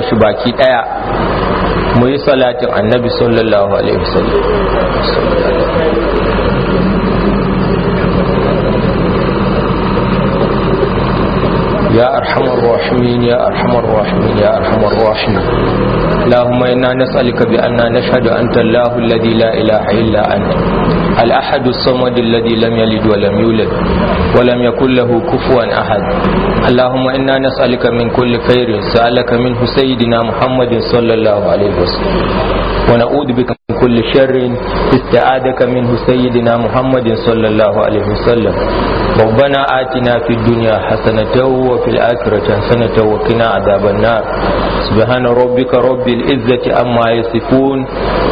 shi baki daya mu yi salatin annabi sallallahu alaihi wasallam يا أرحم الراحمين يا أرحم الراحمين يا أرحم الراحمين اللهم إنا نسألك بأننا نشهد أنت الله الذي لا إله إلا أنت الأحد الصمد الذي لم يلد ولم يولد ولم يكن له كفوا أحد اللهم إنا نسألك من كل خير سألك منه سيدنا محمد صلى الله عليه وسلم ونعوذ بك kulli sharrin ista'adaka minhu sayyidina Muhammadin sallallahu alaihi wasallam ربنا آتنا في الدنيا حسنة وفي الآخرة حسنة وقنا عذاب النار سبحان ربك رب العزة عما يصفون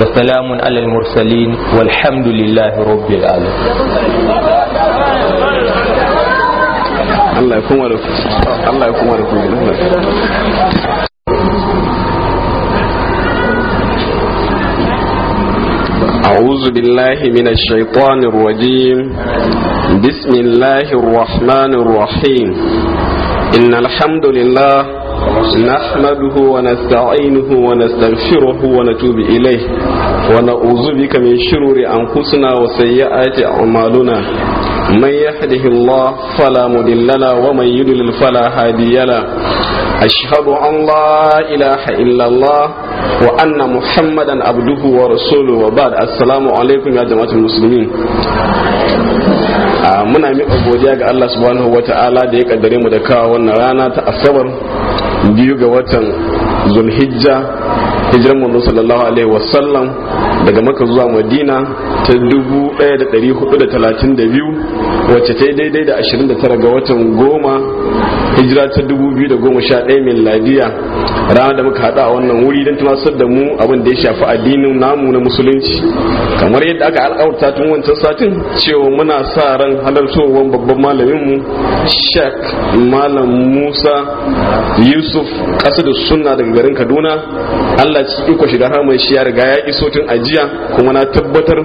وسلام على المرسلين والحمد لله رب العالمين Allah ya kuma da ku Allah ya kuma da ku أعوذ بالله من الشيطان الرجيم بسم الله الرحمن الرحيم إن الحمد لله نحمده ونستعينه ونستغفره ونتوب إليه ونعوذ بك من شرور أنفسنا وسيئات أعمالنا من يهده الله فلا مضل له ومن يضلل فلا هادي له أشهد أن لا إله إلا الله وأن محمدا عبده ورسوله وبعد السلام عليكم يا جماعة المسلمين muna miƙa godiya ga Allah subhanahu wa ta'ala da ya kaddare mu da kawo wannan rana ta asabar biyu ga watan zulhijja hijiran manzo sallallahu alaihi wasallam daga maka zuwa madina ta 1432 wacce ta yi daidai da 29 ga watan goma hijira ta 2011 miladiya ranar da muka hada a wannan wuri don tunasar da mu abin da ya shafi addinin namu na musulunci kamar yadda aka alƙawarta tun wancan satin cewa muna sa ran halartowar babban malaminmu mu shek malam musa yusuf kasa da sunna daga garin kaduna allah ci iko shiga hamar shi ya riga ya iso tun ajiya kuma na tabbatar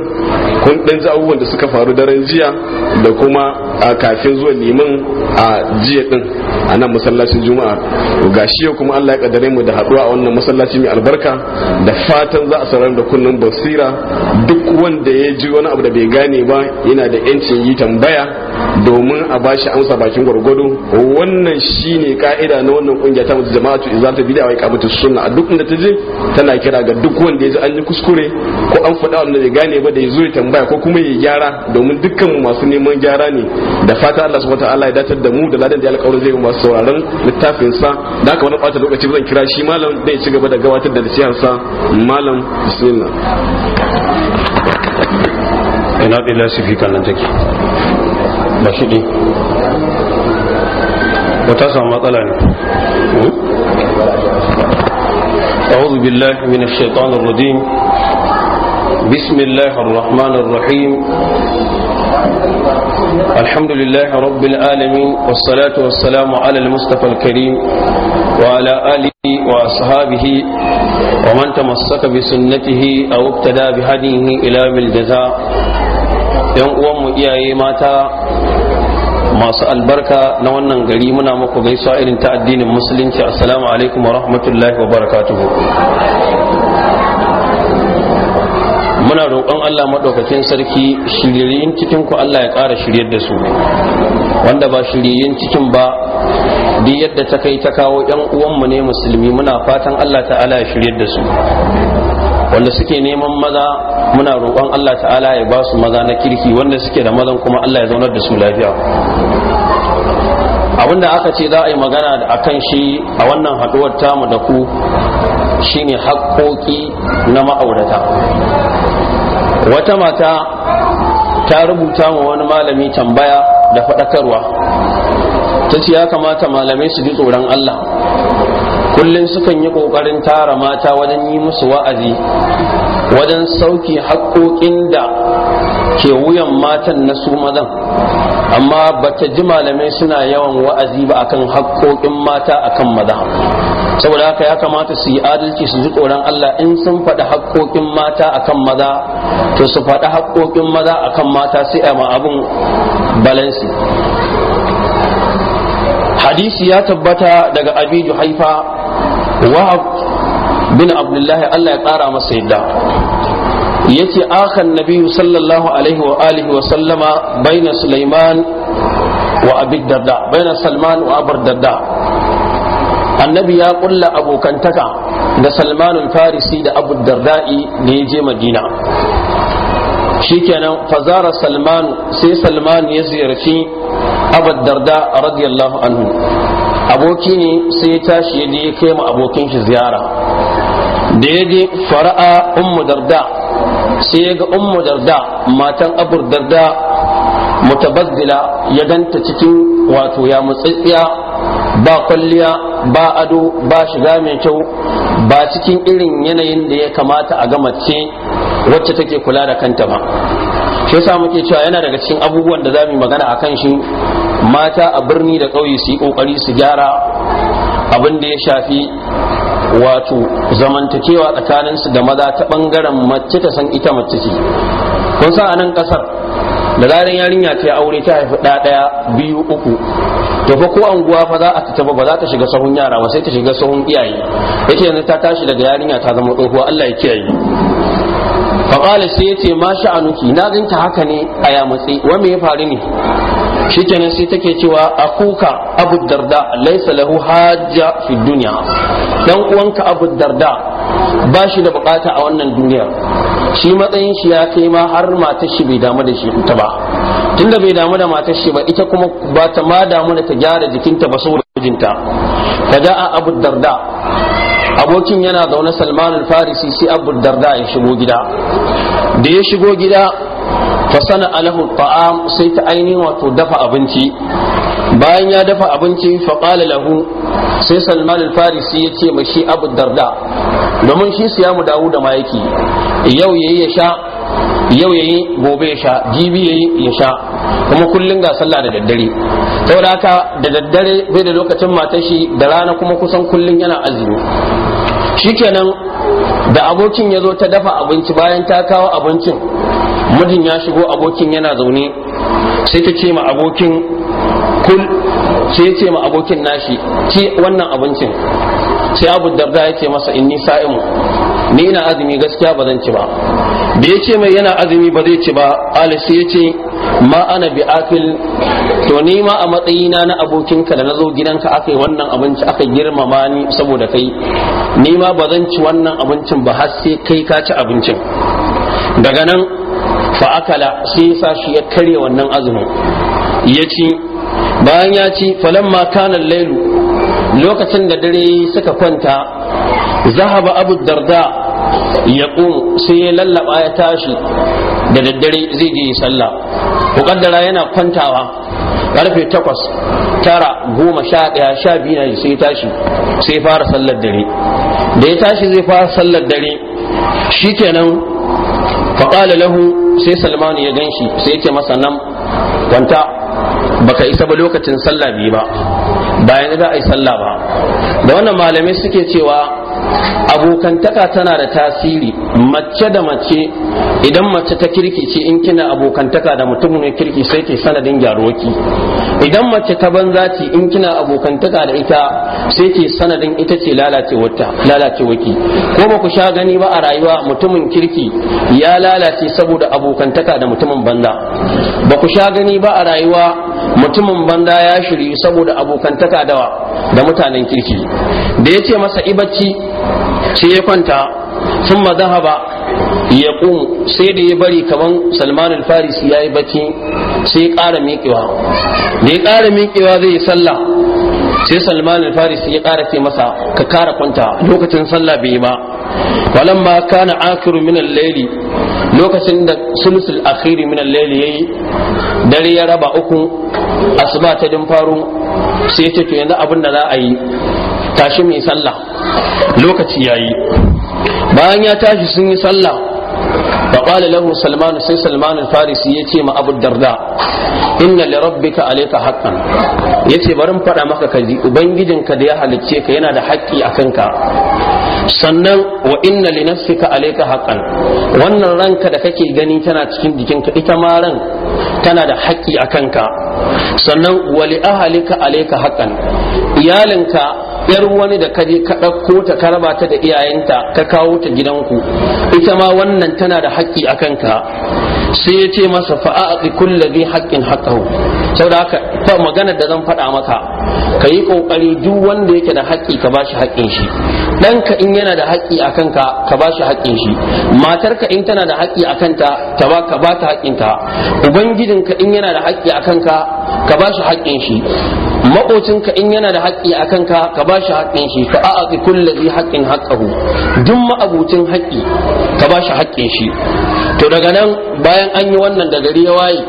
kun ɗan ji abubuwan da suka faru daren jiya da kuma a kafin zuwa liman a jiya din a masallacin juma'a ga shi kuma Allah ya kaddare mu da haduwa a wannan masallaci mai albarka da fatan za a saurari da kunnen basira duk wanda ya ji wani abu da bai gane ba yana da yancin yi tambaya domin a ba shi amsa bakin gwargwado wannan shine ka'ida na wannan kungiya ta mutu tu izalatu bid'a wa iqamatu sunna a duk inda ta je tana kira ga duk wanda ya ji an yi kuskure ko an faɗa wanda bai gane ba da ya zo ya tambaya ko kuma ya gyara domin dukkan masu neman gyara ne da fata Allah subhanahu wataala ya datar da mu da ladan da alƙawarin zai masu sauraron littafin sa da aka wani ɓata lokaci zan kira shi malam da ya ci gaba da gabatar da nasihar sa malam bismillah ina da lasifi take ba shi ɗin wata samu matsala ne أعوذ بالله من الشيطان الرجيم بسم الله الرحمن الرحيم الحمد لله رب العالمين والصلاة والسلام على المصطفى الكريم وعلى آله وأصحابه ومن تمسك بسنته أو ابتدى بهديه إلى بالجزاء yan uwanmu iyaye mata masu albarka na wannan gari muna muku gaisuwa irin ta addinin musulunci assalamu alaikum wa rahmatullahi wa barakatuhu muna roƙon Allah maɗaukakin sarki shiryayen cikin ku Allah ya ƙara shiryar da su wanda ba shiryayen cikin ba bi yadda ta kai ta kawo yan uwanmu ne musulmi muna fatan Allah ta'ala ya shiryar da su wanda suke neman maza muna roƙon Allah ta'ala ya ba su maza na kirki wanda suke da mazan kuma Allah ya zaunar da su lafiya abinda aka ce za a yi magana a kan shi a wannan haɗuwar tamu da ku shine haƙƙoƙi na ma'aurata wata mata ta rubuta ma wani malami tambaya da faɗakarwa ta ce ya kamata malamai su ji tsoron Allah kullum sukan yi ƙoƙarin tara mata wajen yi musu wa'azi wajen sauki haƙoƙin da ke wuyan matan na su mazan amma bata ji malamai suna yawan wa'azi ba akan haƙoƙin mata akan maza saboda haka ya kamata su yi adalci su ji tsoron Allah in sun faɗi haƙoƙin mata akan maza to su faɗi haƙoƙin maza akan mata sai a ma abin balansi hadisi ya tabbata daga abidu haifa wahab bin abdullahi Allah ya ƙara masa yadda yace akan nabi sallallahu alaihi wa alihi wa sallama baina sulaiman wa abi darda baina salman wa abar darda annabi ya kulla abokantaka da salman farisi da abu darda'i da ya je madina shikenan fazara salman sai salman ya ziyarci abu darda radiyallahu anhu aboki ne sai ya tashi ya je ya kai ma abokin shi ziyara da ya je fara'a ummu darda sai ya ga ummu darda matan abur darda mutabazzila ya ganta cikin wato ya mutsitsiya ba kwalliya ba ado ba shiga mai kyau ba cikin irin yanayin da ya kamata a ga mace wacce take kula da kanta ba shi yasa muke cewa yana daga cikin abubuwan da za mu magana a kan shi mata a birni da ƙauye su yi ƙoƙari su gyara abin da ya shafi wato zamantakewa tsakaninsu da maza ta bangaren mace ta san ita mace ce kun sa a nan ƙasar da zarar yarinya ta aure ta haifi ɗa ɗaya biyu uku to fa ko anguwa fa za a fita ba za ta shiga sahun yara ba sai ta shiga sahun iyaye yace yanzu ta tashi daga yarinya ta zama tsohuwa Allah ya kiyaye qala sai yace ce ma sha'anuki na ganta haka ne a matsi wa me ya faru ne shikenan sai take cewa akuka abu darda laisa lahu hajja fi dunya dan uwanka abu darda ba da bukata a wannan duniyar shi matsayin shi ya kai ma har matar shi bai damu da shi ta ba tunda bai damu da matar shi ba ita kuma ba ta ma damu da ta gyara jikinta ba saboda mijinta da a abu darda abokin yana zaune salman farisi sai abu darda ya shigo gida da ya shigo gida fa sana alahu ta'am sai ta ainihin wato dafa abinci bayan ya dafa abinci fa qala lahu sai salman al-farisi ya ce mashi abu darda domin shi mu dawo da mayaki yau yayi ya sha yau yayi gobe ya sha jibi yayi ya sha kuma kullun ga sallah da daddare saboda haka da daddare bai da lokacin matar shi da rana kuma kusan kullun yana azumi shikenan da abokin ya zo ta dafa abinci bayan ta kawo abincin mijin ya shigo abokin yana zaune sai ta ce ma abokin kul sai ya ce ma abokin nashi ci wannan abincin sai abu darda ya ce masa inni sa'imu ni ina azumi gaskiya ba zan ci ba da ya ce mai yana azumi ba zai ci ba ala sai ya ce ma ana bi afil to ni ma a matsayina na abokinka da na zo gidanka aka yi wannan abinci aka girmama ni saboda kai ni ma ba zan ci wannan abincin ba har sai kai ka ci abincin daga nan fa'akala sai yasa shi ya karya wannan azumin ya ci bayan ya ci falamma kana lailu lokacin da dare suka kwanta zahaba abu darda ya sai ya lallaba ya tashi da daddare zai je sallah ku kaddara yana kwantawa karfe takwas tara goma sha ɗaya sha biyu na sai tashi sai fara sallar dare da ya tashi zai fara sallar dare shikenan faƙala lahu sai salmanu ya gan shi sai ce masa nan kwanta baka isa ba lokacin sallah biyu ba bayan za a yi sallah ba da wannan malamai suke cewa abokantaka tana da tasiri mace da mace idan mace ta kirki ce in kina abokantaka da mutum ne kirki sai ke sanadin gyaruwaki idan mace ta banza ce in kina abokantaka da ita sai ke sanadin ita ce lalacewaki ko ba ku sha gani ba a rayuwa mutumin kirki ya lalace saboda abokantaka da mutumin banza ba ku sha gani ba a rayuwa mutumin banza ya shiri saboda abokantaka da mutanen kirki da ya ce masa ibacci ce ya kwanta sun madahaba ya ƙumu sai da ya bari kaman salman al-faris ya yi bacci sai ya ƙara miƙewa da ya ƙara miƙewa zai yi sallah sai salman faris ya ƙara ce masa ka kara kwanta lokacin sallah bai ma walamma kana akiru min al-laili lokacin da sulusul akhiri min al-laili yayi dare ya raba uku asuba ta din faru sai ya ce to yanzu abin da za a yi tashi mai sallah lokaci yayi bayan ya tashi sun yi sallah fa qala lahu salman sai salman al-farisi yace ma abu darda inna li rabbika alayka haqqan yace bari in fada maka kaji ubangijinka da ya halicce ka yana da haƙƙi akan ka sannan wa inna li nafsika alayka haqqan wannan ranka da kake gani tana cikin jikinka ita ma ran tana da haƙƙi a kanka sannan wa li ahlika alayka haqqan iyalinka yar wani da kaje ka ɗauko ta ka raba ta da iyayenta ka kawo ta gidanku ita ma wannan tana da haƙƙi akan ka sai ya ce masa fa a'ti kulli bi haqqin haqqahu saboda haka fa magana da zan faɗa maka ka yi kokari duk wanda yake da haƙƙi ka bashi haƙƙin shi ɗanka in yana da haƙƙi a kanka ka bashi haƙƙin shi matarka in tana da haƙƙi a kanta ta ba ka bata haƙƙinta ubangijinka in yana da haƙƙi a kanka ka bashi haƙƙin shi maƙocinka in yana da haƙƙi a kanka ka bashi haƙƙin shi ka a'ati kulli bi haqqin haqqahu duk ma'abucin haƙƙi ka bashi haƙƙin shi to daga nan bayan an yi wannan da gari ya waye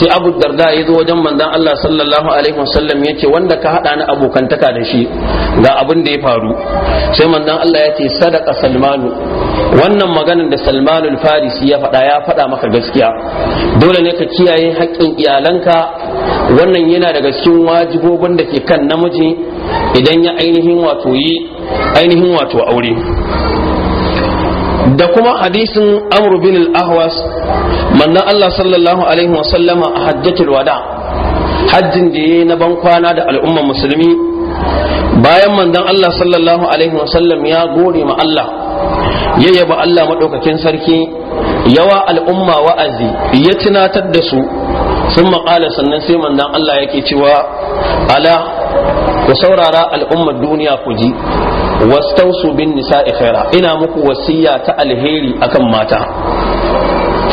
sai abu darda ya zo wajen manzan Allah sallallahu alaihi wasallam ya ce wanda ka haɗa na abokantaka da shi ga abin da ya faru sai manzan Allah ya ce sadaka salmanu wannan maganar da salmanul farisi ya faɗa ya faɗa maka gaskiya dole ne ka kiyaye haƙƙin iyalanka wannan yana daga cikin wajibobin da ke kan namiji idan ya ainihin wato yi ainihin wato aure da kuma hadisin amr bin al-ahwas manna Allah sallallahu alaihi wa sallama a hajjatul wada hajjin da yayi na bankwana da al'ummar musulmi bayan manzon Allah sallallahu alaihi wa sallam ya gode ma Allah ya yaba Allah madaukakin sarki yawa al'umma wa'azi ya tunatar da su sun maƙala sannan sai manzon Allah yake cewa ala ku saurara al'ummar duniya ku ji wastausu bin nisa'i khaira ina muku wasiya ta alheri akan mata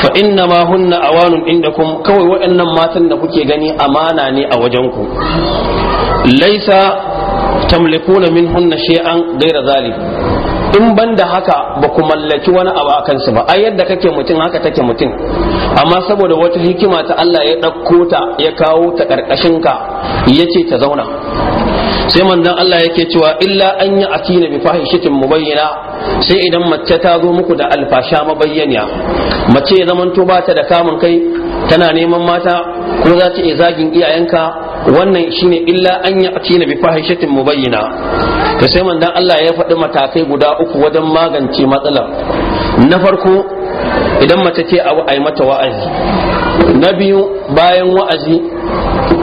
fa inna ma hunna awanun indakum kawai waɗannan matan da kuke gani amana ne a wajen ku laisa tamlikuna min hunna shay'an gaira zalik in ban da haka ba ku mallaki wani abu a kansu ba ai yadda kake mutum haka take mutum amma saboda wata hikima ta Allah ya ɗauko ta ya kawo ta ƙarƙashin ka yace ta zauna sai manzon Allah yake cewa illa an yi atina bi fahishatin mubayyana sai idan mace ta zo muku da alfasha mabayyaniya mace ya zamanto ba ta da kamun kai tana neman mata ko za ta iya zagin iyayenka wannan shine illa an yi atina bi fahishatin mubayyana to sai manzon Allah ya faɗi matakai guda uku wajen magance matsalar na farko idan mace ce abu ai mata wa'azi na biyu bayan wa'azi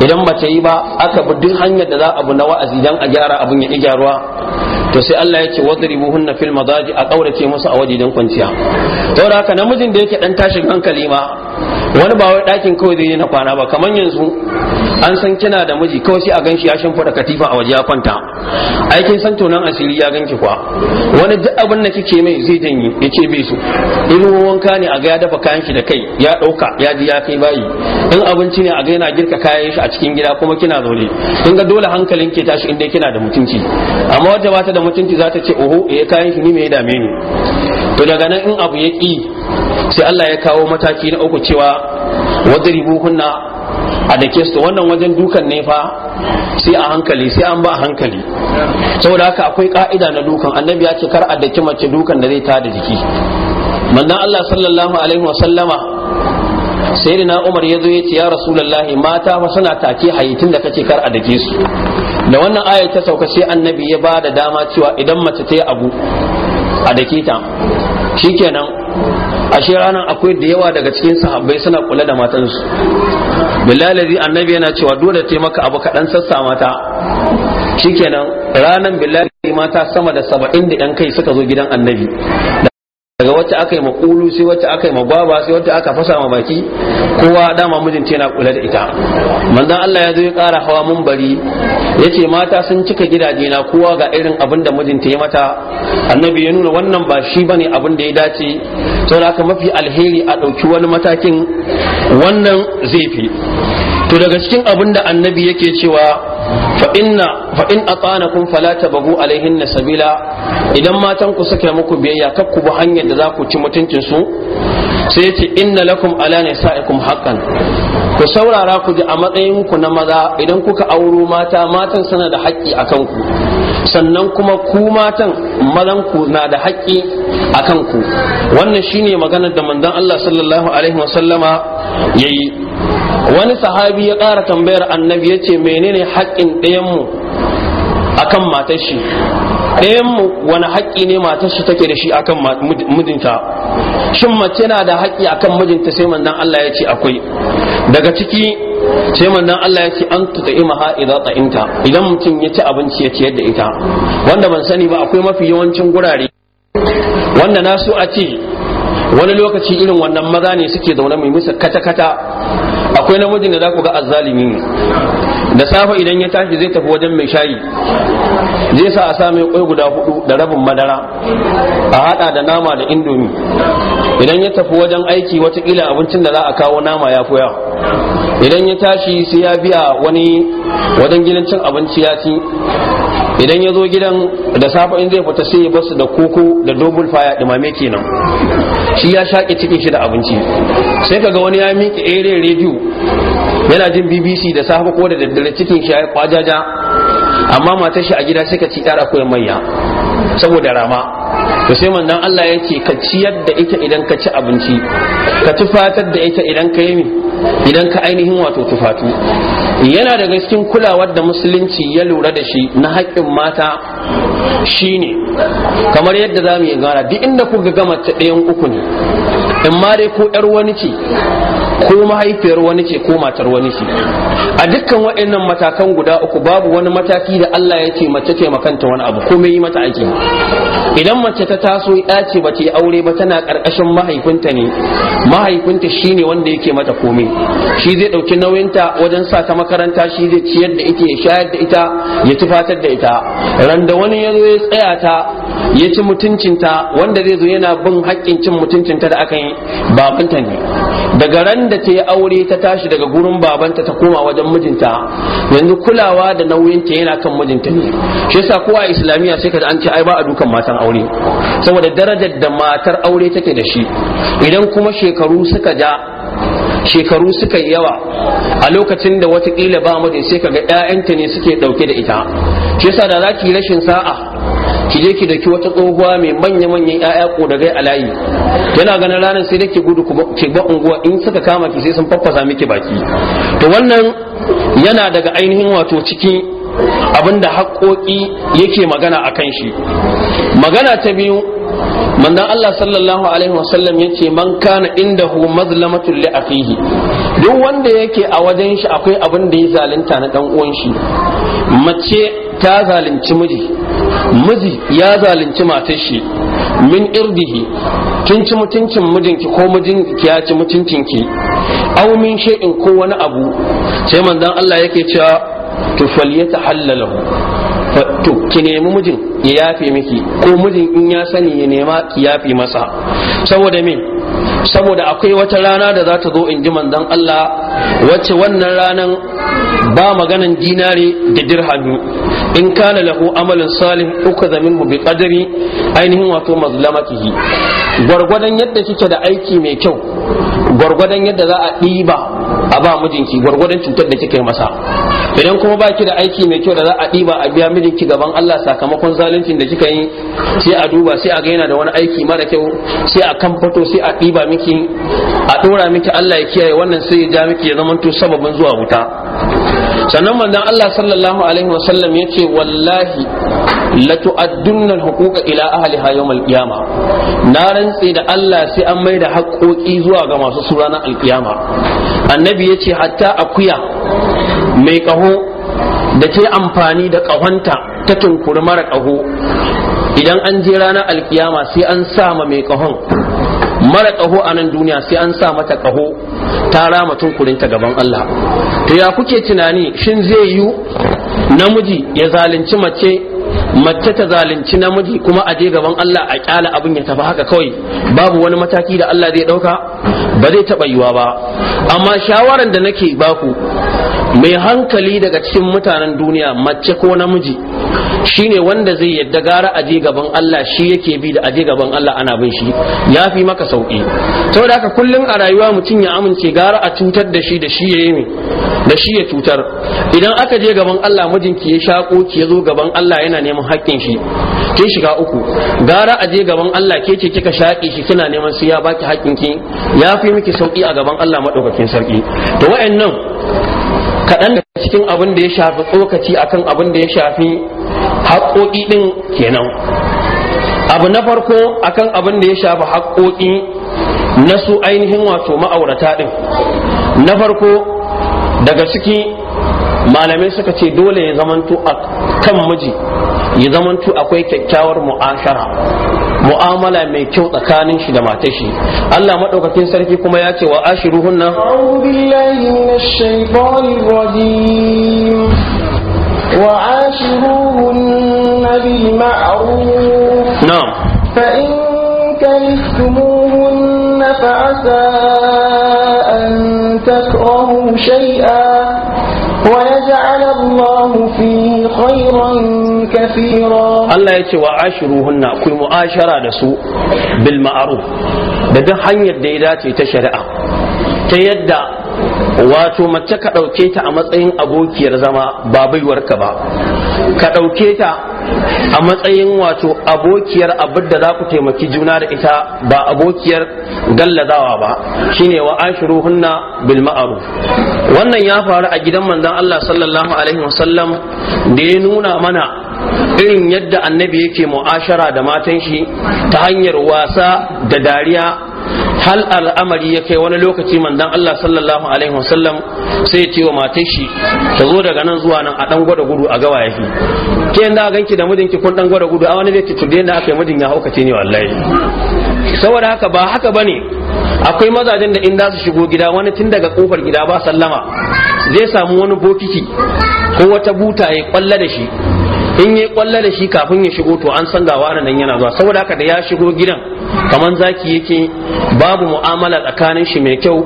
idan ba yi ba aka bi duk hanyar da za a bi na wa'azi dan a gyara abun ya gyaruwa to sai Allah ya ce wadribuhunna fil madaji a kaurace musu a wajen dan kwanciya to haka namijin da yake dan tashin hankali ma wani ba wai ɗakin kawai zai yi na kwana ba kamar yanzu an san kina da miji kawai sai a ganshi ya shimfiɗa katifa a waje ya kwanta aikin san tunan asiri ya ganki kwa wani duk abin da kike mai zai janye ya ce bai su in wanka ne a ga ya dafa kayan shi da kai ya ɗauka ya ji ya kai bayi in abinci ne a ga yana girka kayan shi a cikin gida kuma kina zaune in ga dole hankalin ke tashi inda kina da mutunci amma wata bata da mutunci za ta ce oho eh kayan shi ni me ya dame ni to daga nan in abu ya ƙi sai Allah ya kawo mataki na uku cewa wadribu hunna a da su wannan wajen dukan ne fa sai a hankali sai an ba a hankali saboda haka akwai ka'ida na dukan annabi ya ce kar a daki mace dukan da zai tada jiki manzon Allah sallallahu alaihi wa sallama sayyidina Umar ya zo ya ce ya rasulullahi mata fa suna take hayyatin da kace kar a dake su da wannan ayar ta sauka sai annabi ya ba da dama cewa idan mace ta yi abu a dake ta shikenan ashe ranar akwai da yawa daga cikin sahabbai suna kula da matansu bilalazi annabi yana cewa dole ta maka abu kaɗan sassa mata shikenan ranar bilalazi mata sama da saba'in da yan kai suka zo gidan annabi daga wacce aka yi makulu sai wacce aka yi magwaba sai wacce aka fasa ma baki kowa dama mijinta yana kula da ita manzon Allah ya zo ya kara hawa mun bari yace mata sun cika gidaje na kowa ga irin abin da mijinta ya mata annabi ya nuna wannan ba shi bane abin da ya dace saboda haka mafi alheri a dauki wani matakin wannan zai fi to daga cikin abin da annabi yake cewa fa inna fa in atanakum fala tabagu alaihinna sabila idan matan ku suka muku biyayya kar ku bi hanyar da za ku ci mutuncin su sai ce inna lakum ala nisaikum haqqan ku saurara ku ji a matsayin ku na maza idan kuka auro mata matan suna da haƙƙi akan ku sannan kuma ku matan mazanku na da haƙƙi a kanku wannan shine maganar da manzon Allah sallallahu alaihi wasallama yayi wani sahabi ya ƙara tambayar annabi ya ce menene haƙƙin ɗayanmu a kan matashi ɗayanmu wani haƙƙi ne matashi take da shi akan mijinta shin mace na da haƙƙi akan mijinta sai mandan Allah ya ce akwai daga ciki sai mandan Allah ya ce an tuta'ima ha idza ta'inta idan mutum ya ci abinci ya ciyar da ita wanda ban sani ba akwai mafi yawancin gurare wanda nasu a ce wani lokaci irin wannan maza ne suke zaune mai musu kata-kata akwai namijin da za ku ga azzalimi ne da safe idan ya tashi zai tafi wajen mai shayi zai sa a sami kwai guda hudu da rabin madara a hada da nama da indomi idan ya tafi wajen aiki watakila abincin da za a kawo nama ya koya idan ya tashi sai ya biya wani wajen gidan cin abinci ya ci idan ya zo gidan da safe in zai fita sai ya basu da koko da dogon faya dumame kenan shi ya shaƙe cikin shi da abinci sai kaga wani ya miƙe ere rediyo yana jin bbc da safe ko da daddare cikin shi ya yi kwajaja amma matar shi a gida sai ka ci yar akwai manya saboda rama to sai manzon Allah ya ce ka ciyar da ita idan ka ci abinci ka tufatar da ita idan ka yi idan ka ainihin wato tufatu yana daga cikin kulawar da musulunci ya lura da shi na haƙƙin mata shine kamar yadda za mu yi gara duk inda kuka gama ta ɗayan uku ne in ma dai ko yar wani ce ko mahaifiyar wani ce ko matar wani ce a dukkan waɗannan matakan guda uku babu wani mataki da Allah ya ce mace ce makanta wani abu ko mai mata ake idan mace ta taso ya ce ba ta aure ba tana ƙarƙashin mahaifinta ne mahaifinta shine wanda yake mata komai shi zai ɗauki nauyinta wajen sa ta makaranta shi zai ciyar da ita ya shayar da ita ya tufatar da ita randa wani ya zo ya tsaya ta ya ci mutuncinta wanda zai zo yana bin haƙƙin cin mutuncinta da aka yi Babanta bakinta ne daga ran da ta yi aure ta tashi daga gurin babanta ta koma wajen mijinta yanzu kulawa da nauyinta yana kan mijinta ne shi yasa kowa islamiyya sai ka an ce ai ba a dukan matan aure saboda darajar da matar aure take da shi idan kuma shekaru suka ja shekaru suka yi yawa a lokacin da watakila ba mijin sai ka ga 'ya'yanta ne suke dauke da ita shi yasa da zaki rashin sa'a ki je ki daki wata tsohuwa mai manya manyan ƴaƴa ko da gai alayi yana ganin ranar sai dake gudu ke ba unguwa in suka kama ki sai sun faffasa miki baki to wannan yana daga ainihin wato cikin abinda haƙoƙi yake magana a kan shi magana ta biyu manzon Allah sallallahu alaihi wasallam yace man kana indahu mazlamatul li akhihi duk wanda yake a wajen shi akwai abin da ya zalunta na dan uwan shi mace ta zalunci miji miji ya zalunci matar shi min irdihi kin ci mutuncin mijinki ko mijinki ya ci mutuncin ki aw min shay'in ko wani abu sai manzon Allah yake cewa to falyatahallalahu to ki nemi mijin ya yafe miki ko mijin in ya sani ya nema ki yafe masa saboda me saboda akwai wata rana da za ta zo in ji manzon Allah wacce wannan ranan ba maganan dinare da dirhami in kana lahu amalin salih uka zamin mu bi qadari ainihin wato mazlamatihi gwargwadon yadda kike da aiki mai kyau gwargwadon yadda za a ɗiba a ba mijinki gwargwadon cutar da kika yi masa idan kuma ba ki da aiki mai kyau da za a ɗiba a biya mijinki gaban Allah sakamakon zaluncin da kika yi sai a duba sai a ga yana da wani aiki mara kyau sai a kan fito sai a ɗiba miki a ɗora miki Allah ya kiyaye wannan sai ya ja miki ya to sababin zuwa wuta sannan manzon Allah sallallahu alaihi wasallam ya ce wallahi la tu'addunna al-huquqa ila ahliha yawm al-qiyama na rantse da Allah sai an mai da haƙoƙi zuwa ga masu surana al-qiyama annabi annabi ya ce hatta akuya mai ƙaho da ta amfani da ƙahonta ta tunkuri mara ƙaho idan an je ranar alkiyama sai an sama mai ƙahon mara ƙaho a nan duniya sai an sa mata ƙaho ta rama tunkurinta gaban Allah to ya kuke tunani shin zai yiwu namiji ya zalunci mace mace ta zalunci namiji kuma a je gaban Allah a kyala abin ya tafi haka kawai babu wani mataki da Allah zai dauka ba zai taba yiwa ba amma shawaran da nake baku mai hankali daga cikin mutanen duniya mace ko namiji shine wanda zai yadda gara aje gaban Allah shi yake bi da aje gaban Allah ana bin shi ya fi maka sauki saboda haka kullum a rayuwa mutum ya amince gara a cutar da shi da shi ya yi da shi ya cutar idan aka je gaban Allah mijinki ya shako ki ya zo gaban Allah yana neman haƙƙin shi ke shiga uku gara aje gaban Allah ke ce kika shaƙe shi kina neman su ya baki haƙƙin ki ya fi miki sauki a gaban Allah madaukakin sarki to wayannan kaɗan da cikin abin da ya shafi tsokaci akan abin da ya shafi haƙoƙi ɗin kenan abu na farko akan abin da ya shafi haƙoƙi na su ainihin wato ma'aurata ɗin na farko daga ciki malamai suka ce dole ya zamanto a kan miji ya zamanto akwai kyakkyawar mu'ashara mu'amala mai kyau tsakanin shi da matar shi Allah madaukakin sarki kuma ya ce wa ashiruhunna a'udhu billahi minash shaitanir rajim وعاشروهن بالمعروف نعم فإن كرهتموهن فعسى أن تكرهوا شيئا ويجعل الله فيه خيرا كثيرا الله يتي وعاشروهن كل مؤاشرة لسوء بالمعروف da duk hanyar da ya dace ta shari'a ta yadda wato mace ka ɗauke ta a matsayin abokiyar zama ba baiwarka ba ka ɗauke ta a matsayin wato abokiyar abin da za ku taimaki juna da ita ba abokiyar gallazawa ba shine wa ashiru hunna bil ma'ruf wannan ya faru a gidan manzon Allah sallallahu alaihi wasallam da ya nuna mana irin yadda annabi yake mu'ashara da matan shi ta hanyar wasa da dariya hal al'amari ya kai wani lokaci manzon Allah sallallahu alaihi wasallam sai ce wa matar shi ta zo daga nan zuwa nan a dan gwada gudu a gawa yafi ke yanda ganki da mijinki kun ɗan gwada gudu a wani zai ce da aka yi mijin ya haukace ne wallahi saboda haka ba haka bane akwai mazajen da in za su shigo gida wani tun daga kofar gida ba sallama zai samu wani bokiti ko wata buta ya kwalla da shi in yi kwalla da shi kafin ya shigo to an san gawa nan yana zuwa saboda haka da ya shigo gidan kaman zaki yake babu mu'amala tsakanin shi mai kyau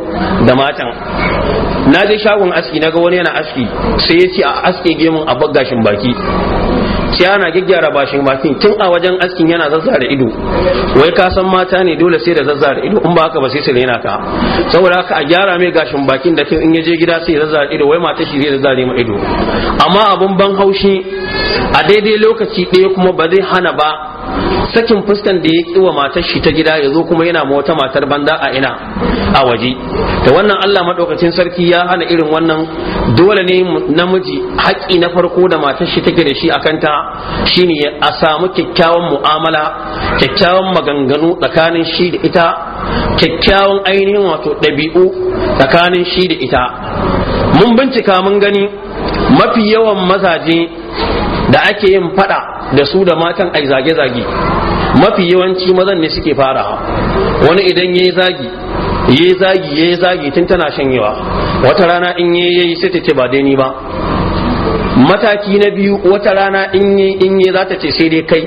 da matan na je shagon aski na ga wani yana aski sai ya ce a aske gemun a gashin baki sai ana gyaggyara bashin bakin tun a wajen askin yana zazzada ido wai ka san mata ne dole sai da zazzada ido in ba haka ba sai su rena ka saboda haka a gyara mai gashin bakin da kin in ya je gida sai zazzara ido wai mata shi zai zazzare ma ido amma abun ban haushi a daidai lokaci ɗaya kuma ba zai hana ba sakin fuskan da ya ƙi wa matar shi ta gida ya zo kuma yana ma wata matar banda a ina a waje da wannan Allah maɗaukacin sarki ya hana irin wannan dole ne namiji haƙƙi na farko da matar shi take da shi a kanta shine a samu kyakkyawan mu'amala kyakkyawan maganganu tsakanin shi da ita kyakkyawan ainihin wato ɗabi'u tsakanin shi da ita mun bincika mun gani mafi yawan mazaje da ake yin fada da su da matan ai zage-zage mafi yawanci mazan ne suke farawa wani idan ya yi zagi ya yi zagi ya yi zagi tun tana shanyewa wata rana in ya yi sai ta ce ba dai ni ba mataki na biyu wata rana in yi in yi za ta ce sai dai kai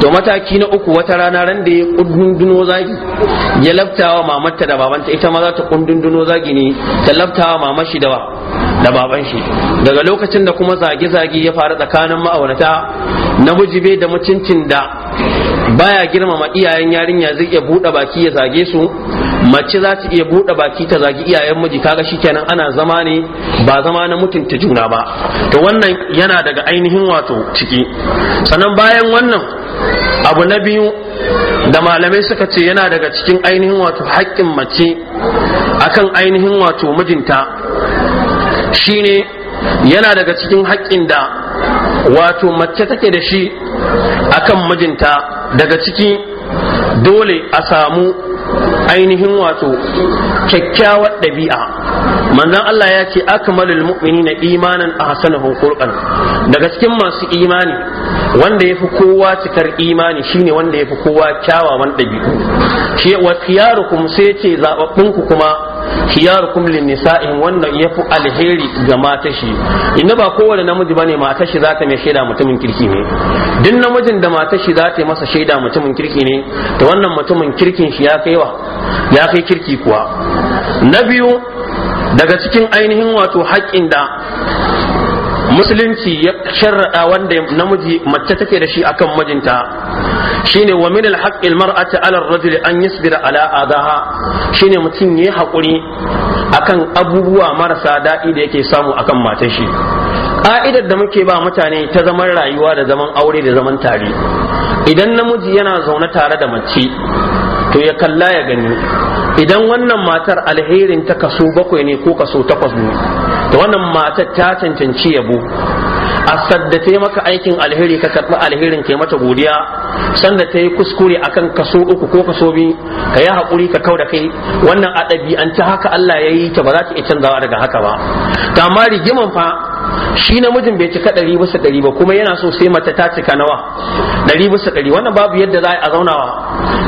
to mataki na uku wata rana ran da ya kundunduno zagi ya labtawa mamarta da babanta ita ma za ta kundunduno zagi ne ta labtawa mamashi shi da ba da baban shi daga lokacin da kuma zage-zage ya faru tsakanin ma'aunata na bujibe da mutuncin da baya girmama iyayen yarinya zai iya buɗe baki ya zage su mace za ta iya buɗe baki ta zagi iyayen miji kaga shikenan ana zama ne ba zama na mutunta juna ba to wannan yana daga ainihin wato ciki sannan bayan wannan abu na biyu da malamai suka ce yana daga cikin ainihin wato haƙƙin mace akan ainihin wato mijinta shine yana daga cikin haƙƙin da wato mace take da shi akan mijinta daga ciki dole a samu ainihin wato kyakkyawar ɗabi'a manzon Allah ya ce akmalul mu'minina imanan ahsanahum khulqan daga cikin masu imani wanda yafi kowa cikar imani shine wanda yafi kowa kyawawan ɗabi'u shi wa khiyarukum sai ce zababbun ku kuma khiyarukum lin nisa'in wanda yafi alheri ga mata shi inda ba kowane namiji bane mata shi zata mai shaida mutumin kirki ne duk namijin da mata shi zata masa shaida mutumin kirki ne to wannan mutumin kirkin shi ya kai wa ya kai kirki kuwa na biyu daga cikin ainihin wato haƙƙin da musulunci ya sharrada wanda namiji mace take da shi akan majinta shine wa min alhaqqil mar'ati 'ala ar-rajul an yasbira 'ala adaha shine mutum yayi hakuri akan abubuwa marasa daɗi da yake samu akan matar shi ka'idar da muke ba mutane ta zaman rayuwa da zaman aure da zaman tare idan namiji yana zaune tare da mace to ya kalla ya gani idan wannan matar alherin ta kaso bakwai ne ko kaso takwas ne to wannan matar ta cancanci yabo a sadda ta maka aikin alheri ka karɓi alherin kai mata godiya sanda ta yi kuskure a kan kaso uku ko kaso biyu ka yi haƙuri ka kau da kai wannan a ta haka Allah ya yi ta ba za ta iya canzawa daga haka ba ta rigiman fa shi namijin bai cika ɗari bisa ɗari ba kuma yana so sai mace ta cika nawa ɗari bisa ɗari wannan babu yadda za a zauna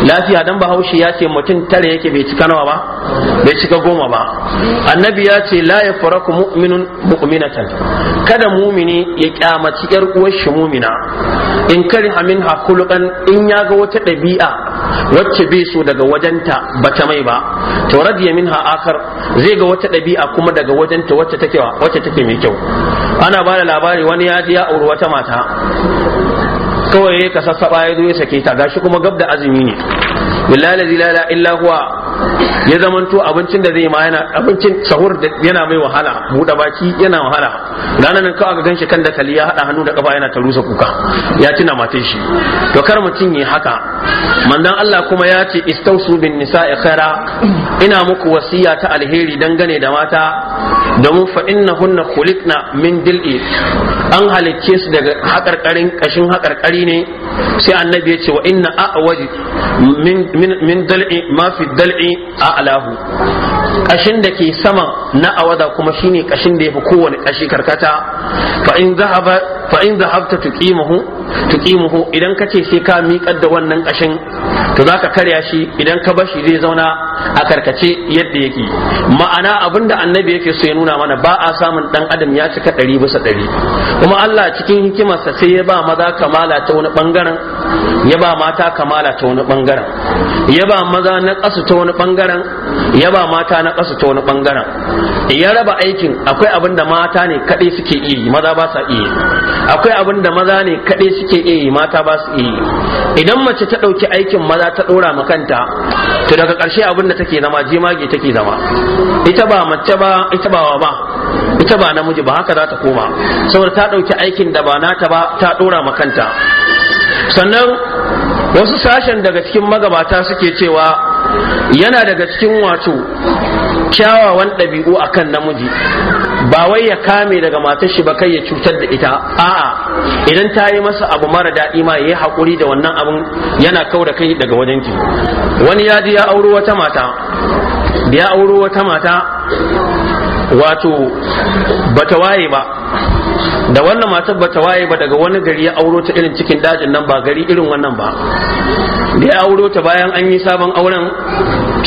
lafiya dan bahaushe ya ce mutum tare yake bai cika nawa ba bai cika goma ba annabi ya ce la ya faraku mu'minun mu'minatan kada mumini ya kyamaci yar uwar shi mumina in kari hamin hakulukan in ya ga wata ɗabi'a wacce bai so daga wajenta bata mai ba to radiya min akar zai ga wata ɗabi'a kuma daga wajenta wacce take wacce take mai kyau ana ba da labari wani ya ji ya auri wata mata kawai ka sassaba ya zo ya sake ta gashi kuma gab da azumi ne billahi la ilaha illa huwa ya zamanto abincin da zai ma yana abincin sahur yana mai wahala buɗe baki yana wahala ranar nan kawai ganshi kan da kali ya hada hannu da kafa yana ta kuka ya tuna matan shi to kar mutum yi haka mandan Allah kuma ya ce istausu bin nisa'i khaira ina muku wasiya ta alheri dangane da mata da mun fa innahunna khuliqna min dil'i an halicce su daga hakarkarin kashin hakarkari ne sai annabi ya ce wa inna a'waji min min dal'i ma fi dal'i a a'lahu kashin da ke sama na awada kuma shine kashin da yafi kowane kashi karkata fa in zahaba fa in zahabta tuqimuhu tuqimuhu idan kace sai ka miƙar da wannan kashin to zaka karya shi idan ka bashi zai zauna a karkace yadda yake ma'ana abinda annabi yake so ya nuna mana ba a samun dan adam ya cika ɗari bisa ɗari kuma Allah cikin hikimarsa sai ya ba maza kamala ta wani bangaren ya ba mata kamala ta wani bangaren ya ba maza na ƙasa ta wani bangaren ya ba mata na ƙasa ta wani ɓangaren ya raba aikin akwai abin da mata ne kaɗai suke iya yi maza ba sa iya yi akwai abin da maza ne kaɗai suke iya yi mata ba su iya yi idan mace ta ɗauki aikin maza ta ɗora ma kanta to daga ƙarshe abin da take zama jimage take zama ita ba mace ba ita ba ba ita ba namiji ba haka za ta koma saboda ta ɗauki aikin da ba nata ba ta ɗora ma kanta sannan wasu sashen daga cikin magabata suke cewa yana daga cikin wato kyawawan ɗabi'u akan namiji ba wai ya kame daga matar shi ba kai ya cutar da ita a'a idan ta yi masa abu mara daɗi ma yayi haƙuri da wannan abin yana kau da kai daga wajen ki wani ya ji ya auro wata mata ya auro wata mata wato bata waye ba da wannan matar bata waye ba daga wani gari ya auro ta irin cikin dajin nan ba gari irin wannan ba da ya auro ta bayan an yi sabon auren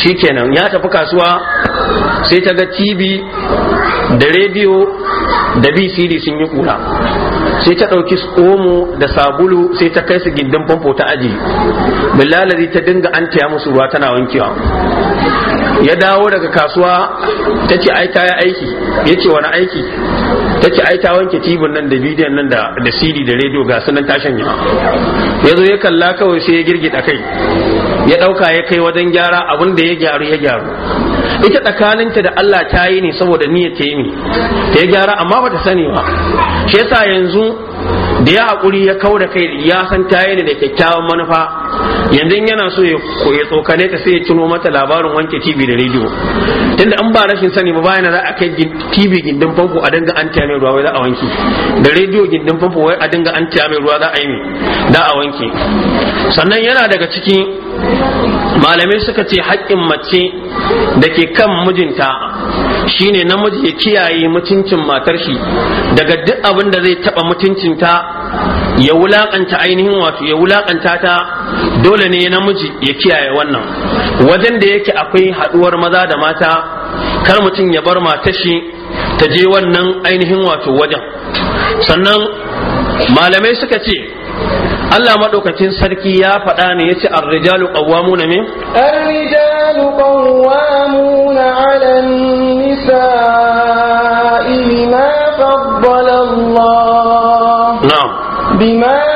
shikenan ya tafi kasuwa sai ta ga tv da rediyo da bcd sun yi kura sai ta ɗauki omo da sabulu sai ta kai su gindin famfo ta aji bilalazi ta dinga an taya musu ruwa tana wankewa ya dawo daga kasuwa ta ce ai aiki ya ce wani aiki ta ce ai ta wanke tibin nan da bidiyon nan da cd da rediyo ga sunan tashin ya ya zo ya kalla kawai sai ya girgida kai ya ɗauka ya kai wajen gyara abin da ya gyaru ya gyaru ita tsakaninta da Allah ta yi ne saboda niyya ta yi ta ya gyara amma ba ta sani ba shi yasa yanzu da ya haƙuri ya kau da kai ya san ta yi ne da kyakkyawan manufa yanzu yana so ya tsokane ta sai ya tuno mata labarin wanke TV da rediyo tunda an ba rashin sani ba bayan za a kai TV gindin famfo a dinga an tiya mai ruwa wai za a wanke da rediyo gindin famfo wai a dinga an tiya mai ruwa za a yi da a wanke sannan yana daga ciki malamai suka ce haƙƙin mace da ke kan mijinta shine namiji ya kiyaye mutuncin matar shi daga duk abin da zai taɓa mutuncinta ya wulakanta ainihin wato ya wulakanta ta dole ne namiji ya kiyaye wannan wajen da yake akwai haduwar maza da mata kar mutum ya bar matar shi ta je wannan ainihin wato wajen sannan malamai suka ce Allah maɗaukacin sarki ya faɗa ne ya ce arrijalu qawwamuna min arrijalu qawwamuna 'alan nisaa 你们。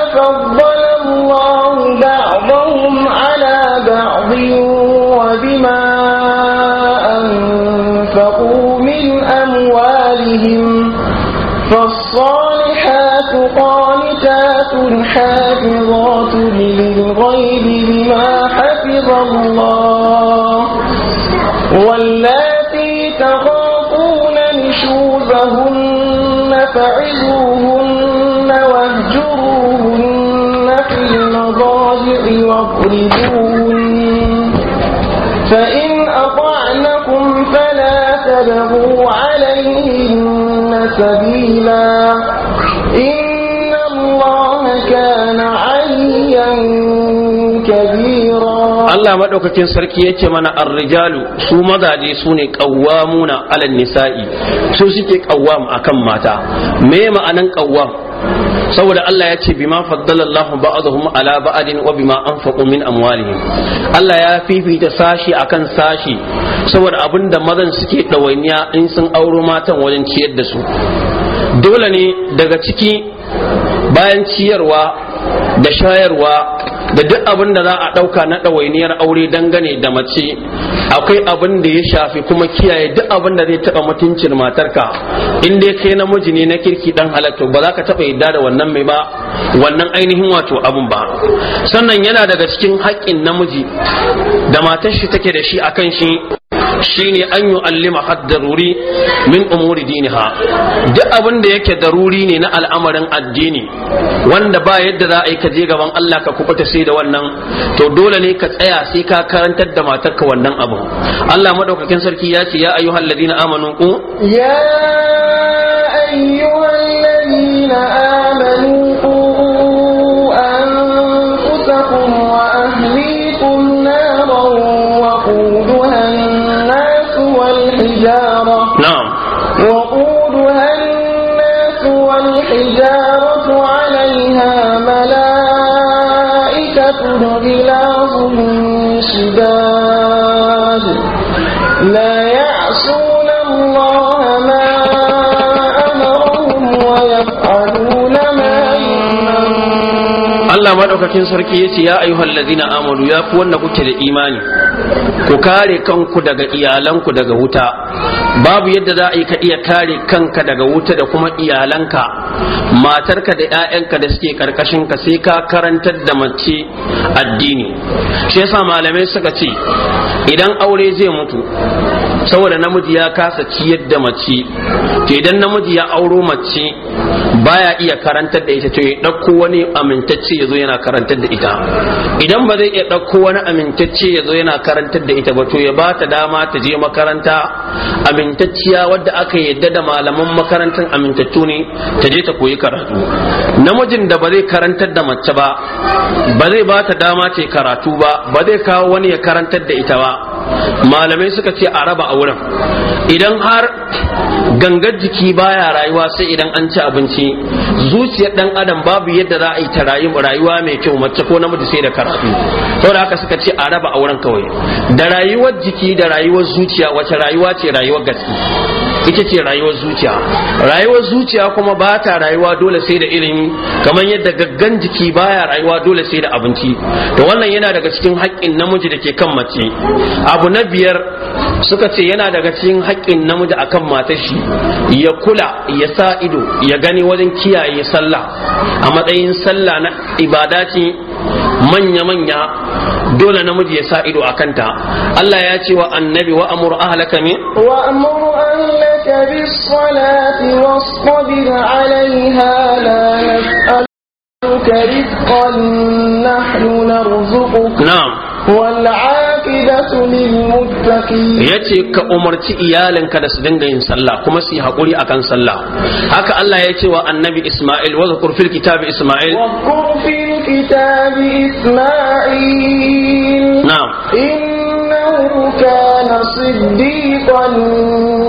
سبيلا إن الله كان عليا كبيرا الله مدوكاكين mana ar-rijalu su mazaje su ne qawwamuna 'ala nisa'i su suke qawwam akan mata me ma'anan qawwam saboda Allah ya ce bima faddalallahu ba'dahum ala ba'din wa bima anfaqu min amwalihim Allah ya fifita sashi akan sashi saboda abinda mazan suke dawainiya in sun auro matan wajen ciyar da su dole ne daga ciki bayan ciyarwa da shayarwa da duk abin da za a ɗauka na ɗawainiyar aure dangane da mace akwai abin da ya shafi kuma kiyaye duk abin da zai taɓa mutuncin matarka in dai kai namiji ne na kirki dan halatta ba za ka taɓa yadda da wannan mai ba wannan ainihin wato abin ba sannan yana daga cikin haƙƙin namiji da matar shi take da shi akan shi shine an yu'allima had daruri min umuri ha duk abin da yake daruri ne na al'amarin addini wanda ba yadda za a yi kaje je gaban Allah ka ta sai da wannan to dole ne ka tsaya sai ka karantar da matarka wannan abu Allah madaukakin sarki ya ce ya ayyuhal ladina amanu ku ya ayyu madaukakin sarki yace ya ayyuhal ladina Amadu ya fi wanda kuke da imani ku kare kanku daga iyalanku daga wuta babu yadda za a yi ka iya kare kanka daga wuta da kuma iyalanka matarka da 'ya'yanka da suke karkashin ka sai ka karantar da mace addini shi yasa malamai suka ce idan aure zai mutu saboda namiji ya kasa ciyar da mace to idan namiji ya auro mace baya iya karantar da ita to ya ɗauko wani amintacce ya zo yana karantar da ita idan ba zai iya ɗauko wani amintacce ya zo yana karantar da ita ba to ya ba ta dama ta je makaranta amintacciya wadda aka yadda da malaman makarantar amintattu ne ta je ta koyi karatu namijin da ba zai karantar da mace ba ba zai ba ta dama ta karatu ba ba zai kawo wani ya karantar da ita ba malamai suka ce a raba a wurin idan har gangar jiki baya rayuwa sai idan an ci abinci zuciyar dan adam babu yadda za a yi ta rayuwa mai kyau mace ko namiji sai da karatu saboda haka suka ce a raba auren kawai da rayuwar jiki da rayuwar zuciya wace rayuwa ce rayuwar gaske ita ce rayuwar zuciya rayuwar zuciya kuma ba ta rayuwa dole sai da ilimi kamar yadda gaggan jiki baya rayuwa dole sai da abinci to wannan yana daga cikin haƙƙin namiji da ke kan mace abu na biyar suka ce yana daga cikin haƙƙin namiji akan matar shi ya kula ya sa ido ya gani wajen kiyaye sallah a matsayin sallah na ibadaci manya-manya dole namiji ya sa ido a kanta Allah ya ce wa annabi wa amur ahlaka min wa amur ahlaka bis salati wasbir alaiha la nas'aluka rizqan nahnu narzuquka na'am wal Yace ka umarci iyalinka da su dinga yin sallah kuma su yi haƙuri a kan sallah haka Allah ya ce wa annabi Ismail wa zakur fil kitabi Ismail wa kun fil Ismail na'am كان صديقا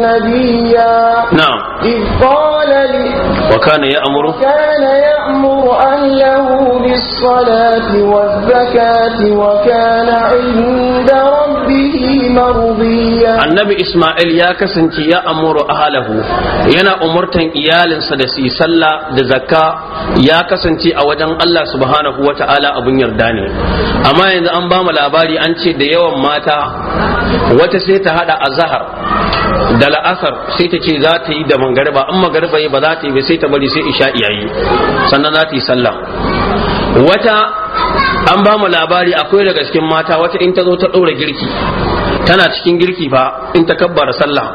نبيا نعم إذ قال لي وكان يأمر كان يأمر أهله بالصلاة والزكاة وكان عند ربه annabi ismail ya kasance ya amuru ahalahu yana umurtan iyalinsa da suyi sallah da zakka ya kasance a wajen allah subhanahu wa ta'ala abin yarda ne amma yanzu an ba mu labari an ce da yawan mata wata sai ta hada a zahar da la'asar sai ta ce za ta yi da mangariba an magariba ba za ta yi sai ta bari sai isha iyayi sannan za ta yi sallah wata an ba mu labari akwai daga cikin mata wata in ta zo ta ɗora girki tana cikin girki ba in ta kabbara sallah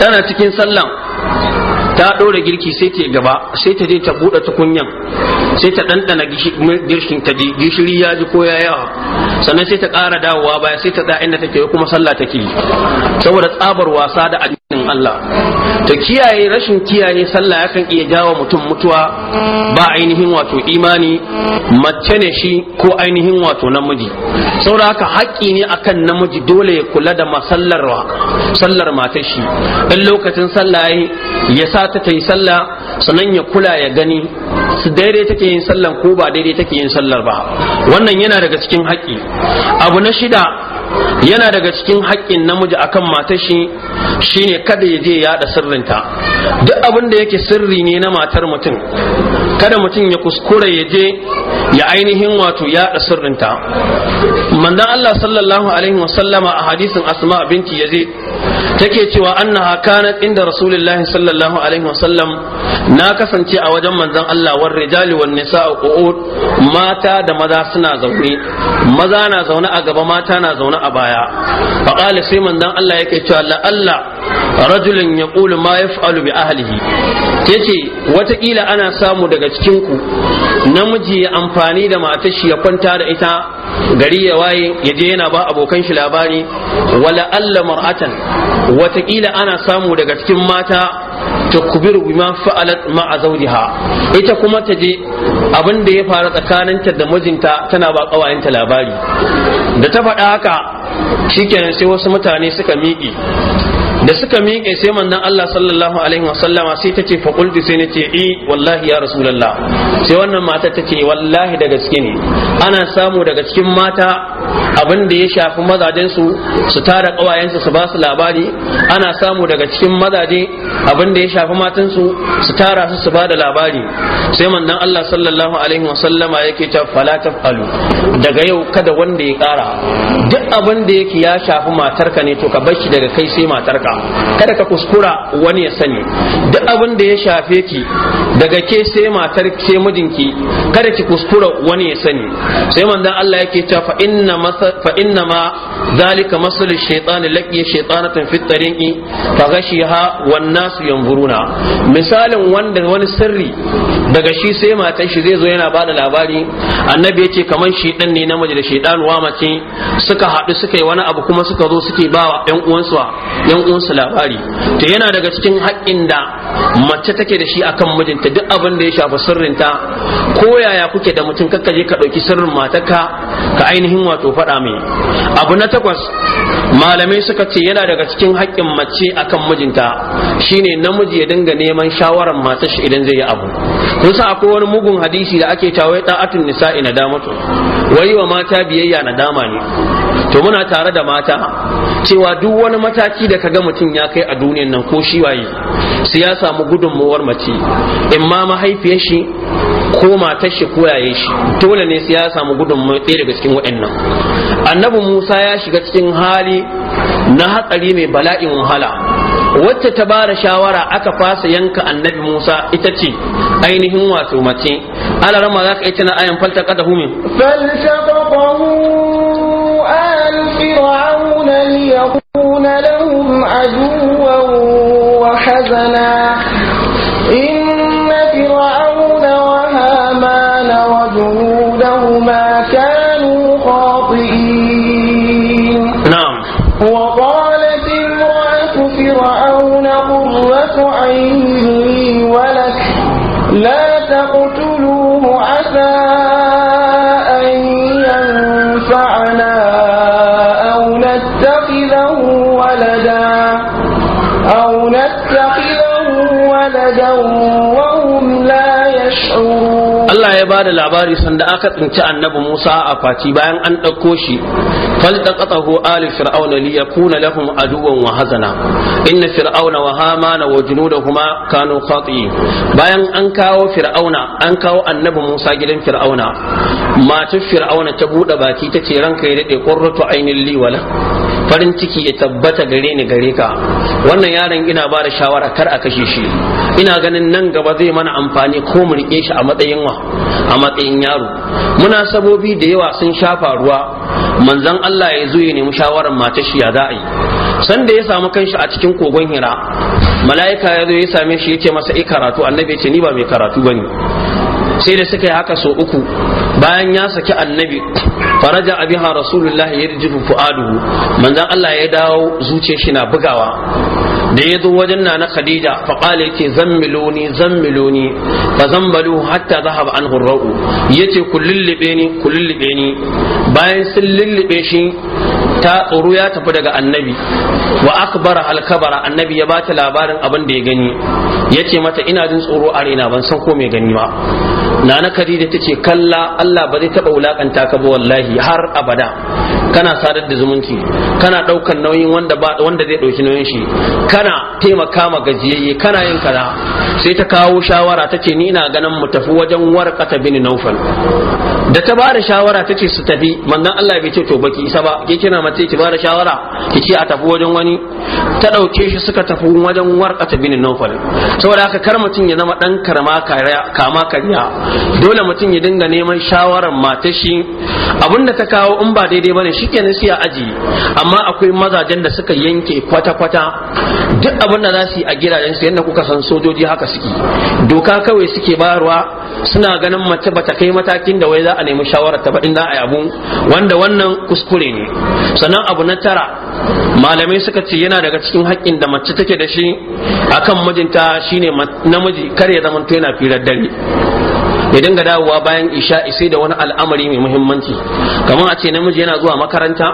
tana cikin sallah ta ɗora girki sai ta gaba sai ta je ta buɗe tukunyan sai ta ɗanɗana girkin ta ji gishiri ya ji ko ya yawa sannan sai ta ƙara dawowa baya sai ta da inda take kuma sallah take saboda tsabar wasa da Allah ta kiyaye rashin kiyaye sallah yakan iya jawo mutum mutuwa ba ainihin wato imani mace ne shi ko ainihin wato namiji saboda haka haƙƙi ne akan namiji dole ya kula da masallar sallar matar shi Dan lokacin sallah ya sa ta sallah sanan ya kula ya gani su daidai take yin sallan ko ba daidai take yin sallar ba wannan yana daga cikin haƙƙi abu na shida yana daga cikin haƙƙin namiji akan matar shi shine kada ya je yaɗa sirrinta duk abin da yake sirri ne na matar mutum kada mutum ya kuskure ya je ya ainihin wato yaɗa sirrinta manzon Allah sallallahu alaihi wasallama a hadisin Asma binti Yazid take cewa annaha kanat inda rasulullahi sallallahu alaihi wasallam na kasance a wajen manzon Allah war rijali wan nisaa qu'ud mata da maza suna zaune maza na zaune a gaba mata na zaune a baya fa qala sai manzon Allah yake cewa la Allah rajulun yaqulu ma yaf'alu bi ahlihi yace watakila ana samu daga cikin ku namiji ya amfani da matar shi ya kwanta da ita gari ya waye ya je yana ba abokan shi labari wala Allah mar'atan Wataƙila ana samu daga cikin mata ta kubir bima fa'alat ma'a zawjiha ita kuma ta je abin da ya faru tsakaninta da mijinta tana ba kawayenta labari da ta faɗa haka shikenan sai wasu mutane suka miƙe da suka miƙe sai mannan Allah sallallahu alaihi wa sallama sai ta fa qulti sai nace eh wallahi ya rasulullah sai wannan mata tace wallahi da gaske ne ana samu daga cikin mata abin da ya shafi mazajensu su tara kawayensu su ba su labari ana samu daga cikin mazaje abin da ya shafi matansu su tara su su ba da labari sai manzon Allah sallallahu alaihi wa sallama yake ta fala tafalu daga yau kada wanda ya kara duk abin da yake ya shafi matarka ne to ka bar shi daga kai sai matarka kada ka kuskura wani ya sani duk abin da ya shafe ki daga ke sai matar sai mijinki kada ki kuskura wani ya sani sai manzon Allah yake ta fa inna fa inna ma zalika masalul shaytan laqiya shaytanatan fit tariqi fa gashiha wan yanzuruna misalin wanda wani sirri daga shi sai matan shi zai zo yana bada labari annabi yace kamar shedan ne namiji da shedan wa mace suka haɗu suka yi wani abu kuma suka zo suke ba wa yan labari to yana daga cikin haƙƙin da mace take da shi akan mijinta duk abin da ya shafi ta ko yaya kuke da mutum kakka je ka ɗauki sirrin matarka ka ainihin wato faɗa faɗa mai abu na takwas malamai suka ce yana daga cikin haƙƙin mace akan mijinta shine namiji ya dinga neman shawarar masu shi idan zai yi abu kun sa akwai wani mugun hadisi da ake tawaye ina nisa'i nadamatu wai wa mata biyayya na dama ne to muna tare da mata cewa duk wani mataki da ka ga mutum ya kai a duniyan nan ko shi waye sai ya samu gudunmuwar mace in ma mahaifiyar shi ko matar shi ko shi dole ne sai ya samu mai tsere daga cikin waɗannan annabi Musa ya shiga cikin hali na hatsari mai bala'in wahala wacce ta bada shawara aka fasa yanka annabi Musa ita ce ainihin wato mace alarama za ka yi tana ayan falta kada hume ليكون لهم عدوا وحزنا ba da labari sanda aka tsinci annabi Musa a faci bayan an ɗauko shi faltaqatahu ali fir'auna li yakuna lahum aduwan wa hazana inna fir'auna wa hamana wa junudahuma kanu khati'in bayan an kawo fir'auna an kawo annabi Musa gidan fir'auna matar fir'auna ta bude baki ta ce ranka ya dade qurratu ainin li farin ciki ya tabbata gare ni gare ka wannan yaron ina ba da shawara kar a kashe shi ina ganin nan gaba zai mana amfani ko mu rike shi a matsayin wa a matsayin yaro muna sabobi da yawa sun shafa ruwa manzon Allah ya zo ya nemi shawaran matar shi ya za a yi sanda ya samu kanshi a cikin kogon hira mala'ika ya zo ya same shi ya ce masa i karatu annabi ya ce ni ba mai karatu bane sai da suka yi haka so uku bayan ya saki annabi faraja abiha rasulullahi yarjifu fu'aduhu manzon Allah ya dawo zuciyar shi na bugawa da ya zo wajen na na khadija faƙala ya ce zammiloni zammiloni fa zambalu hatta zahab an hurra'u ya yace ku lullube ni ku lullube ni bayan sun lullube shi ta tsoro ya tafi daga annabi wa akbara alkabara annabi ya bata labarin abin da ya gani ya ce mata ina jin tsoro a raina ban san ko mai gani ba nana khadija ta ce kalla Allah ba zai taba wulakanta ka ba wallahi har abada kana sadar da zumunci kana daukan nauyin wanda ba wanda zai dauki nauyin shi kana taimaka ma gajiyayye kana yin kaza sai ta kawo shawara ta ce ni ina ganin mu tafi wajen warqata bin naufal da ta bada shawara ta ce su tafi manzon Allah bai ce to baki isa ba ke kina mace ki bada shawara ki ce a tafi wajen wani ta dauke shi suka tafi wajen warqata bin nawfal saboda haka kar mutum ya zama dan karma kama kariya dole mutum ya dinga neman shawaran matar shi abinda ta kawo in ba daidai bane shikenan sai ya aji amma akwai mazajen da suka yanke kwata kwata duk abin da za su yi a gidajen su yadda kuka san sojoji haka suke doka kawai suke bayarwa suna ganin mace bata kai matakin da wai za a nemi shawarar ta faɗin za a yabu wanda wannan kuskure ne sannan abu na tara malamai suka ce yana daga cikin haƙƙin da mace take da shi akan mijinta shine namiji kar ya zamanto yana firar dare ya dinga dawowa bayan isha'i sai da wani al'amari mai muhimmanci kamar a ce namiji yana zuwa makaranta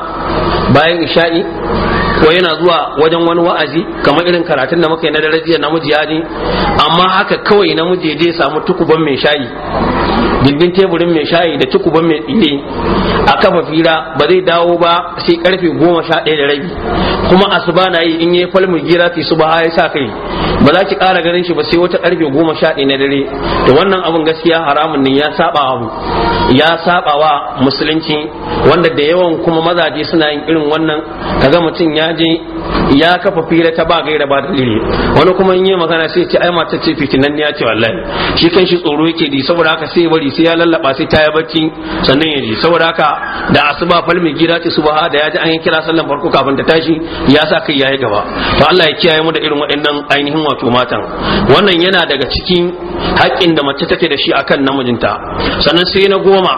bayan isha'i ko yana zuwa wajen wani wa'azi kamar irin karatun da muka yi na darajiyar namiji ya ji amma haka kawai na namiji je samu tukuban mai shayi dindin teburin mai shayi da tukuban mai tsire a kafa fira ba zai dawo ba sai karfe goma sha ɗaya da rabi kuma asuba na yi in yi falmu gira fi suba ya sa kai ba za ki kara ganin shi ba sai wata karfe goma sha ɗaya na dare to wannan abun gaskiya haramun ne ya saba ya saba wa musulunci wanda da yawan kuma mazaje suna yin irin wannan ka kaga mutum ya ya je ya kafa fira ta ba gaira ba dalili wani kuma in yi magana sai ce ai mata ce fitinan ne ya ce wallahi shi kan shi tsoro yake di saboda haka sai bari sai ya lallaba sai ta yi bacci sannan ya ji saboda haka da asuba falmi gida ce subha da ya ji an yi kira sallan farko kafin ta tashi ya sa kai yayi gaba to Allah ya kiyaye mu da irin waɗannan ainihin wato matan wannan yana daga cikin haƙƙin da mace take da shi akan namijinta sannan sai na goma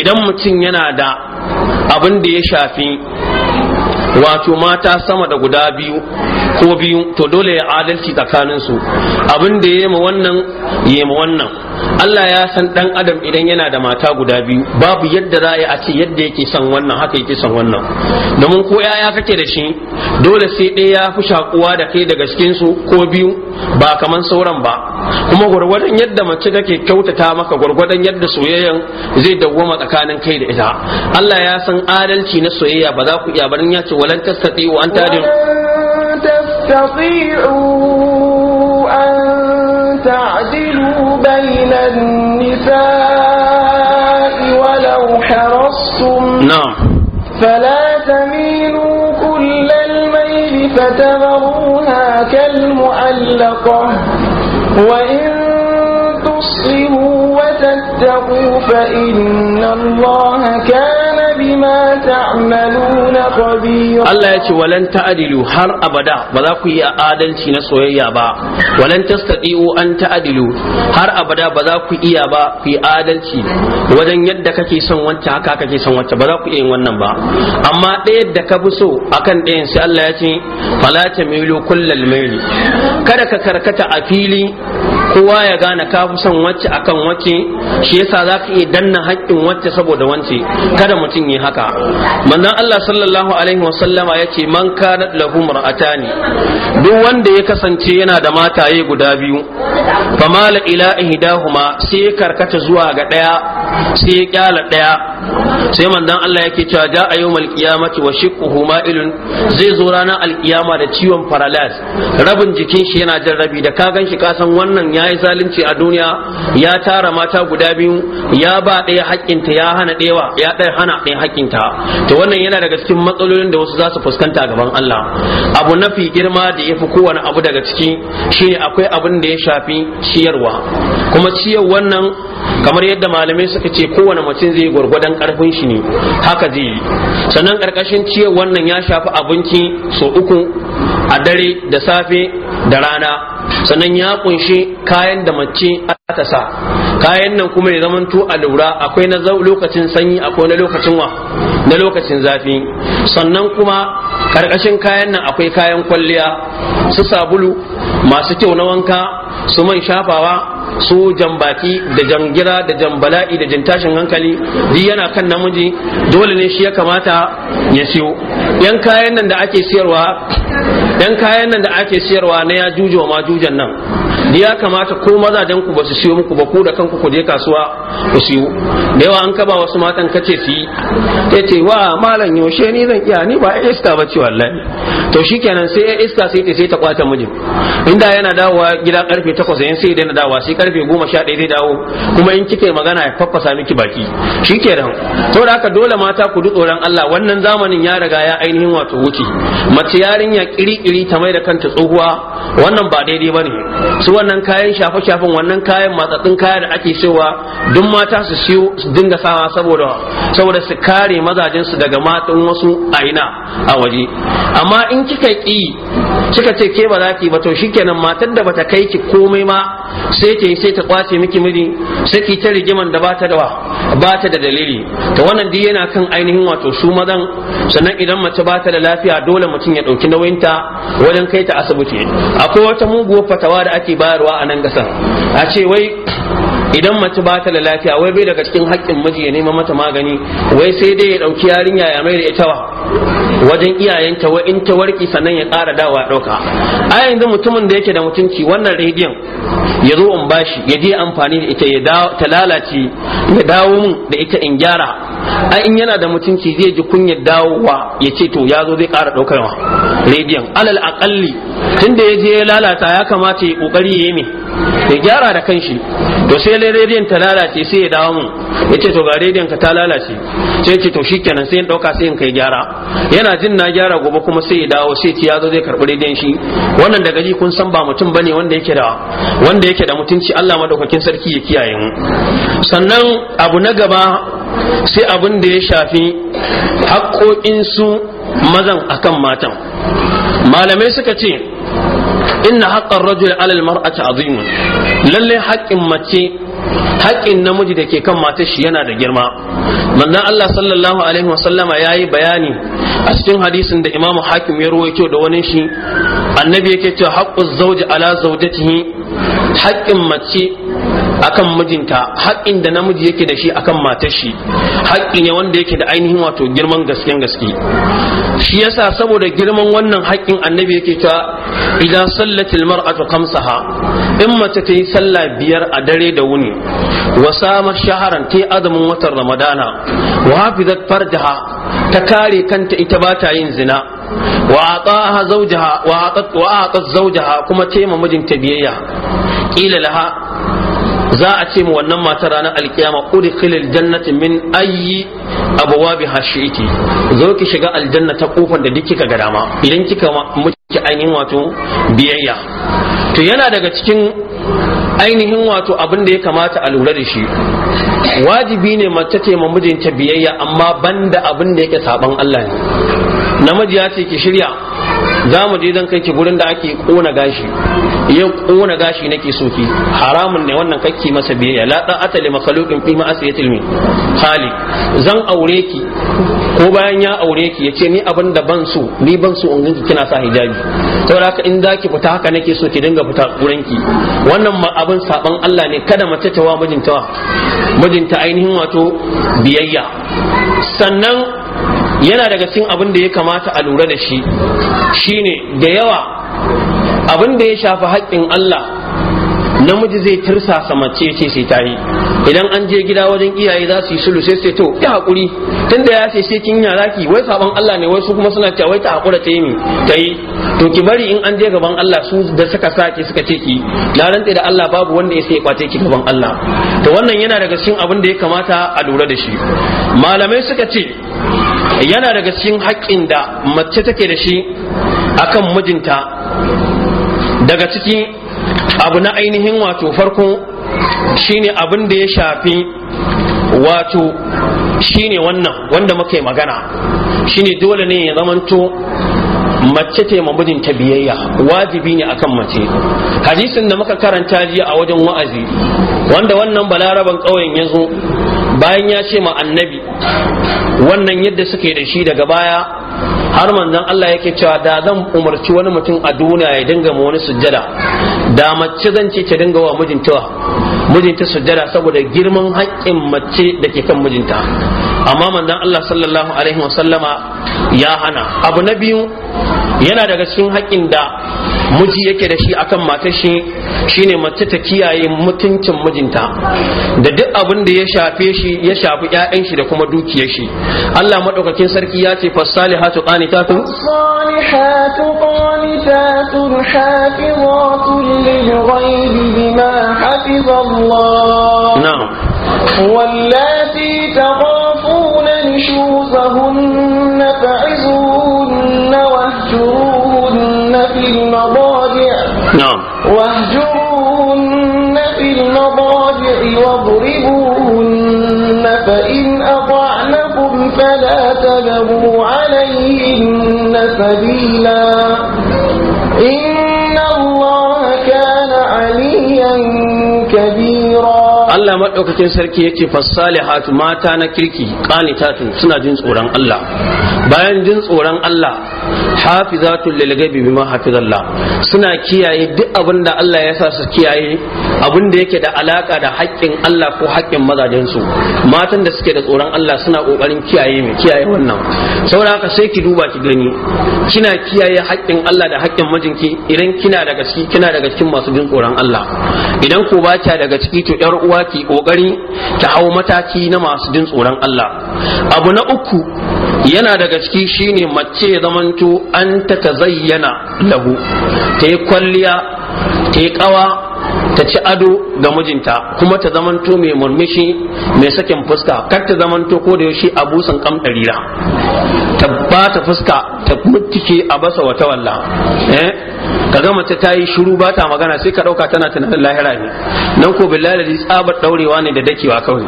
idan mutum yana da abin da ya shafi wato mata sama da guda biyu ko biyu to dole ya adalci tsakanin su abin da yema wannan yema wannan Allah ya san dan adam idan yana da mata guda biyu babu yadda za a ce yadda yake son wannan haka yake son wannan domin ko yaya kake da shi dole sai ɗaya ya fi shakuwa da kai daga cikin su ko biyu ba kaman sauran ba kuma gwargwadon yadda mace take kyautata maka gwargwadon yadda soyayyan zai dawwama tsakanin kai da ita Allah ya san adalci na soyayya ba za ku iya barin ya ce walan tastati wa anta din tastati'u an nisa'i walau harastum na'am fala tamilu kullal mayl fatabaruha kalmu'allaqa وإن تصلحوا وتتقوا فإن الله كان بما تعملون خبيرا الله يتي ولن تعدلوا هر أبدا بذا كي آدلتي نسويا با ولن تستطيعوا أن تعدلوا هر أبدا بذا كي با في آدلتي ودن يد كي سن وانت هكا كي سن وانت بذا كي wannan ba amma ɗaya da ka fi so akan ɗayan sai Allah ya ce fala ta milu kullal maili kada ka karkata a fili kowa ya gane ka fi son wacce akan wacce shi yasa za ka iya danna haƙƙin wacce saboda wance kada mutum yi haka manzon Allah sallallahu alaihi wasallama ya ce man kana lahu mar'atani duk wanda ya kasance yana da mataye guda biyu famala ila ihdahuma sai karkata zuwa ga daya sai ya kyala daya sai manzon Allah yake cewa ja a yawmal qiyamati wa shiqquhu ma'ilun zai zo ranar alkiyama da ciwon paralysis rabin jikin shi yana jarrabi da ka gan shi wannan ya ya yi zalunci a duniya ya tara mata guda biyu ya ba ɗaya haƙƙinta ya hana ɗewa ya ɗaya hana ɗaya haƙƙinta to wannan yana daga cikin matsalolin da wasu za su fuskanta gaban Allah abu na fi girma da ya fi kowane abu daga ciki shine akwai abin da ya shafi ciyarwa kuma ciyar wannan kamar yadda malamai suka ce kowane mutum zai gwargwadon karfin shi ne haka zai yi sannan karkashin ciye wannan ya shafi abinci so uku a dare da safe da rana sannan ya kunshi kayan da mace ta sa kayan nan kuma ya zamanto a lura akwai na lokacin sanyi akwai na lokacin wa na lokacin zafi sannan kuma karkashin kayan nan akwai kayan kwalliya su sabulu masu kyau na wanka su man shafawa su jambaki da jangira da jambala'i da jintashin hankali di yana kan namiji dole ne shi ya kamata ya siyo yan kayan nan da ake siyarwa yan kayan nan da ake siyarwa na ya juju ma jujan nan da ya kamata ko mazajen ku ba su siyo muku ba ko da kanku ku je kasuwa ku siyo da yawa an kaba wasu matan kace su yi ya ce wa malam yaushe ni zan iya ni ba iska ba ce wallahi to shi shikenan sai ya iska sai ta sai ta kwata mijin inda yana dawowa gida karfe 8 yan sai daina dawowa sai karfe 11 zai dawo kuma in kike magana ya faffasa miki baki shi to da haka dole mata ku tsoron Allah wannan zamanin ya riga ya ainihin wato wuce mace yarinya kiri-kiri ta mai da kanta tsohuwa wannan ba daidai bane wannan kayan shafe-shafen wannan kayan matsatsin kaya da ake cewa duk mata su siyo su dinga sawa saboda saboda su kare mazajensu daga matan wasu aina a waje amma in kika ki kika ce ke ba za ki ba to shikenan matar da bata kai ki komai ma sai ta sai ta kwace miki miji sai ki ta rigiman da bata da bata da dalili to wannan duk yana kan ainihin wato su mazan sannan idan mace bata da lafiya dole mutum ya dauki nauyinta wajen kai ta asibiti akwai wata muguwar fatawa da ake bayarwa a nan gasan a ce wai idan mace ba ta da lafiya wai bai daga cikin haƙƙin miji ya nema mata magani wai sai dai ya ɗauki yarinya ya mai da ita wa wajen iyayenta wai in ta warki sannan ya ƙara dawa ɗauka a yanzu mutumin da yake da mutunci wannan rediyon ya zo in bashi ya je amfani da ita ya ta lalace ya dawo mun da ita in gyara ai in yana da mutunci zai ji kunyar dawowa ya ce to ya zo zai ƙara ɗaukarwa rediyon alal aƙalli da ya je ya lalata ya kamata ya ƙoƙari ya yi mai ya gyara da kanshi to sai rediyon ta lalace sai ya dawo mu ya ce to ga rediyon ka ta lalace sai ce to shi kenan sai ya ɗauka sai in kai gyara yana jin na gyara gobe kuma sai ya dawo sai ce ya zo zai karɓi rediyon shi wannan daga ji kun san ba mutum bane wanda yake da wanda yake da mutunci Allah madaukakin sarki ya kiyaye mu sannan abu na gaba sai abin da ya shafi haƙoƙinsu mazan akan matan malamai suka ce inna haƙƙar rajul alal mar'ati azimun lalle haƙƙin mace haƙƙin namiji da ke kan matar shi yana da girma manzon Allah sallallahu alaihi wasallama yayi bayani a cikin hadisin da Imam Hakim ya rawaito da wani shi annabi yake cewa haqqu zawji ala zawjatihi haƙƙin mace akan mijinta haƙƙin da namiji yake da shi akan matar shi haƙƙi ne wanda yake da ainihin wato girman gasken gaske shi yasa saboda girman wannan haƙƙin annabi yake cewa idan sallatil mar'atu khamsaha in mace ta yi sallah biyar a dare da wuni wa sama shaharan ta azumin watan ramadana wa hafizat farjaha ta kare kanta ita ba ta yin zina wa زوجها وأعطت وأعطت زوجها كما تيم mijinta biyayya laha za a ce mu wannan mata ranar alkiyama udkhil jannati min ayi abwabi hashiti zo ki shiga aljanna ta kofar da duk kika ga dama idan kika miki ainihin wato biyayya to yana daga cikin ainihin wato abin da ya kamata a lura da shi wajibi ne mace ce ma mijinta biyayya amma banda abin da yake saban Allah ne namiji ya ce ki shirya za mu je zan kai ki gurin da ake kona gashi yin kona gashi nake so ki haramun ne wannan kakki masa biyayya la da atali makhluqin fi asiyatil min hali zan aure ki ko bayan ya aure ki yace ni abin da ban so ni ban so in ki kina sa hijabi saboda haka in zaki fita haka nake so ki dinga fita gurin ki wannan abin saban Allah ne kada mace ta wa mijinta mijinta ainihin wato biyayya sannan yana daga cikin abin da ya kamata a lura da shi shine da yawa abin da ya shafi haƙƙin Allah namiji zai tirsasa mace ce sai ta yi idan an je gida wajen iyaye za su yi sulu sai sai to ya hakuri tunda ya sai kin ya zaki wai sabon Allah ne wai su kuma suna cewa wai ta hakura ta yi mi ta yi to ki bari in an je gaban Allah su da suka sake suka ce ki na rantse da Allah babu wanda ya sai kwace ki gaban Allah to wannan yana daga cikin abin da ya kamata a lura da shi malamai suka ce yana daga cikin haƙƙin da mace take da shi akan mijinta daga ciki abu na ainihin wato farko shine abin da ya shafi wato shine wannan wanda muke magana shine dole ne ya zamanto mace ce mamudin ta biyayya wajibi ne akan mace hadisin da muka karanta jiya a wajen wa'azi wanda wannan balaraban ƙauyen ya zo bayan ya ce ma annabi wannan yadda suke da shi daga baya har manzon Allah yake cewa da zan umarci wani mutum a duniya ya dinga ma wani sujjada da mace zan ce ta dinga wa mijinta mijinta sujjada saboda girman haƙƙin mace da ke kan mijinta amma manzon Allah sallallahu alaihi wasallama ya hana abu na biyu yana daga cikin haƙƙin da miji yake da shi akan matar shi shine mace ta kiyaye mutuncin mijinta da duk abin da ya shafe shi ya shafi ƴaƴan shi da kuma dukiyar shi Allah madaukakin sarki ya ce fasalihatu qanitatun salihatu qanitatun hafizatun lil ghaibi bima hafiza Allah na'am wallati takhafuna nushuzahunna fa'izuhunna فإن أطعنكم فلا تبغوا عليهن سبيلا إن maɗaukakin sarki yace fasalihat mata na kirki qanitatu suna jin tsoron Allah bayan jin tsoron Allah hafizatul lil bima hafizallah suna kiyaye duk abin da Allah ya sa su kiyaye abin da yake da alaka da haƙƙin Allah ko haƙƙin mazajensu. matan da suke da tsoron Allah suna kokarin kiyaye mai kiyaye wannan saboda haka sai ki duba ki gani kina kiyaye haƙƙin Allah da haƙƙin mijinki idan kina daga ciki kina daga cikin masu jin tsoron Allah idan ko ba daga ciki to ƴar uwa ki ko kokari ta hau mataki na masu jin tsoron Allah abu na uku yana daga ciki shine mace ya zamanto an ta zayyana lahu ta yi kwalliya ta yi kawa ta ci ado ga mijinta kuma ta zamanto mai murmushi mai sakin fuska kar ta zamanto ko da yaushe a busan kam ɗarira ta ba ta fuska ta mutuke a basa wata walla eh? Ka ga mace ta yi shiru ba ta magana sai ka ɗauka tana tunanin lahira ne nan ko billahi da tsabar ɗaurewa ne da dakewa kawai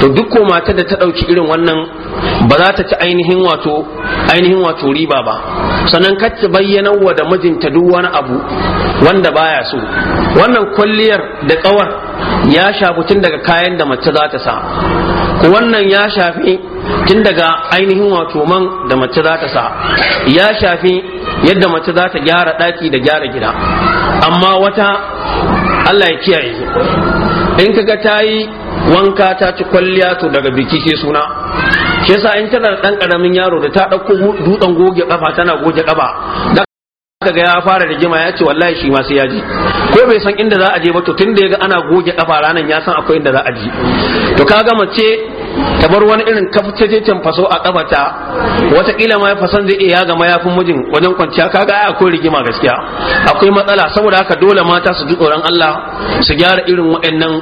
to duk ko mata da ta ɗauki irin wannan ba za ta ci ainihin wato ainihin wato riba ba sannan ka ta bayyana wa da mijinta duk wani abu wanda baya so wannan kwalliyar da kawar ya shafi tun daga kayan da mace za ta sa wannan ya shafi tun daga ainihin wato man da mace za ta sa ya shafi yadda mace za ta gyara ɗaki da gyara gida amma wata Allah ya kiyaye in kaga ta yi wanka ta ci kwalliya to daga biki ke suna shi yasa in tana dan karamin yaro da ta dauko dutsen goge kafa tana goge kafa da ga ya fara rigima ya ce wallahi shi ma sai ya ji ko bai san inda za a je ba to tun da ya ga ana goge kafa ranar ya san akwai inda za a je to kaga mace ta bar wani irin kaftacecen faso a kafata watakila ma fasan zai iya ga mayafin mijin wajen kwanciya kaga ai akwai rigima gaskiya akwai matsala saboda haka dole mata su ji tsoron Allah su gyara irin waɗannan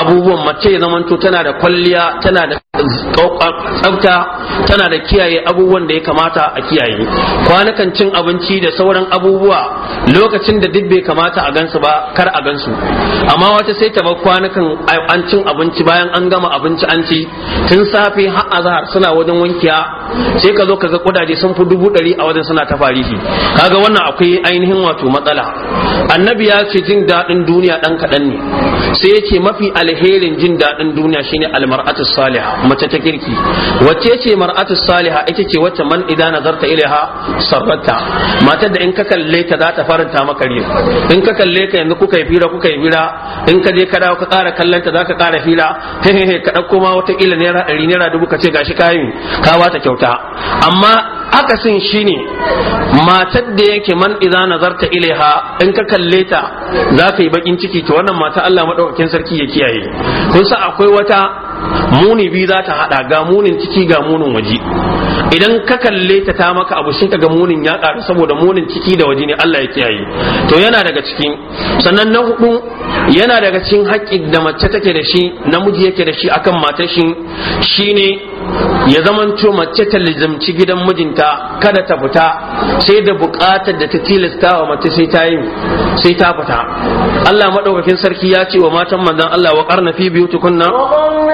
abubuwan mace ya zamanto tana da kwalliya tana da tsafta tana da kiyaye abubuwan da ya kamata a kiyaye kwanakan cin abinci da sauran abubuwa lokacin da duk bai kamata a gansu ba kar a gansu amma wata sai ta bar kwanakan an cin abinci bayan an gama abinci an ci tun safe har azhar suna wajen wankiya sai ka zo ka ga kudaje sun fi dubu ɗari a wajen suna ta farihi kaga wannan akwai ainihin wato matsala annabi ya ce jin daɗin duniya ɗan kaɗan ne sai ya ce mafi alherin jin daɗin duniya shine almar'atu salihah mace ta kirki wacce ce mar'atu salihah ita ce wacce man idan nazarta ilaiha sarrata matar da in ka kalle ta za ta faranta maka riya in ka kalle ka yanzu kuka yi fira kuka yi fira in ka je ka dawo ka ƙara kallon ta za ka ƙara fira ka ɗauko ma wata ila naira ɗari naira dubu ka ce gashi kayan ka kyauta amma akasin shine matar da yake man idza nazarta ileha in ka kalle ta za ka yi bakin ciki to wannan mata Allah maɗaukakin sarki ya kiyaye kun sa akwai wata muni biyu za ta haɗa ga munin ciki ga munin waje idan ka kalle ta ta maka abu shi kaga munin ya karu saboda munin ciki da waje ne Allah ya kiyaye to yana daga cikin sannan na hudu yana daga cikin haƙƙi da mace take da shi namiji yake da shi akan mata shi shine ya zamanto mace ta lizamci gidan mijinta kada ta fita sai da buƙatar da ta tilasta wa mace sai ta yi sai ta fita Allah madaukakin sarki ya ce wa matan manzon Allah wa qarna fi biyutikunna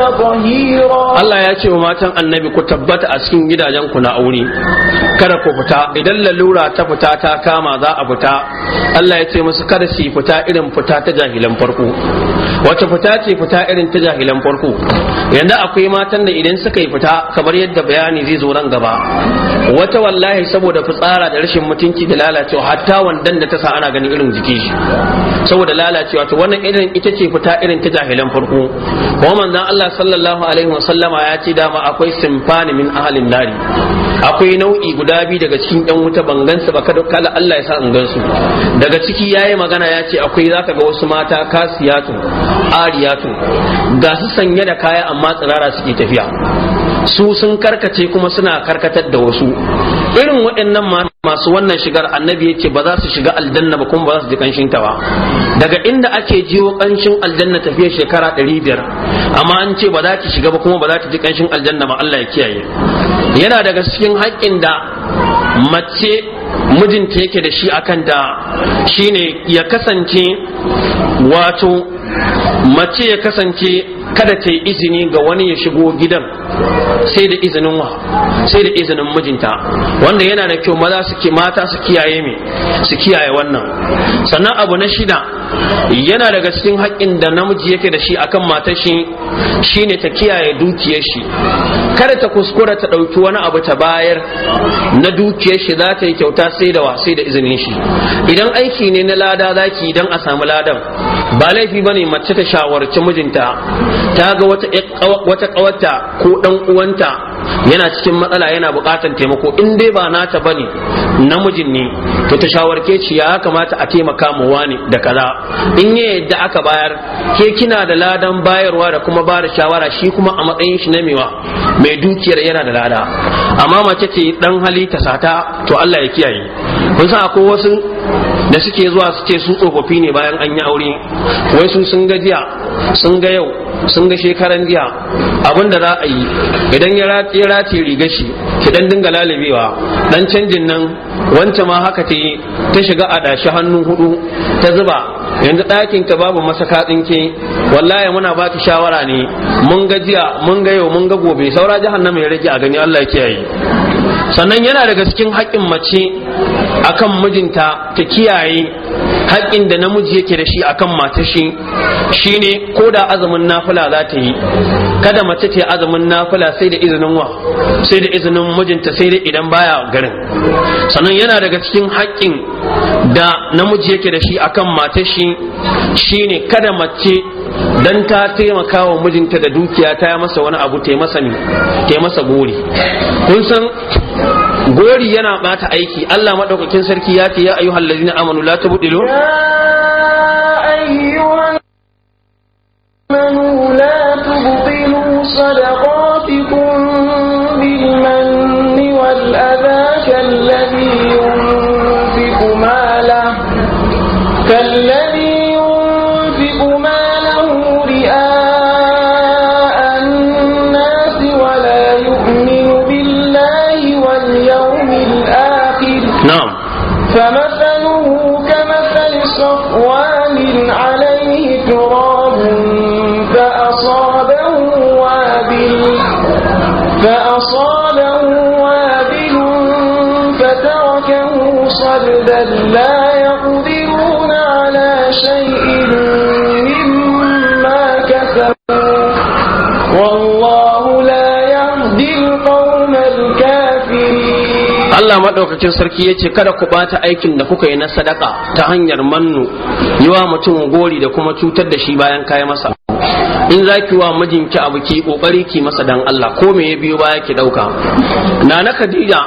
Allah ya ce wa matan annabi ku tabbata a cikin gidajen ku na aure kada ku fita idan lalura ta fita ta kama za a fita Allah ya ce musu kada su fita irin fita ta jahilan farko wata fita ce fita irin ta jahilan farko yanzu akwai matan da idan suka yi fita kamar yadda bayani zai zo nan gaba wata wallahi saboda fitsara da rashin mutunci da lalacewa hatta wandan da ta sa ana ganin irin jiki shi saboda lalacewa to wannan irin ita ce fita irin ta jahilan farko kuma manzon Allah Allah sallallahu alaihi wasallama ya ce dama akwai simfani min ahalin nari akwai nau'i guda biyu daga cikin yan wuta ban gansu ba kada kala Allah ya sa in gansu daga ciki yayi magana ya ce akwai zaka ga wasu mata kasiyatu ariyatu ga su sanye da kaya amma tsirara suke tafiya su sun karkace kuma suna karkatar da wasu irin waɗannan masu wannan shigar annabi ya ba za su shiga aljanna ba kuma ba za su ji kanshin ta ba daga inda ake jiwo kanshin aljanna tafiya shekara 500 amma an ce ba za ki shiga ba kuma ba za ki ji kanshin aljanna ba Allah ya kiyaye yana daga cikin haƙƙin da mace mijinta yake da shi akan da shine ya kasance wato mace ya kasance kada ta yi izini ga wani ya shigo gidan sai da izinin wa sai da izinin mijinta wanda yana da kyau maza su mata su kiyaye mai su kiyaye wannan sannan abu na shida yana daga cikin haƙƙin da namiji yake da shi akan matar shi shine ta kiyaye dukiyar shi kada ta kuskura ta ɗauki wani abu ta bayar na dukiyar shi za ta yi kyauta sai da wa sai da izinin shi idan aiki ne na lada za zaki idan a samu ladan ba laifi bane mace ta shawarci mijinta ta ga wata ƙawarta ko ɗan uwanta yana cikin matsala yana buƙatar taimako in dai ba nata bane namijin ne to ta shawarke ci ya kamata a taimaka mu wani da kaza in ya yadda aka bayar ke kina da ladan bayarwa da kuma ba da shawara shi kuma a matsayin shi na mewa mai dukiyar yana da lada amma mace ce dan hali ta sata to Allah ya kiyaye kun san akwai wasu da suke zuwa su ce su tsofaffi ne bayan an yi aure wai sun sun gajiya sun ga yau sun ga shekaran jiya abinda za a yi idan ya rataye riga shi ki dan dinga lalabewa dan canjin nan wancan ma haka ta yi ta shiga a dashi hannu hudu ta zuba yanzu ɗakin ka babu masaka tsinke wallahi muna ba ki shawara ne mun ga jiya mun ga yau mun ga gobe saura jahannama ya rage a gani Allah ya kiyaye sannan yana daga cikin haƙƙin mace akan mijinta ta kiyaye haƙƙin da namiji yake da shi akan mace shi shine ko da azumin nafila za ta yi kada mace ce azumin nafila sai da izinin wa sai da izinin mijinta sai da idan baya garin sannan yana daga cikin haƙƙin da namiji yake da shi akan mace shi shine kada mace dan ta taimaka wa mijinta da dukiya ta masa wani abu ta masa ne ta masa gori kun san gori yana bata aiki Allah madaukakin sarki ya ce ya ayyuhal ladina amanu la tubdilu ya ayyuhal amanu la tubdilu sadaqa Allah maɗaukakin sarki ya ce kada ku bata aikin da kuka yi na sadaka ta hanyar mannu yi wa mutum gori da kuma cutar da shi bayan kayi masa in za ki wa mijinki abu ki ƙoƙari ki masa dan Allah ko me ya biyo baya ki ɗauka na na Khadija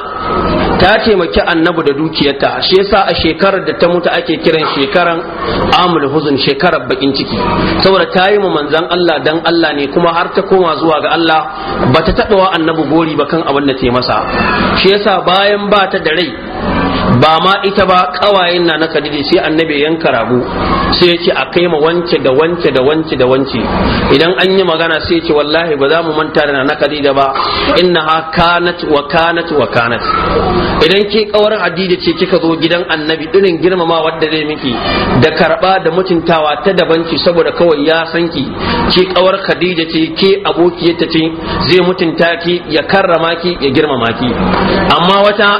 ta taimaki annabi da dukiyarta shi yasa a shekarar da ta mutu ake kiran shekaran amul huzun shekarar bakin ciki saboda ta yi manzan Allah dan Allah ne kuma har ta koma zuwa ga Allah bata taɓa wa annabi gori ba kan abin da ta masa shi yasa bayan ba ta da rai ba ma ita ba kawayen na na Khadija sai annabi yanka rago sai ya ce a kai ma wance da wance da wance da wance idan an yi magana sai ya ce wallahi ba za mu manta da na Khadija ba ha kanat wa kanat wa kanat idan ke kawar hadija ce kika zo gidan annabi irin girmama wadda zai miki da karba da mutuntawa ta daban ki saboda kawai ya san ki ke kawar Khadija ce ke abokiyarta ce zai mutunta ki ya karrama ki ya girmama ki amma wata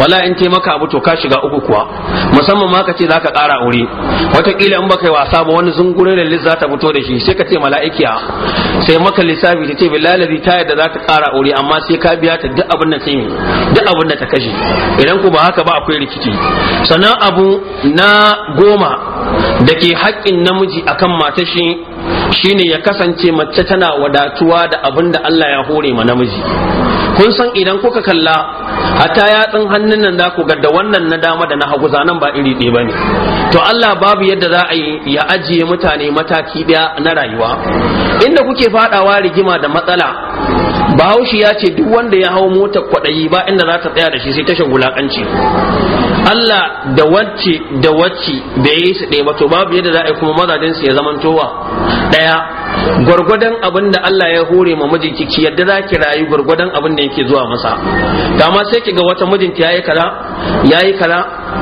wala in ce maka abu to ka shiga uku kuwa musamman ma ka ce zaka kara aure wataƙila in baka yi wasa ba wani zungurin da za ta fito da shi sai ka ce mala'ikiya sai maka lissafi ta ce bilalazi ta yadda za ta ƙara aure amma sai ka biya ta duk abin da ta duk abin da ta kashe idan ku ba haka ba akwai rikici sannan abu na goma da ke haƙƙin namiji akan matar shi shine ya kasance mace tana wadatuwa da abin da Allah ya hore ma namiji kun san idan kuka kalla hatta yatsun hannun nan za ku da wannan na dama da na hagu zanen ba iri ɗaya ba ne. to Allah babu yadda za a yi ya ajiye mutane mataki ɗaya na rayuwa inda kuke faɗawa rigima da matsala bahaushe ya ce duk wanda ya hau motar kwaɗayi ba inda za ta tsaya da shi sai tashar wulaƙanci. Allah da wacce da wacce bai yi su ɗaya ba babu yadda za a yi kuma mazajen su ya zaman towa ɗaya gwargwadon abin da Allah ya hore ma mijinki ki yadda za ki rayu gwargwadon abin da yake zuwa masa dama sai ki ga wata mijinki yayi kaza yayi kaza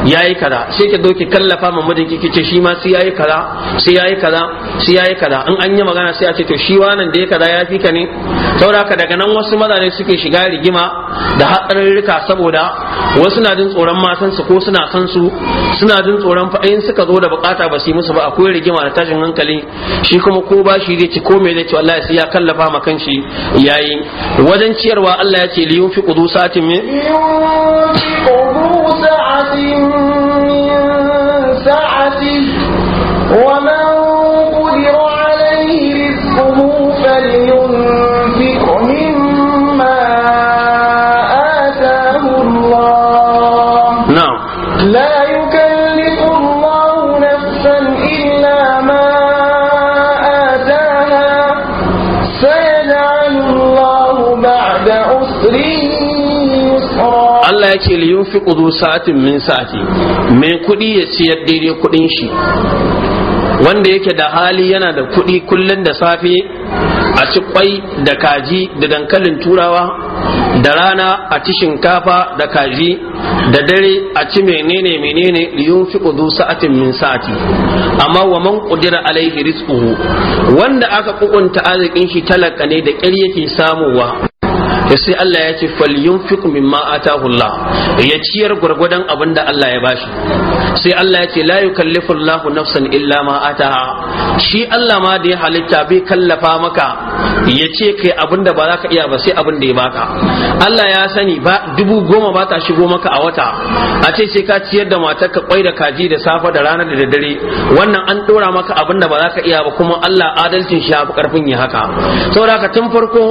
yayi kaza sai ki doki kallafa ma mijinki ki ce shi ma sai yayi kaza sai yayi kaza sai yayi kaza in an yi magana sai a ce to shi wannan da ya kaza ya fi ka ne saboda daga nan wasu mazaje suke shiga rigima da rika saboda wasu na jin tsoron matan su ko suna san su suna jin tsoron fa in suka zo da bukata ba su musu ba akwai rigima da tashin hankali shi kuma ko ba shi zai ci ko me zai ci wallahi sai ya kallafa ma kanshi yayi wajen ciyarwa Allah ya ce li yunfi qudu min min sa'ati wa Allah yake li yunfiqu zu sa'atin min sa'ati mai kudi ya ciyar daidai kudin shi wanda yake da hali yana da kudi kullun da safe a ci kwai da kaji da dankalin turawa da rana a ci shinkafa da kaji da dare a ci menene menene liyun yunfiqu kudu sa'atin min sa'ati amma wa man qudira alaihi rizquhu wanda aka kukunta arzikin shi talaka ne da ƙyar yake samuwa sai Allah ya ce falyunfiq mimma atahu ya ciyar gwargwadon abin da Allah ya bashi sai Allah ya ce la yukallifu Allah nafsan illa ma ataha shi Allah ma da ya halitta bai kallafa maka ya ce kai abin da ba za ka iya ba sai abin da ya baka Allah ya sani ba dubu goma ba ta shigo maka a wata a ce sai ka ciyar da matar ka kwai da kaji da safe da rana da daddare wannan an dora maka abin da ba za ka iya ba kuma Allah adalcin shi ya fi karfin yi haka saboda haka tun farko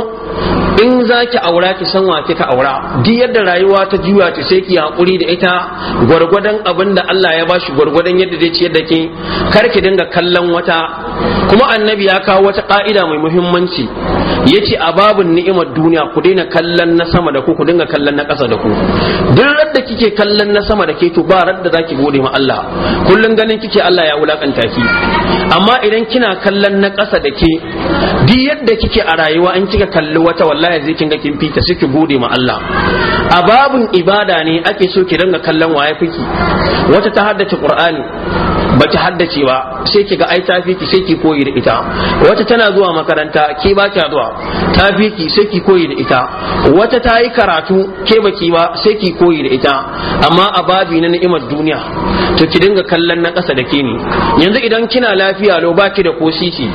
in za ki aura ki san wa kika aura duk yadda rayuwa ta juya ta sai ki hakuri da ita gwargwadon abin da Allah ya bashi gwargwadon yadda zai ciyar da ki kar ki dinga kallon wata kuma annabi ya kawo wata ka'ida mai muhimmanci yace a babun ni'imar duniya ku daina kallon na sama da ku ku dinga kallon na ƙasa da ku duk radda kike kallon na sama da ke to ba radda zaki gode ma Allah kullun ganin kike Allah ya wulakanta ki amma idan kina kallon na ƙasa da ke duk yadda kike a rayuwa in kika kalli wata wallahi wallahi zai kinga kin fita sai ki gode ma Allah a babun ibada ne ake so ki dinga kallon waye fiki wata ta haddace Qur'ani baki haddace ba sai kiga ai tafi ki sai ki koyi da ita wata tana zuwa makaranta ke ba ta zuwa tafi ki sai ki koyi da ita wata ta yi karatu ke ki ba sai ki koyi da ita amma a babi na ni'imar duniya to ki dinga kallon na kasa da ke ni yanzu idan kina lafiya lau ki da kosisi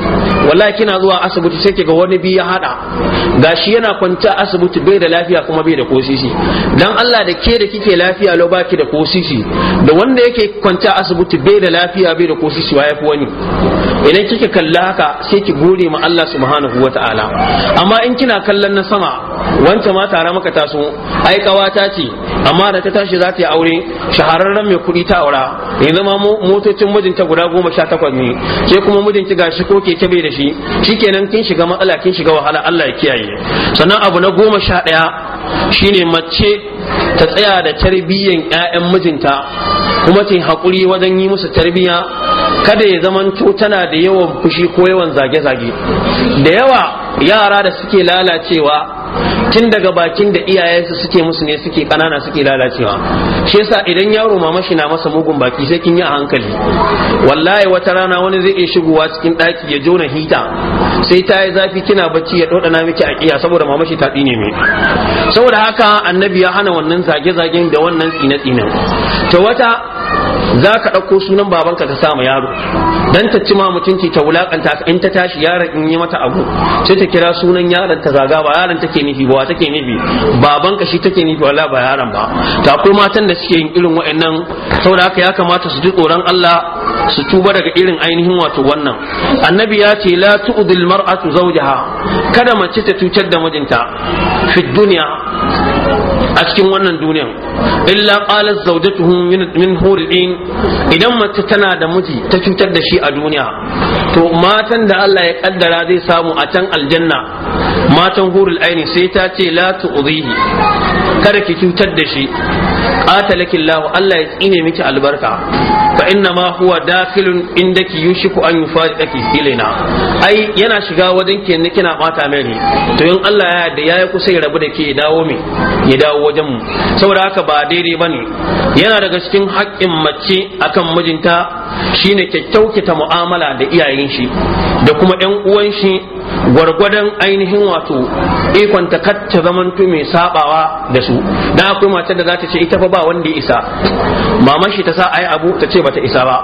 wallahi kina zuwa asibiti sai ga wani bi ya hada gashi yana kwanta asibiti bai da lafiya kuma bai da kosisi dan Allah da ke da kike lafiya lau ki da kosisi da wanda yake kwanta asibiti bai da lafiya lafiya bai da ko su ya fi wani idan kike kalla haka sai ki gode ma Allah subhanahu wataala amma in kina kallon na sama wanda ma tare maka taso ai kawata ce amma da ta tashi za ta yi aure shahararren mai kuɗi ta aura yanzu zama motocin mijinta guda goma sha takwas ne sai kuma mijinki ga shi ko keke bai da shi shikenan kin shiga matsala kin shiga wahala Allah ya kiyaye sannan abu na goma sha ɗaya shine mace ta tsaya da tarbiyyan ƴaƴan mijinta kuma ta yi haƙuri wajen yi musu tarbiyya tarbiya kada ya zamanto tana da yawan fushi ko yawan zage-zage da yawa yara da suke lalacewa tun daga bakin da iyayensu suke musu ne suke kanana suke lalacewa shi yasa idan yaro mama shi na masa mugun baki sai kin yi a hankali wallahi wata rana wani zai iya shigowa cikin daki ya jona hita sai ta yi zafi kina bacci ya dodana miki a kiya saboda mama shi ta tsine me saboda haka annabi ya hana wannan zage-zagen da wannan tsine-tsinen to wata za ka ɗauko sunan babanka ka sama yaro dan ta ci ma mutunci ta wulakanta in ta tashi yaron in yi mata abu sai ta kira sunan yaron ta zaga ba yaron take nufi ba take nufi babanka shi take nufi ba yaron ba ta ko matan da suke yin irin wa'annan saboda haka ya kamata su ji tsoron Allah su tuba daga irin ainihin wato wannan annabi ya ce la tu'dil mar'atu zawjaha kada mace ta cutar da mijinta fi dunya a cikin wannan duniyan illa qalat zawjatuhu min in idan mace tana da miji ta cutar da shi a duniya to matan da Allah ya kaddara zai samu a can aljanna matan hurul aini sai ta ce la tu'dhihi kada ki cutar da shi qatalakillahu Allah ya tsine miki albarka fa inna ma huwa dakhilun indaki yushiku an yufadaki filina ai yana shiga wajen ke ne kina bata mai ne to in Allah ya yarda yayi kusa ya rabu da ya dawo ya dawo wajen mu saboda haka ba daidai bane yana daga cikin haƙƙin mace akan mijinta shine kyakkyauta mu'amala da iyayen shi da kuma 'yan uwan shi gwargwadon ainihin wato ikon ta kacce zamantu mai sabawa da su dan akwai mace da za ta ce ita fa ba wanda ya isa maman shi ta sa ayi abu ta ce bata isa ba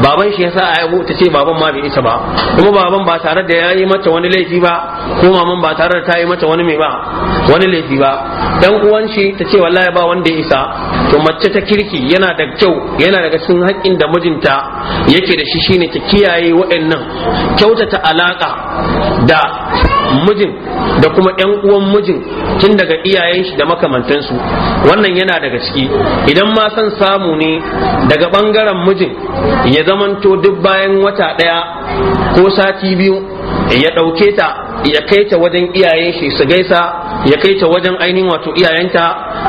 baban shi ya sa ayi abu ta ce baban ma bai isa ba kuma baban ba tare da yayi mata wani laifi ba ko maman ba tare da ta yi mata wani mai ba wani laifi ba dan uwan shi ta ce wallahi ba wanda ya isa to mace ta kirki yana da kyau yana daga cikin haƙƙin da mijinta yake da shi shine ta kiyaye waɗannan kyautata alaka da mijin da kuma yan uwan mijin tun daga iyayen shi da makamantansu wannan yana daga ciki idan ma san samu ne daga bangaren mijin ya zamanto duk bayan wata ɗaya ko sati biyu ya ɗauke ta ya kai ta wajen iyayen shi su gaisa ya kai ta wajen ainihin wato iyayenta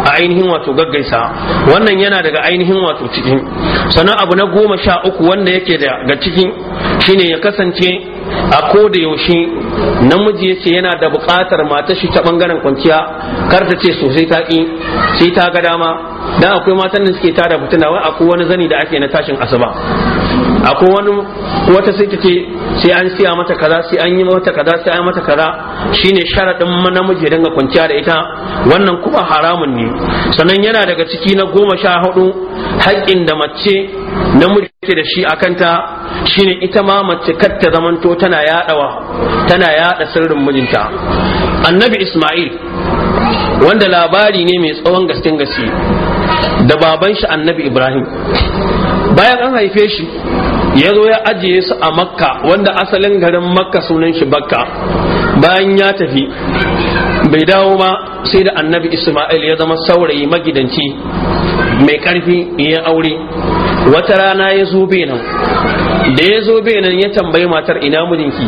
a ainihin wato gaggaisa wannan yana daga ainihin wato cikin sannan abu na goma sha uku wanda yake daga cikin shine ya kasance a ko da yaushe namiji yace yana da buƙatar matar shi ta bangaren kwanciya kar ta ce sosai ta ki sai ta ga dama dan akwai matan da suke tada fitina wai akwai wani zani da ake na tashin asuba akwai wani wata sai tace sai an siya mata kaza sai an yi mata kaza sai an yi mata kaza shine sharadin namiji dinga kwanciya da ita wannan kuma haramun ne sannan yana daga ciki na goma sha hudu haƙƙin da mace namiji yake da shi a kanta shine ita ma mace katta ta zamanto tana yadawa tana yada sirrin mijinta annabi isma'il wanda labari ne mai tsawon gaskin gaske da baban shi annabi ibrahim bayan an haife shi ya zo ya ajiye su a makka wanda asalin garin makka sunan shi bakka bayan ya tafi bai dawo ba sai da annabi isma'il ya zama saurayi magidanci mai karfi ya aure wata rana ya zo nan da ya zo bai nan ya tambayi matar ina mijinki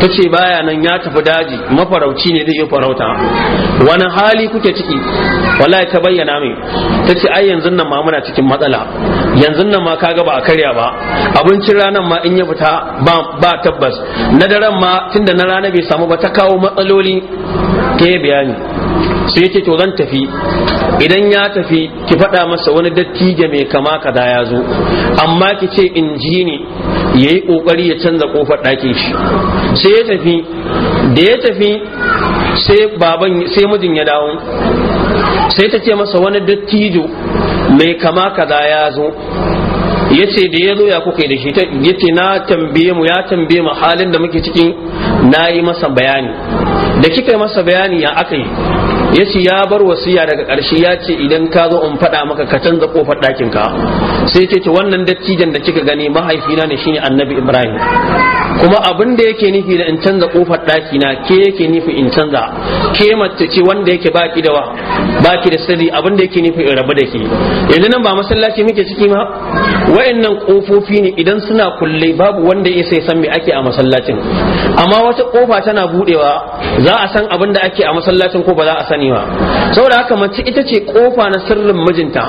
ta ce baya nan ya tafi daji mafarauci ne zai yi farauta wani hali kuke ciki wallahi ta bayyana min ta ce ai yanzu nan ma muna cikin matsala yanzu nan ma kaga ba a karya ba abincin ranan ma in ya fita ba tabbas na daren ma tunda na rana bai samu ba ta kawo matsaloli ta yi bayani sai yace to zan tafi idan ya tafi ki faɗa masa wani dattijo mai kama kaza ya zo amma ki ce in ji ni yayi kokari ya canza kofar ɗakin shi sai ya tafi da ya tafi sai baban sai mijin ya dawo sai ta ce masa wani dattijo mai kama kaza ya zo ya ce da ya zo ya kuka da shi ya ce na tambaye mu ya tambaye mu halin da muke cikin na yi masa bayani da kika yi masa bayani ya aka yi ya ya bar wasiya daga ƙarshe ya ce idan ka zo in faɗa maka ka canza ƙofar ɗakin ka sai ce wannan dattijan da kika gani mahaifina ne shine annabi ibrahim kuma abin da yake nufi da in canza kofar ɗaki na ke yake nufi in canza ke mace ce wanda yake baki da wa baki da sirri abin da yake nufi in rabu da ke yanzu nan ba masallaci muke ciki ma wayannan kofofi ne idan suna kulle babu wanda ya sai san me ake a masallacin amma wata kofa tana budewa za a san abin da ake a masallacin ko ba za a sani ba saboda haka mace ita ce kofa na sirrin mijinta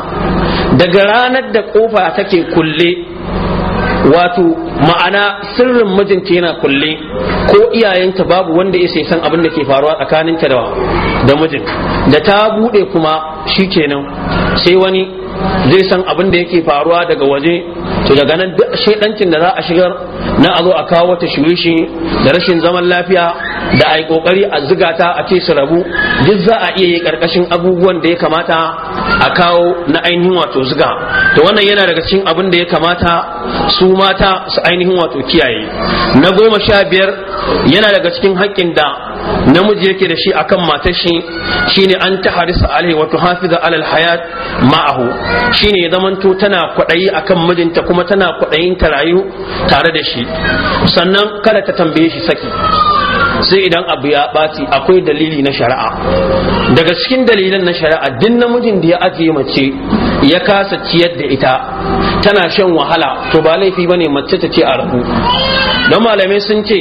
daga ranar da kofa take kulle wato ma'ana sirrin mijinta yana kulle ko iyayenta babu wanda ya san abin da ke faruwa tsakaninta da da mijin da ta bude kuma shikenan sai wani zai san abin da yake faruwa daga waje to daga nan duk shaidancin da za a shigar na a zo a kawo wata shirishi da rashin zaman lafiya da a yi kokari a zigata a ce su rabu duk za a iya yi karkashin abubuwan da ya kamata a kawo na ainihin wato ziga to wannan yana daga cikin abin da ya kamata su mata su ainihin wato kiyaye na goma sha biyar yana daga cikin haƙƙin da namiji yake da shi akan matar shi shine an ta harisa alaihi wato hafiza alal hayat ma'ahu shine ya zamanto tana kwaɗayi akan mijinta ta kuma tana kwaɗayin ta rayu tare da shi sannan kada ta tambaye shi saki sai idan abu ya ɓaci akwai dalili na shari'a daga cikin dalilan na shari'a din namijin da ya ajiye mace ya kasa ciyar da ita tana shan wahala to ba laifi ba ne mace ta ce a rabu don malamai sun ce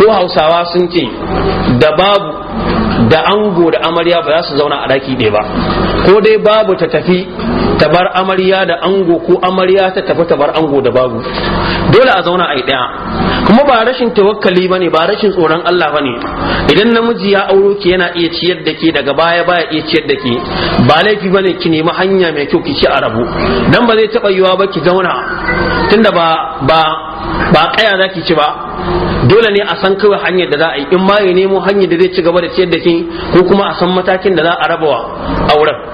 ko hausawa sun ce da babu da ango da amarya ba za su zauna a ɗaki ɗaya ba ko dai babu ta tafi ta bar amarya da ango ko amarya ta tafi ta bar ango da babu dole a zauna a yi ɗaya kuma ba rashin tawakkali bane ba rashin tsoron Allah bane idan namiji ya auro ki yana iya ciyar da ke daga baya baya iya ciyar da ke ba laifi bane ki nemi hanya mai kyau ki ci a rabu dan ba zai taba yiwa ba ki zauna tunda ba ba ba kaya zaki ci ba dole ne a san kawai hanyar da za a yi in ma ya nemo hanyar da zai ci gaba da ciyar da ke ko kuma a san matakin da za a rabawa auren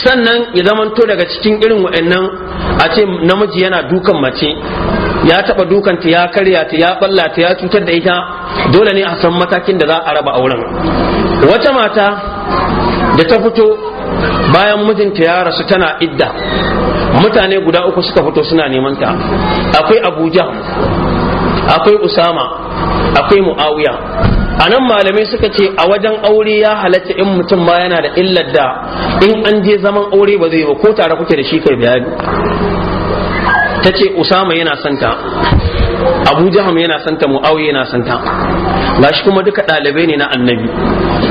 sannan ya zamanto daga cikin irin wa'annan a ce namiji yana dukan mace ya taba dukanta ya karya ta ya balla ta ya cutar da ita dole ne a san matakin da za a raba auren wata mata da ta fito bayan mijinta ya rasu tana idda mutane guda uku suka fito suna neman ta akwai abuja akwai usama akwai muawiya a nan malamai suka ce a wajen aure ya halatta in mutum ma yana da illar da in an je zaman aure ba zai ba ko tare kuke da shi kai bayani ta ce usama yana santa abu jaham yana santa mu'awiya yana santa shi kuma duka ɗalibai ne na annabi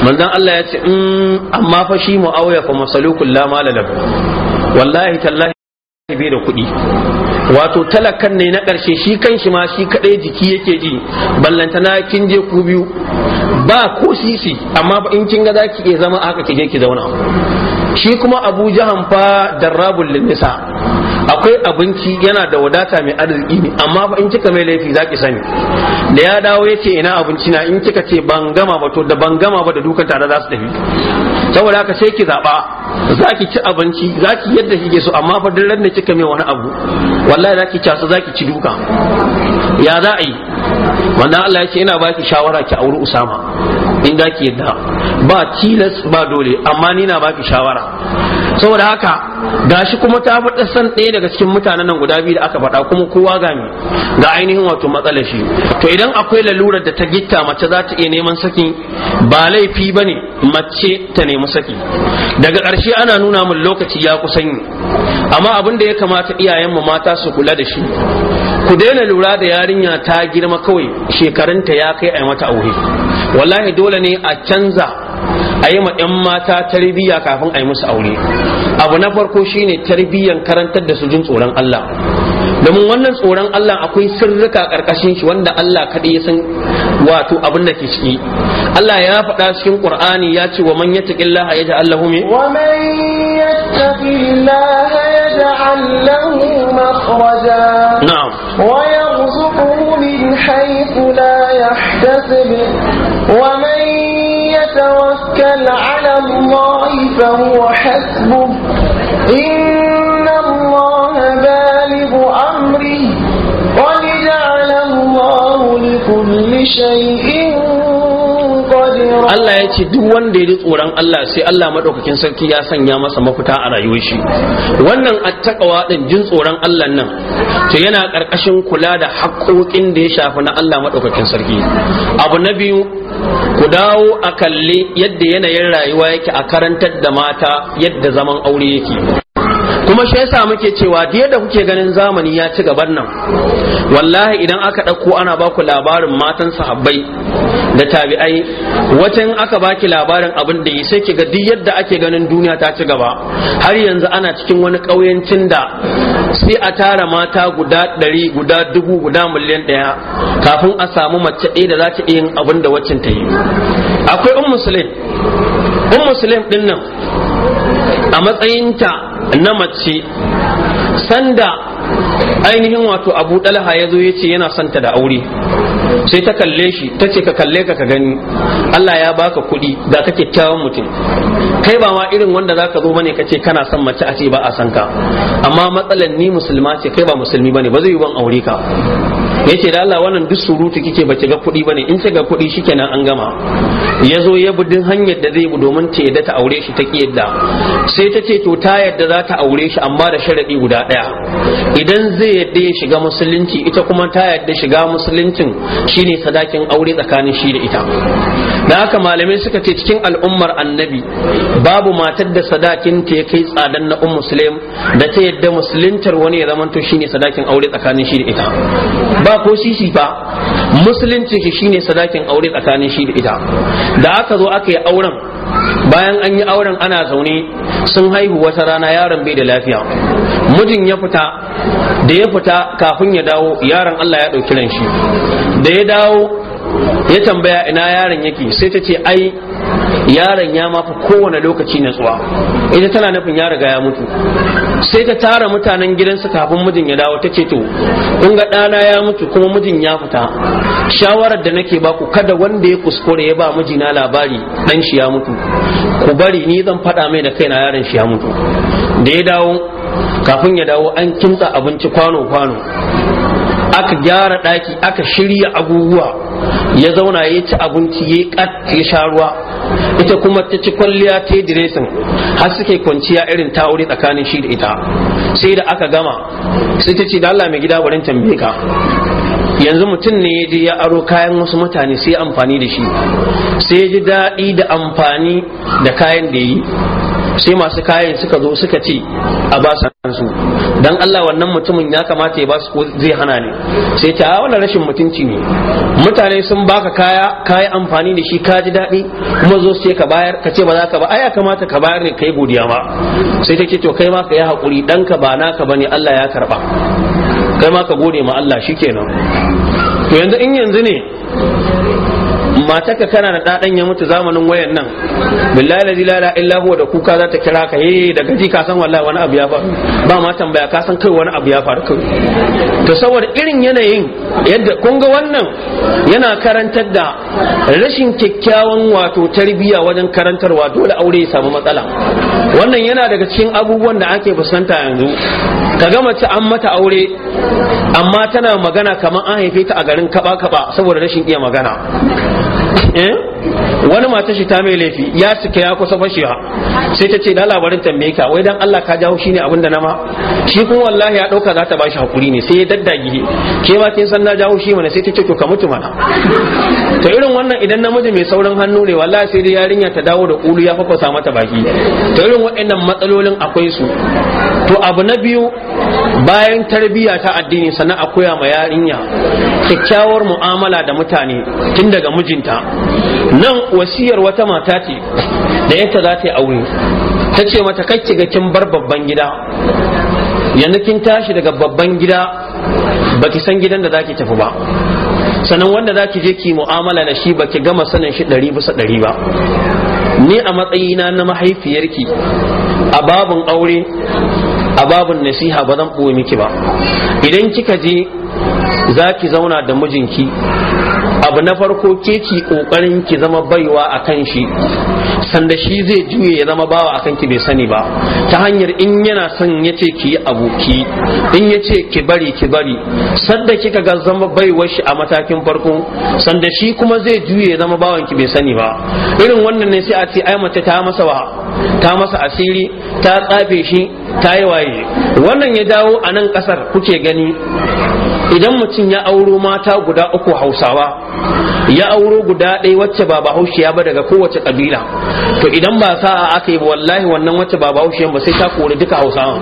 manzon Allah ya ce mm, amma fa shi mu mu'awiya fa masalukun la malalam wallahi tallahi bai da kuɗi wato talakan ne na ƙarshe shi kan shi ma shi kaɗai jiki yake ji na kin je ku biyu ba ko sisi amma in kin ga ki iya zama haka ki je ki zauna shi kuma abu jahan fa darrabul linisa akwai abinci yana da wadata mai arziki ne amma ba in kika mai laifi za ki sani da ya dawo yace ina abinci na in kika ce ban gama ba to da ban gama ba da dukan tare za su tafi saboda haka sai ki zaba zaki ci abinci zaki yadda kike so amma fa duk da kika mai wani abu wallahi zaki casa zaki ci duka ya za a yi wanda Allah ya ce ina baki shawara ki auri Usama in da ki yadda ba tilas ba dole amma ni na baki shawara saboda haka gashi kuma ta faɗa san ɗaya daga cikin mutanen nan guda biyu da aka faɗa kuma kowa ga mi ga ainihin wato matsalar shi to idan akwai lalurar da ta gitta mace za ta iya neman saki ba laifi ba ne mace ta nemi saki daga ƙarshe ana nuna min lokaci ya kusan yi amma abin da ya kamata iyayenmu mata su kula da shi ku daina lura da yarinya ta girma kawai shekarunta ya kai a yi mata aure wallahi dole ne a canza a yi ma 'yan mata tarbiyya kafin a yi musu aure abu na farko shine tarbiyyan karantar da su jin tsoron Allah domin wannan tsoron Allah akwai sirrika karkashin shi wanda Allah kaɗai ya san wato abin da ke ciki Allah ya faɗa cikin Ƙur'ani ya ce wa man yattaqillaha yaj'al lahu min wa man yattaqillaha yaj'al lahu makhraja na'am ويرزقه من حيث لا يحتسب ومن يتوكل على الله فهو حسبه إن الله بالغ أمره قد جعل الله لكل شيء Allah ya ce duk wanda ya ji tsoron Allah sai Allah madaukakin sarki ya sanya masa mafita a rayuwar shi wannan attaqwa din jin tsoron Allah nan to yana ƙarƙashin kula da haƙoƙin da ya shafi na Allah madaukakin sarki abu na biyu ku dawo a kalle yadda yanayin rayuwa yake a karantar da mata yadda zaman aure yake kuma shi yasa muke cewa da yadda kuke ganin zamani ya ci gaban nan wallahi idan aka ɗauko ana ba ku labarin matan sahabbai da tabi'ai watan aka baki labarin abin da ya sai kiga duk yadda ake ganin duniya ta ci gaba har yanzu ana cikin wani ƙauyen da sai a tara mata guda ɗari guda dubu guda miliyan ɗaya kafin a samu mace ɗaya da za ta iya yin abin da waccan ta yi akwai un musulun un musulun ɗin nan a matsayinta na mace sanda ainihin wato abu dalha ya zo ya ce yana santa da aure sai ta kalle shi ta ce ka kalle ka ka gani Allah ya baka kuɗi da ka kyakkyawan mutum kai ba ma irin wanda za ka zo bane ka ce kana son mace a ce ba a san ka amma matsalan ni musulma ce kai ba musulmi bane ba zai yi ban aure ka yace da Allah wannan duk surutu kike bace ga kuɗi ba ne in ce ga kuɗi kenan an gama ya zo ya bi din hanyar da zai bi domin ta yadda ta aure shi ta ki yadda sai ta ce to ta yadda za ta aure shi amma da sharadi guda ɗaya idan zai yadda ya shiga musulunci ita kuma ta yadda shiga musuluncin shine sadakin aure tsakanin shi da ita da haka malamai suka ce cikin al'ummar annabi babu matar da sadakin ta ya kai tsadan na ummu da ta yadda musuluntar wani ya zamanto shine sadakin aure tsakanin shi da ita ba ko sisi ba musulunci shi shine sadakin aure tsakanin shi da ita da aka zo aka yi auren bayan an yi auren ana zaune sun haihu wata rana yaron bai da lafiya Mujin ya fita da ya fita kafin ya dawo yaron Allah ya ɗauki ran shi da ya dawo ya tambaya ina yaron yake sai ta ce ai yaron ya mafi kowane lokaci na tsuwa ita tana nufin ya riga ya mutu sai ta tara mutanen gidansa kafin mijin ya dawo ta ce to kun ga ɗana ya mutu kuma mijin ya fita shawarar da nake baku kada wanda ya kuskure ya ba mijina labari dan shi ya mutu ku bari ni zan faɗa mai da kaina yaron shi ya mutu da ya dawo kafin ya dawo an kintsa abinci kwano-kwano aka gyara ɗaki aka shirya abubuwa ya zauna ya ci abinci ya kat ya sha ruwa ita kuma ta ci kwalliya ta yi diresin har suke kwanciya irin ta aure tsakanin shi da ita sai da aka gama sai ta ce da Allah mai gida barin tambaye ka yanzu mutum ne ya je ya aro kayan wasu mutane sai amfani da shi sai ya ji daɗi da amfani da kayan da yi sai masu kayan suka zo suka ce a ba su dan Allah wannan mutumin ya kamata ya ba su ko zai hana ne sai ta wannan rashin mutunci ne mutane sun baka kaya kayi amfani da shi ka ji daɗi kuma zo sai ka bayar ka ce ba za ka ba aya kamata ka bayar ne kai godiya ma sai ta ce to kai ma ka yi hakuri dan ka ba naka ne Allah ya karba kai ma ka gode ma Allah shikenan to yanzu in yanzu ne matarka kana da ɗaɗan ya mutu zamanin wayan nan billahi la ilaha illa huwa da kuka za ta kira ka eh da gaji ka san wallahi wani abu ya faru ba ma tambaya ka san kai wani abu ya faru kai to saboda irin yanayin yadda kun ga wannan yana karantar da rashin kyakkyawan wato tarbiyya wajen karantarwa dole aure ya samu matsala wannan yana daga cikin abubuwan da ake fuskanta yanzu ka ga mace an mata aure amma tana magana kamar an haife ta a garin kaba kaba saboda rashin iya magana Eh? wani mata shi ta mai laifi ya cika ya kusa fashewa sai ta ce da labarin tambaye ka wai dan Allah ka jawo shine abin da na ma shi kuma wallahi ya dauka za ta shi hakuri ne sai ya daddage ke ma kin san na jawo shi mana sai ta ce to ka mutu mana to irin wannan idan namiji mai saurin hannu ne wallahi sai dai yarinya ta dawo da kulu ya fafasa mata baki to irin waɗannan matsalolin akwai su to abu na biyu bayan tarbiyya ta addini sannan a koya ma yarinya kyakkyawar mu'amala da mutane tun daga mijinta nan wasiyar wata mata ce da yadda za ta yi aure ta ce mata kacce ga kin bar babban gida yanzu kin tashi daga babban gida baki san gidan da zaki tafi ba sannan wanda zaki je ki mu'amala da shi baki gama sanin shi ɗari bisa ɗari ba ni a matsayina na mahaifiyarki a babin aure a babun nasiha ba zan ɓoye miki ba idan kika je za ki zauna da mijinki abu na farko ke ki kokarin ki zama baiwa akan shi sanda shi zai juye ya zama bawa akan ki bai sani ba ta hanyar in yana son yace ce ki yi aboki in yace ki bari ki bari sanda kika ga zama baiwa shi a matakin farko sanda shi kuma zai juye ya zama bawan ki bai sani ba irin wannan ne sai a ce ai mace ta masa wa ta masa asiri ta tsafe shi ta yi waye wannan ya dawo a nan kasar kuke gani idan mutum ya auro mata guda uku hausawa ya auro guda ɗaya wacce ba bahaushiya ba daga kowace kabila to idan ba sa'a aka yi wallahi wannan wacce ba bahaushiya ba sai ta kori duka hausawa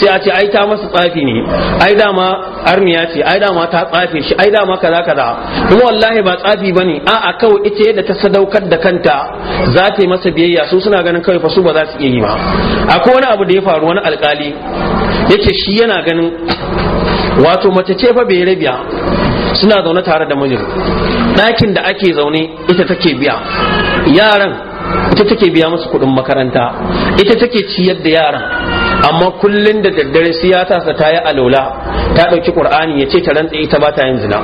sai a ce ai ta masa tsafi ne ai dama armiya ce ai dama ta tsafe shi ai dama kaza kaza kuma wallahi ba tsafi bane a a kawai ita yadda ta sadaukar da kanta za ta yi masa biyayya su suna ganin kawai fa su ba za su iya yi ba akwai wani abu da ya faru wani alkali yace shi yana ganin wato mace ce fa bai rabiya suna zaune tare da mijin ɗakin da ake zaune ita take biya yaran ita take biya musu kuɗin makaranta ita take ciyar da yaran amma kullum da daddare siyasa sa ta yi alola ta ɗauki ƙur'ani ya ce ta rantse ita ba ta yin zina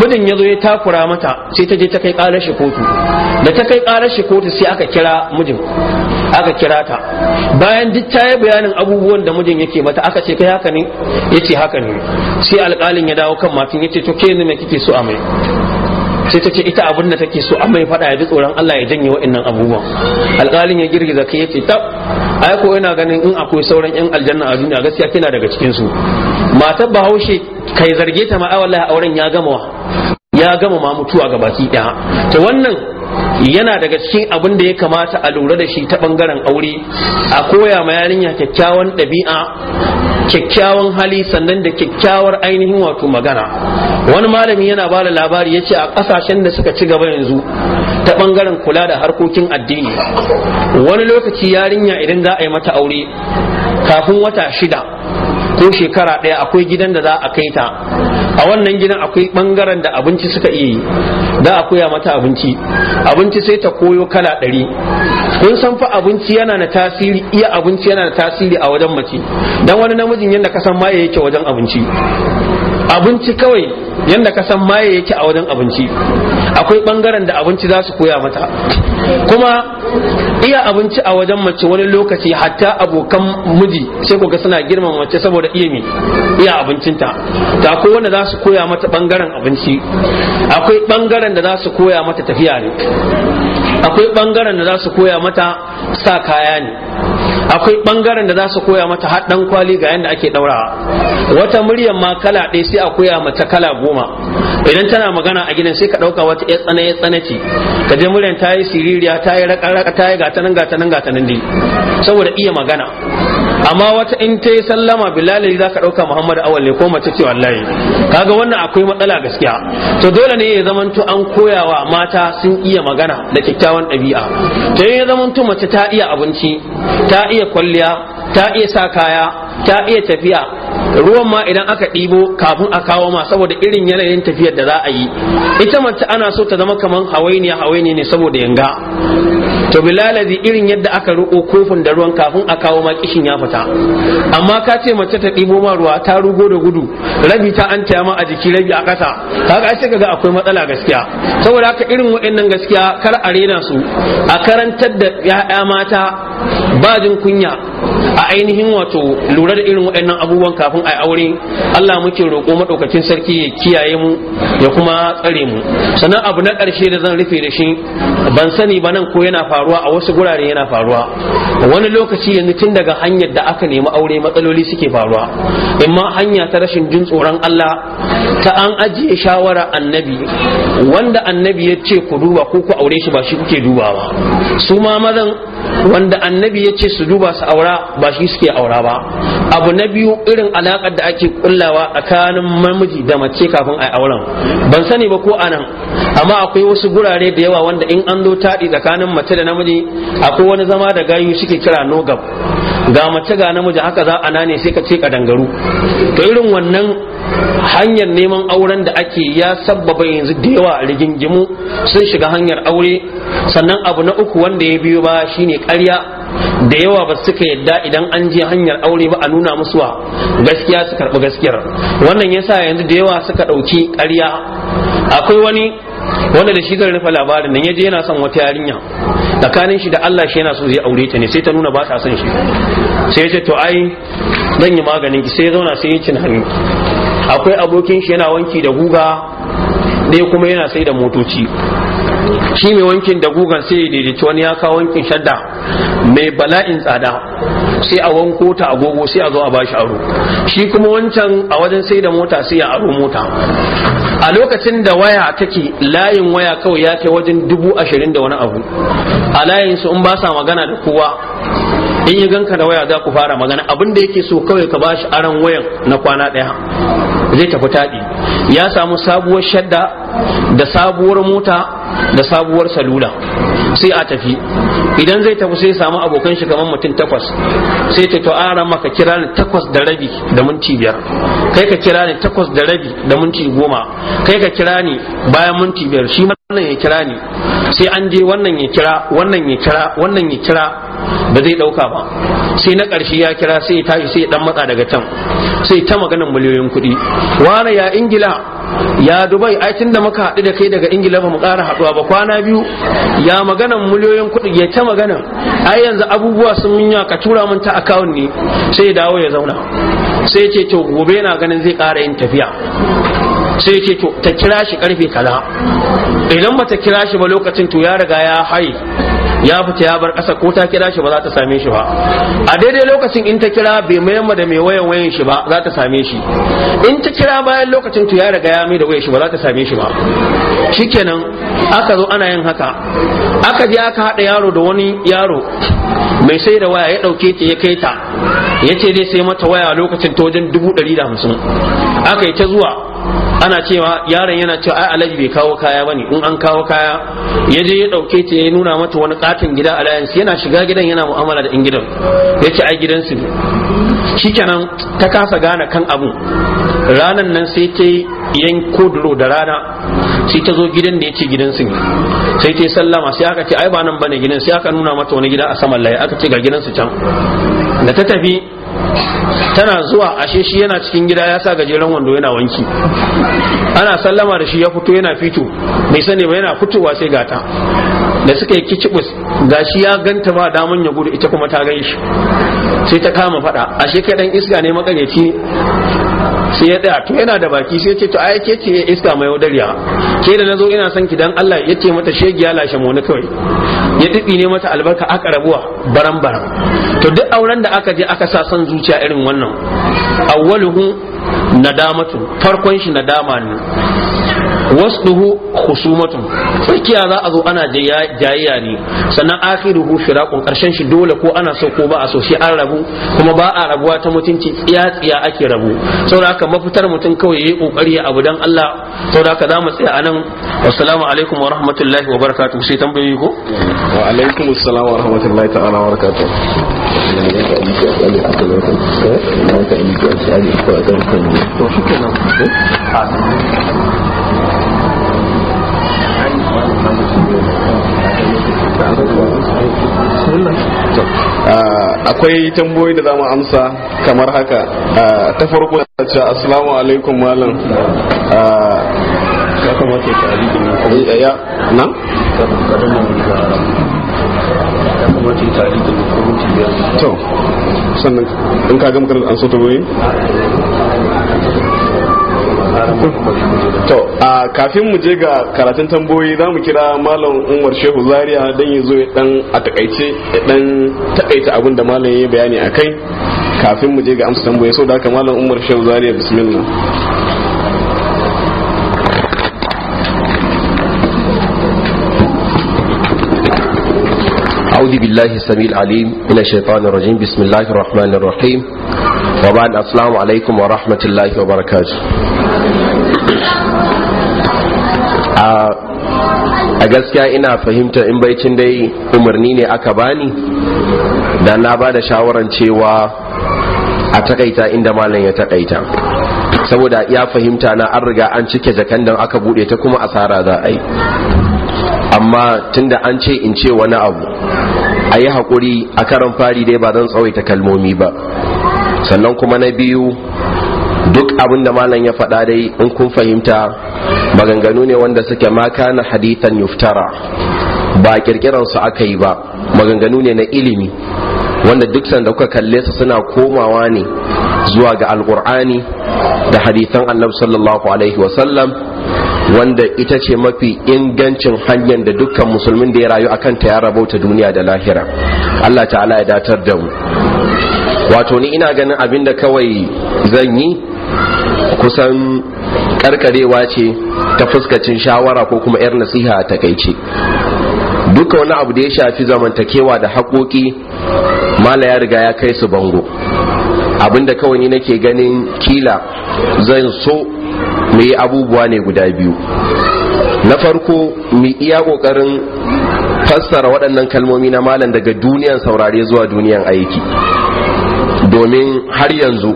mijin ya zo ya takura mata sai ta je ta kai ƙarar shi kotu da ta kai ƙarar shi kotu sai aka kira mijin aka kira ta bayan duk ta bayanin abubuwan da mijin yake mata aka ce kai haka ne yace haka ne sai alƙalin ya dawo kan matan yace to ke ne me kike so a mai sai ta ce ita abin da take so a mai faɗa ya ji tsoron Allah ya janye wa'annan abubuwan alƙalin ya girgiza kai yace tab ai ko yana ganin in akwai sauran yan aljanna a duniya gaskiya kina daga cikin su matar bahaushe kai zarge ta ma ai wallahi auren ya gama ya gama ma mutuwa ga baki ɗaya to wannan yana daga cikin abin da ya kamata a lura da shi ta bangaren aure a koya ma yarinya kyakkyawan ɗabi'a kyakkyawan hali sannan da kyakkyawar ainihin wato magana wani malami yana ba da labari ya ce a ƙasashen da suka ci gaba yanzu ta bangaren kula da harkokin addini wani lokaci yarinya idan za a yi mata aure kafin wata shida ko shekara ɗaya akwai gidan da za a kai ta a wannan gidan akwai ɓangaren da abinci suka iya yi da a koya mata abinci abinci sai ta koyo kala ɗari kun san fa abinci yana da tasiri iya abinci yana da tasiri a wajen mace dan wani namijin yadda ka san maye yake wajen abinci abinci kawai yadda ka san maye yake a wajen abinci akwai bangaren da abinci za su koya mata kuma iya abinci a wajen mace wani lokaci hatta abokan miji sai kuga suna girman mace saboda iya mi iya abincinta ta akwai wanda za su koya mata bangaren abinci akwai bangaren da za su koya mata tafiya ne akwai bangaren da za su koya mata sa kaya ne akwai bangaren da za su koya mata har dan kwali ga yadda ake ɗaurawa wata muryar ma kala ɗaya sai a koya mata kala goma idan tana magana a gidan sai ka ɗauka wata ya tsana ya tsana ce ka je muryar ta yi siririya ta yi raka raka ta yi gata nan gata nan gata nan dai saboda iya magana amma wata in ta yi sallama bilali za ka ɗauka muhammad awal ne ko mace ce wallahi kaga wannan akwai matsala gaskiya to dole ne ya zamanto an koyawa mata sun iya magana da kyakkyawan ɗabi'a to ya zamanto mace ta iya abinci ta iya kwalliya ta iya sa kaya ta iya tafiya ruwan ma idan aka ɗibo kafin a kawo ma saboda irin yanayin tafiyar da za a yi ita mace ana so ta zama kamar hawainiya hawainiya ne saboda yanga to bilaladi irin yadda aka ruko kofin da ruwan kafin a kawo ma ya fita amma ka ce mace ta ɗibo ma ruwa ta rugo da gudu rabi ta an ma a jiki rabi a ƙasa kaga ai kaga akwai matsala gaskiya saboda haka irin waɗannan gaskiya kar a rena su a karantar da 'ya'ya mata ba jin kunya a ainihin wato lura da irin waɗannan abubuwan kafin a aure Allah muke roƙo maɗaukacin sarki ya kiyaye mu ya kuma tsare mu sannan abu na ƙarshe da zan rufe da shi ban sani ba nan ko yana faruwa a wasu gurare yana faruwa wani lokaci yanzu tun daga hanyar da aka nemi aure matsaloli suke faruwa imma hanya ta rashin jin tsoron Allah ta an ajiye shawara annabi wanda annabi ya ce ku duba ko ku aure shi ba shi kuke dubawa su ma mazan wanda annabi ya ce su duba su aura ba shi suke aura ba abu na biyu irin alakar da ake kullawa tsakanin mamiji da mace kafin a auren ban sani ba ko anan amma akwai wasu gurare da yawa wanda in an zo taɗi tsakanin mace da namiji akwai wani zama da gayu suke kira nogab ga mace ga namiji haka za a nane sai ka ce ka dangaru to irin wannan hanyar neman auren da ake ya sabbaba yanzu da yawa rigingimu sun shiga hanyar aure sannan abu na uku wanda ya biyo ba shine karya da yawa ba suka yadda idan an je hanyar aure ba a nuna musu gaskiya su karɓi gaskiyar wannan yasa yanzu da yawa suka ɗauki karya akwai wani wanda da shi zan rufe labarin nan yaje yana son wata yarinya tsakanin shi da Allah shi yana so zai aure ta ne sai ta nuna ba ta son shi sai ya ce to ai zan yi maganin ki sai ya zauna sai ya cin hannu akwai abokin shi yana wanki da guga ɗaya kuma yana sai da motoci shi mai wankin da gugan sai ya daidaici wani ya kawo wankin shadda mai bala'in tsada sai a wanko ta agogo sai a zo a bashi aro shi kuma wancan a wajen sai da mota sai ya aro mota a lokacin da waya take layin waya kawai ya kai wajen dubu ashirin da wani abu a layin su in ba sa magana da kowa in yi ganka da waya za ku fara magana abin da yake so kawai ka ba shi aron wayan na kwana ɗaya zai tafi taɗi ya samu sabuwar shadda da sabuwar mota da sabuwar salula sai a tafi idan zai tafi sai samu abokan shi kamar mutum takwas sai ta to ara maka kira ni takwas da rabi da minti biyar kai ka kira ni takwas da rabi da minti goma kai ka kira ni bayan minti biyar shi wannan ya kira ni sai an je wannan ya kira wannan ya kira wannan ya kira ba zai dauka ba sai na ƙarshe ya kira sai ya tashi sai ya dan matsa daga can sai ta maganan miliyoyin kuɗi wane ya ingila ya dubai ai tunda da muka haɗu da kai daga ingila ba mu ƙara haɗuwa ba kwana biyu ya maganan miliyoyin kuɗi ya ta maganan ai yanzu abubuwa sun yi ka tura mun ta account ne sai ya dawo ya zauna sai ya ce to gobe yana ganin zai ƙara yin tafiya sai ya ce to ta kira shi karfe kaza idan ba ta kira shi ba lokacin to ya riga ya haye ya fita ya bar ƙasa ko ta kira shi ba za ta same shi ba a daidai lokacin in ta kira bai mayar da mai wayan wayan shi ba za ta same shi in ta kira bayan lokacin to ya riga ya mai da wayan shi ba za ta same shi ba shikenan aka zo ana yin haka aka je aka haɗa yaro da wani yaro mai sai da waya ya ɗauke ta ya kai ta ya ce dai sai mata waya lokacin ta wajen dubu ɗari da hamsin aka yi ta zuwa ana cewa yaron yana cewa ai alaji bai kawo kaya bane in an kawo kaya ya je ya dauke ta ya nuna mata wani katin gida a alliance yana shiga gidan yana mu'amala da in gidan ya ce ai gidansu shikenan ta kasa gane kan abu ranan nan sai ta yan koduro da rana sai ta zo gidan da ya ce su sai ta sallama sai aka ce ai ba nan bane gidan sai aka nuna mata wani gida a saman layi aka ce ga gidan su can da ta tafi tana zuwa ashe shi yana cikin gida ya sa gajeren wando yana wanki ana sallama da shi ya fito yana fito bai sani ba yana fitowa sai gata da suka yi kicibus ga shi ya ganta ba daman ya gudu ita kuma ta gan shi sai ta kama fada ashe kaɗan iska ne makareci sai ya tsaya to yana da baki sai ce to ayake ce iska mai wadariya ke da nazo ina son ki dan Allah ya ce mata shegiya lashe mu ne kawai ya daɗi ne mata albarka aka rabuwa baran baran to duk auren da aka je aka sa son zuciya irin wannan awwaluhu nadamatu farkon shi nadama ne wasduhu khusumatun tsakiya za a zo ana jayayya ne sannan akhiruhu firaqun karshen shi dole ko ana so ko ba a so shi an rabu kuma ba a rabuwa ta mutunci tsiya tsiya ake rabu saboda haka mafitar mutum kawai yayi kokari abu dan Allah saboda haka zamu tsaya anan assalamu alaikum wa rahmatullahi wa barakatuh sai tambayoyi ko wa alaikum assalam wa rahmatullahi ta'ala wa barakatuh a akwai tamboyi da zamu amsa kamar haka ta farko da ce assalamu alaikum malam ya kamata ta aliki ya na to sannan in ka ga makarar an so ta goyi to a kafin mu je ga karatun tamboyi za mu kira malam umar shehu zaria don ya zo ya dan a takaice ya dan takaita abin da malam ya bayani a kai kafin mu je ga amsa tamboyi so da haka malam umar shehu zaria bismillah أعوذ بالله السميع العليم من الشيطان الرجيم بسم الله الرحمن الرحيم وبعد السلام عليكم ورحمة الله وبركاته a gaskiya ina fahimta in baicin dai umarni ne aka bani da na ba da shawaran cewa a takaita inda malam ya takaita saboda ya fahimta na an riga an cike jakan aka bude ta kuma asara za a yi amma tunda an ce in ce wani abu a yi haƙuri a karan fari dai ba zan tsawaita kalmomi ba sannan kuma na biyu duk abin da malam ya faɗa dai in kun fahimta maganganu ne wanda suke ma kana hadithan yuftara ba kirkiransu aka yi ba maganganu ne na ilimi wanda duk sanda kuka kalle su suna komawa ne zuwa ga alkur'ani da hadithan annabi sallallahu alaihi wasallam wanda ita ce mafi ingancin hanyar da dukkan musulmin da ya rayu akan ta ya rabauta duniya da lahira Allah ta'ala ya datar da mu wato ni ina ganin abinda kawai zan yi kusan karkarewa ce ta fuskacin shawara ko kuma 'yar nasiha a takaice duka wani abu da ya shafi zamantakewa da haƙoƙi mala ya riga ya kai su bango abinda kawai ni nake ganin kila zan so mu yi abubuwa ne guda biyu na farko mu iya ƙoƙarin fassara waɗannan kalmomi na malam daga duniyan saurare zuwa duniyan aiki domin har yanzu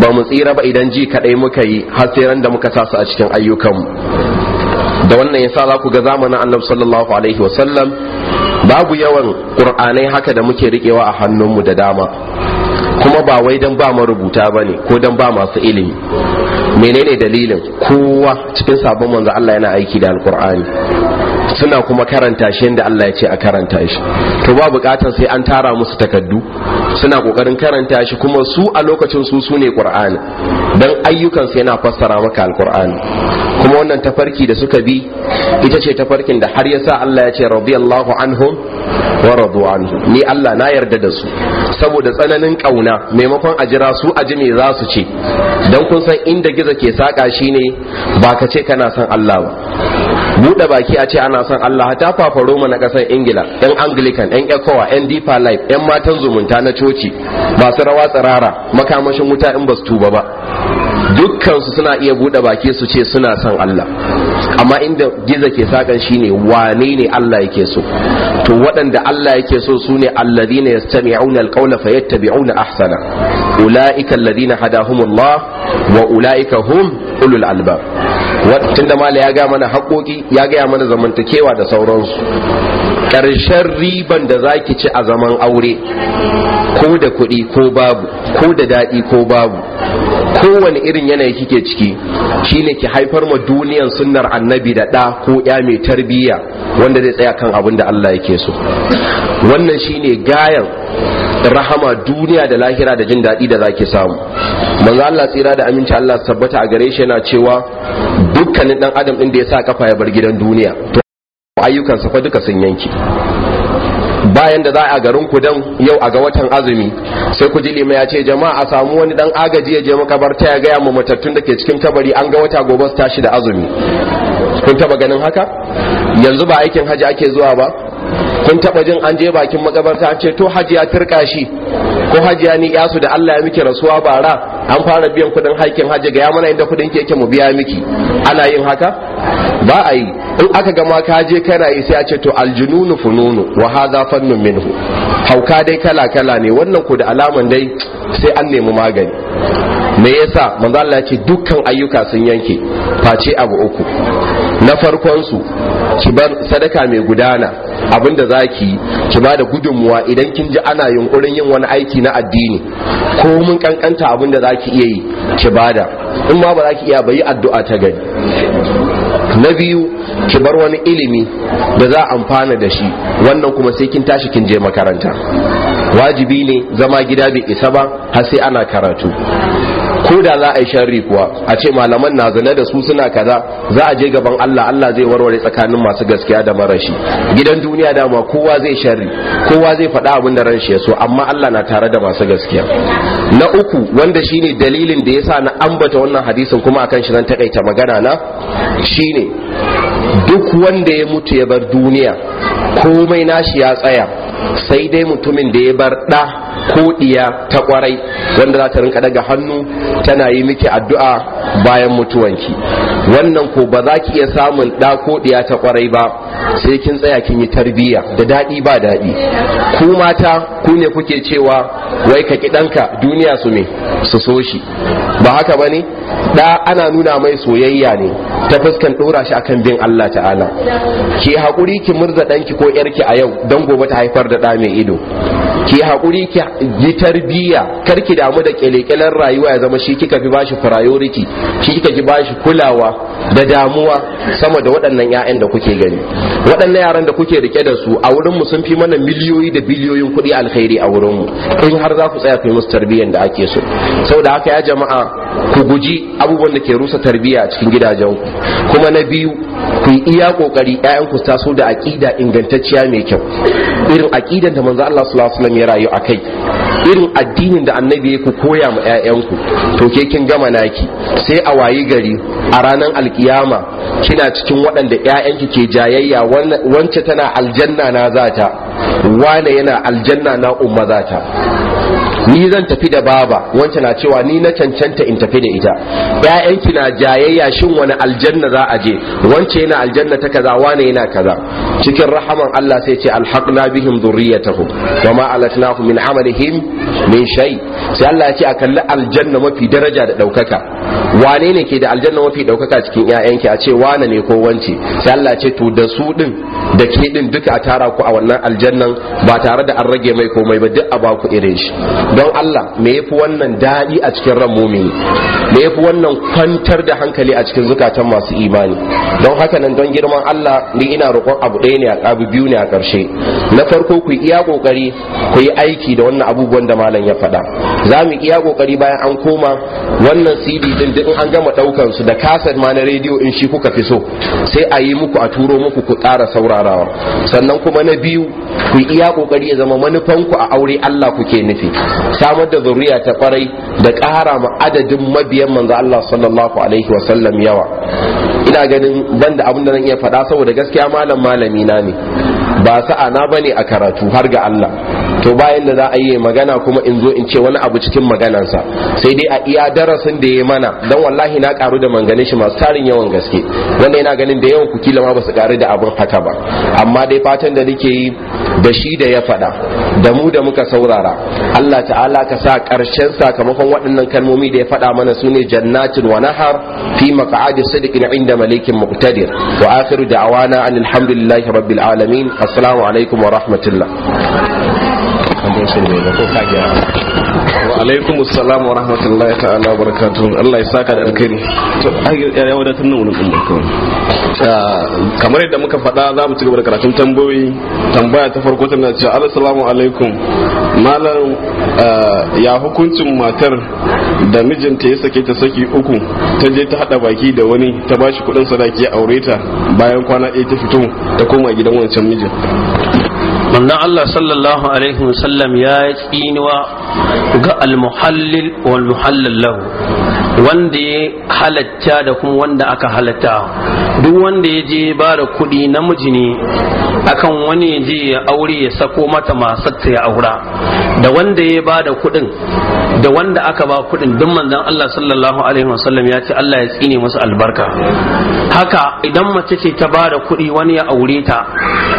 ba mu tsira ba idan ji kaɗai muka yi har sai ran da muka sa a cikin ayyukanmu da wannan yasa za ku ga zamanin annabi sallallahu alaihi wasallam babu yawan ƙur'anai haka da muke riƙewa a hannunmu da dama kuma ba wai don ba marubuta ba ne ko don ba masu ilimi menene dalilin kowa cikin sabon manzo Allah yana aiki da alkur'ani suna kuma karanta shi yadda Allah ya ce a karanta shi to ba bukatar sai an tara musu takaddu suna kokarin karanta shi kuma su a lokacin su su ne qur'ani dan ayyukan sai yana fassara maka alqur'ani kuma wannan tafarki da suka bi ita ce tafarkin da har yasa Allah ya ce radiyallahu anhum wa radu anhu ni Allah na yarda da su saboda tsananin kauna maimakon a jira su aji me za su ce dan kun san inda gizo ke saka shine ba ka ce kana son Allah ba buɗe baki a ce ana son Allah ta fafa Roma na ƙasar Ingila yan Anglican yan Ekowa, yan Deeper Life yan matan zumunta na coci masu rawa tsirara makamashin wuta in ba su tuba ba dukkansu suna iya buɗe baki su ce suna son Allah amma inda giza ke sakan shine wane ne Allah yake so to waɗanda Allah yake so su ne alladhina yastami'una alqawla fayattabi'una ahsana ulaika alladhina hadahumullah wa ulaika hum ulul albab tunda mala ya gaya mana haƙoƙi ya gaya mana zamantakewa da sauransu ƙarshen riban da za ki ci a zaman aure ko da kuɗi ko babu ko da daɗi ko babu kowane irin yanayi kike ciki shine ki haifar ma duniyan sunnar annabi da ɗa ko ya mai tarbiyya wanda zai tsaya kan abin da Allah yake so wannan shine gayan rahama duniya da lahira da jin daɗi da zaki samu manzo Allah tsira da aminci Allah tabbata a gare shi yana cewa dukkanin dan adam din da ya sa kafa ya bar gidan duniya to sa fa duka sun yanki bayan da za a garin ku dan yau a ga watan azumi sai ku ji lima ya ce jama'a a samu wani dan agaji ya je makabarta ya gaya mu matattun da ke cikin kabari an ga wata gobe su tashi da azumi kun taba ganin haka yanzu ba aikin haji ake zuwa ba kun taba jin an je bakin makabarta an ce to hajiya turka shi ko hajiya ni yasu da Allah ya miki rasuwa bara an fara biyan kudin haikin haji ga ya mana inda kudin ke yake mu biya miki ana yin haka ba a yi in aka gama ma ka je kana yi sai a ce to aljununu fununu wa hadha fannun minhu hauka dai kala kala ne wannan ku da alaman dai sai an nemi magani me yasa manzo Allah ya ce dukkan ayyuka sun yanke face abu uku na farkon su ki bar sadaka mai gudana abinda za ki ki ba da gudunmuwa idan kin ji ana yunkurin yin wani aiki na addini ko mun kankanta abinda za ki iya yi ki da in ma ba za ki iya bayi addu'a ta gari na biyu ki bar wani ilimi da za amfana da shi wannan kuma sai kin tashi kin je makaranta wajibi ne zama gida bai isa ba har sai ana karatu ko da za a yi sharri kuwa a ce malaman na zane da su suna kaza za a je gaban Allah Allah zai warware tsakanin masu gaskiya da marashi gidan duniya dama kowa zai sharri kowa zai faɗa abin da ran shi ya so amma Allah na tare da masu gaskiya na uku wanda shine dalilin da yasa na ambata wannan hadisin kuma akan shi nan takaita magana na shine duk wanda ya mutu ya bar duniya komai nashi ya tsaya sai dai mutumin da ya bar ɗa kodiya ta kwarai wanda za ta rinka daga hannu tana yi miki addu'a bayan mutuwanki wannan ko ba za ki iya samun da kodiya ta kwarai ba sai kin tsaya kin yi tarbiyya da daɗi ba daɗi ku mata ku ne kuke cewa wai ka ki ɗanka duniya su me su so shi ba haka ba ne ɗa ana nuna mai soyayya ne ta fuskan ɗora shi akan bin Allah ta'ala ki hakuri ki murza ɗanki ko yarki a yau don gobe ta haifar da ɗa mai ido ki hakuri ki yi tarbiyya karki damu da kyalekyalen rayuwa ya zama shi kika fi bashi priority shi kika fi bashi kulawa da damuwa sama da waɗannan 'ya'yan da kuke gani waɗannan yaran da kuke rike da su a wurin mu sun fi mana miliyoyi da biliyoyin kuɗi alkhairi a wurin mu in har za ku tsaya ku yi musu tarbiyyan da ake so saboda haka ya jama'a ku guji abubuwan da ke rusa tarbiyya a cikin gidajenku kuma na biyu ku yi iya kokari ƴaƴan ku taso da aqida ingantacciya mai kyau irin aqidan da manzo Allah sallallahu alaihi wasallam ya rayu akai irin addinin da annabi ya ku koya ma ƴaƴan ku to ke kin gama naki sai a wayi gari a ranar alkiyama kina cikin waɗanda ƴaƴan ki ke jayayya wance tana aljanna na zata wane yana aljanna na umma zata ni zan tafi da baba wancan na cewa ni na cancanta in tafi da ita ƴaƴanki na jayayya shin wani aljanna za a je wance yana yana aljanna ta kaza wane yana kaza cikin rahaman Allah sai ce alhaqna bihim dhurriyyatahum wama alatnahu min amalihim min shay sai Allah ya ce a kalli aljanna mafi daraja da daukaka wane ne ke da aljanna mafi daukaka cikin 'ya'yanki a ce wane ne ko wance sai Allah ce to da su din da ke din duka a tara ku a wannan aljannan ba tare da an rage mai komai ba duk a ba ku irin shi don Allah me yafi wannan daɗi a cikin ran mumini me yafi wannan kwantar da hankali a cikin zukatan masu imani don haka nan don girman Allah ni ina roƙon abu ɗaya ne a abu biyu ne a ƙarshe na farko ku iya ƙoƙari ku yi aiki da wannan abubuwan da malam ya faɗa za mu iya kokari bayan an koma wannan CD din in an gama ɗaukan su da kaset ma na rediyo in shi kuka fi so sai a yi muku a turo muku ku ƙara saurarawa sannan kuma na biyu ku yi iya kokari ya zama manufan ku a aure Allah kuke nufi samar da zuriya ta kwarai da ƙara ma adadin mabiyan manzo Allah sallallahu alaihi wa sallam yawa ina ganin banda abin da zan iya faɗa saboda gaskiya malam malami na ne ba sa'a na bane a karatu har ga Allah to bayan da za a yi magana kuma in zo in ce wani abu cikin maganansa sai dai a iya darasin da ya mana don wallahi na karu da manganin shi masu tarin yawan gaske wanda yana ganin da yawan kukila ma basu karu da abin haka ba amma dai fatan da nake yi da shi da ya faɗa da mu da muka saurara Allah ta'ala ka sa ƙarshen sakamakon waɗannan kalmomi da ya faɗa mana su ne jannatin wa nahar fi maka'adi sidqin inda malikin muqtadir wa akhiru da'wana alhamdulillahi rabbil alamin assalamu alaikum wa rahmatullah wancan ne ko ka gyara wa alaikum assalam wa rahmatullahi ta'ala wa barakatuh Allah ya saka da alkhairi to ya wadatar nan wurin kuma kamar yadda muka faɗa za mu ci gaba da karatun tambayoyi tambaya ta farko tana cewa assalamu alaikum malam eh, ya hukuncin matar da mijinta ya sake ta saki uku ta je ta hada baki da wani ta bashi kudin sadaki ya aure ta bayan kwana ɗaya ta fito ta koma gidan wancan mijin manzon Allah sallallahu alaihi wasallam ya yi tsiniwa ga al wal muhallal lahu wanda ya halatta da kuma wanda aka halatta duk wanda ya je ba da kuɗi namiji ne akan wani ya je ya aure ya sako mata masarta ya aura da wanda ya ba da kuɗin da wanda aka ba kuɗin duk manzon Allah sallallahu alaihi wasallam ya ce Allah ya tsine musu albarka haka idan mace ce ta ba da kuɗi wani ya aure ta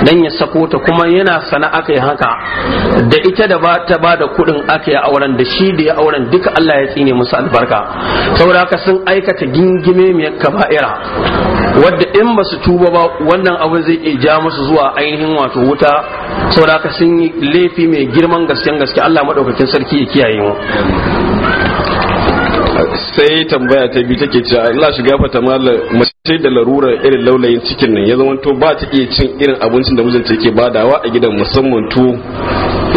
dan ya sako ta kuma yana sana aka yi haka da ita da ta ba da kuɗin aka yi auren da shi da ya auren duka Allah ya tsine musu albarka saboda haka sun aikata gingime mai kaba'ira wadda in ba su tuba ba wannan abin zai iya ja musu zuwa ainihin wato wuta saboda haka sun yi laifi mai girman gasken gaske Allah madaukakin sarki ya kiyaye mu sai tambaya ta biyu take cewa Allah shi gafarta mala mace da larura irin laulayin cikin nan ya zamanto ba ta iya cin irin abincin da mijinta yake badawa a gidan musamman tu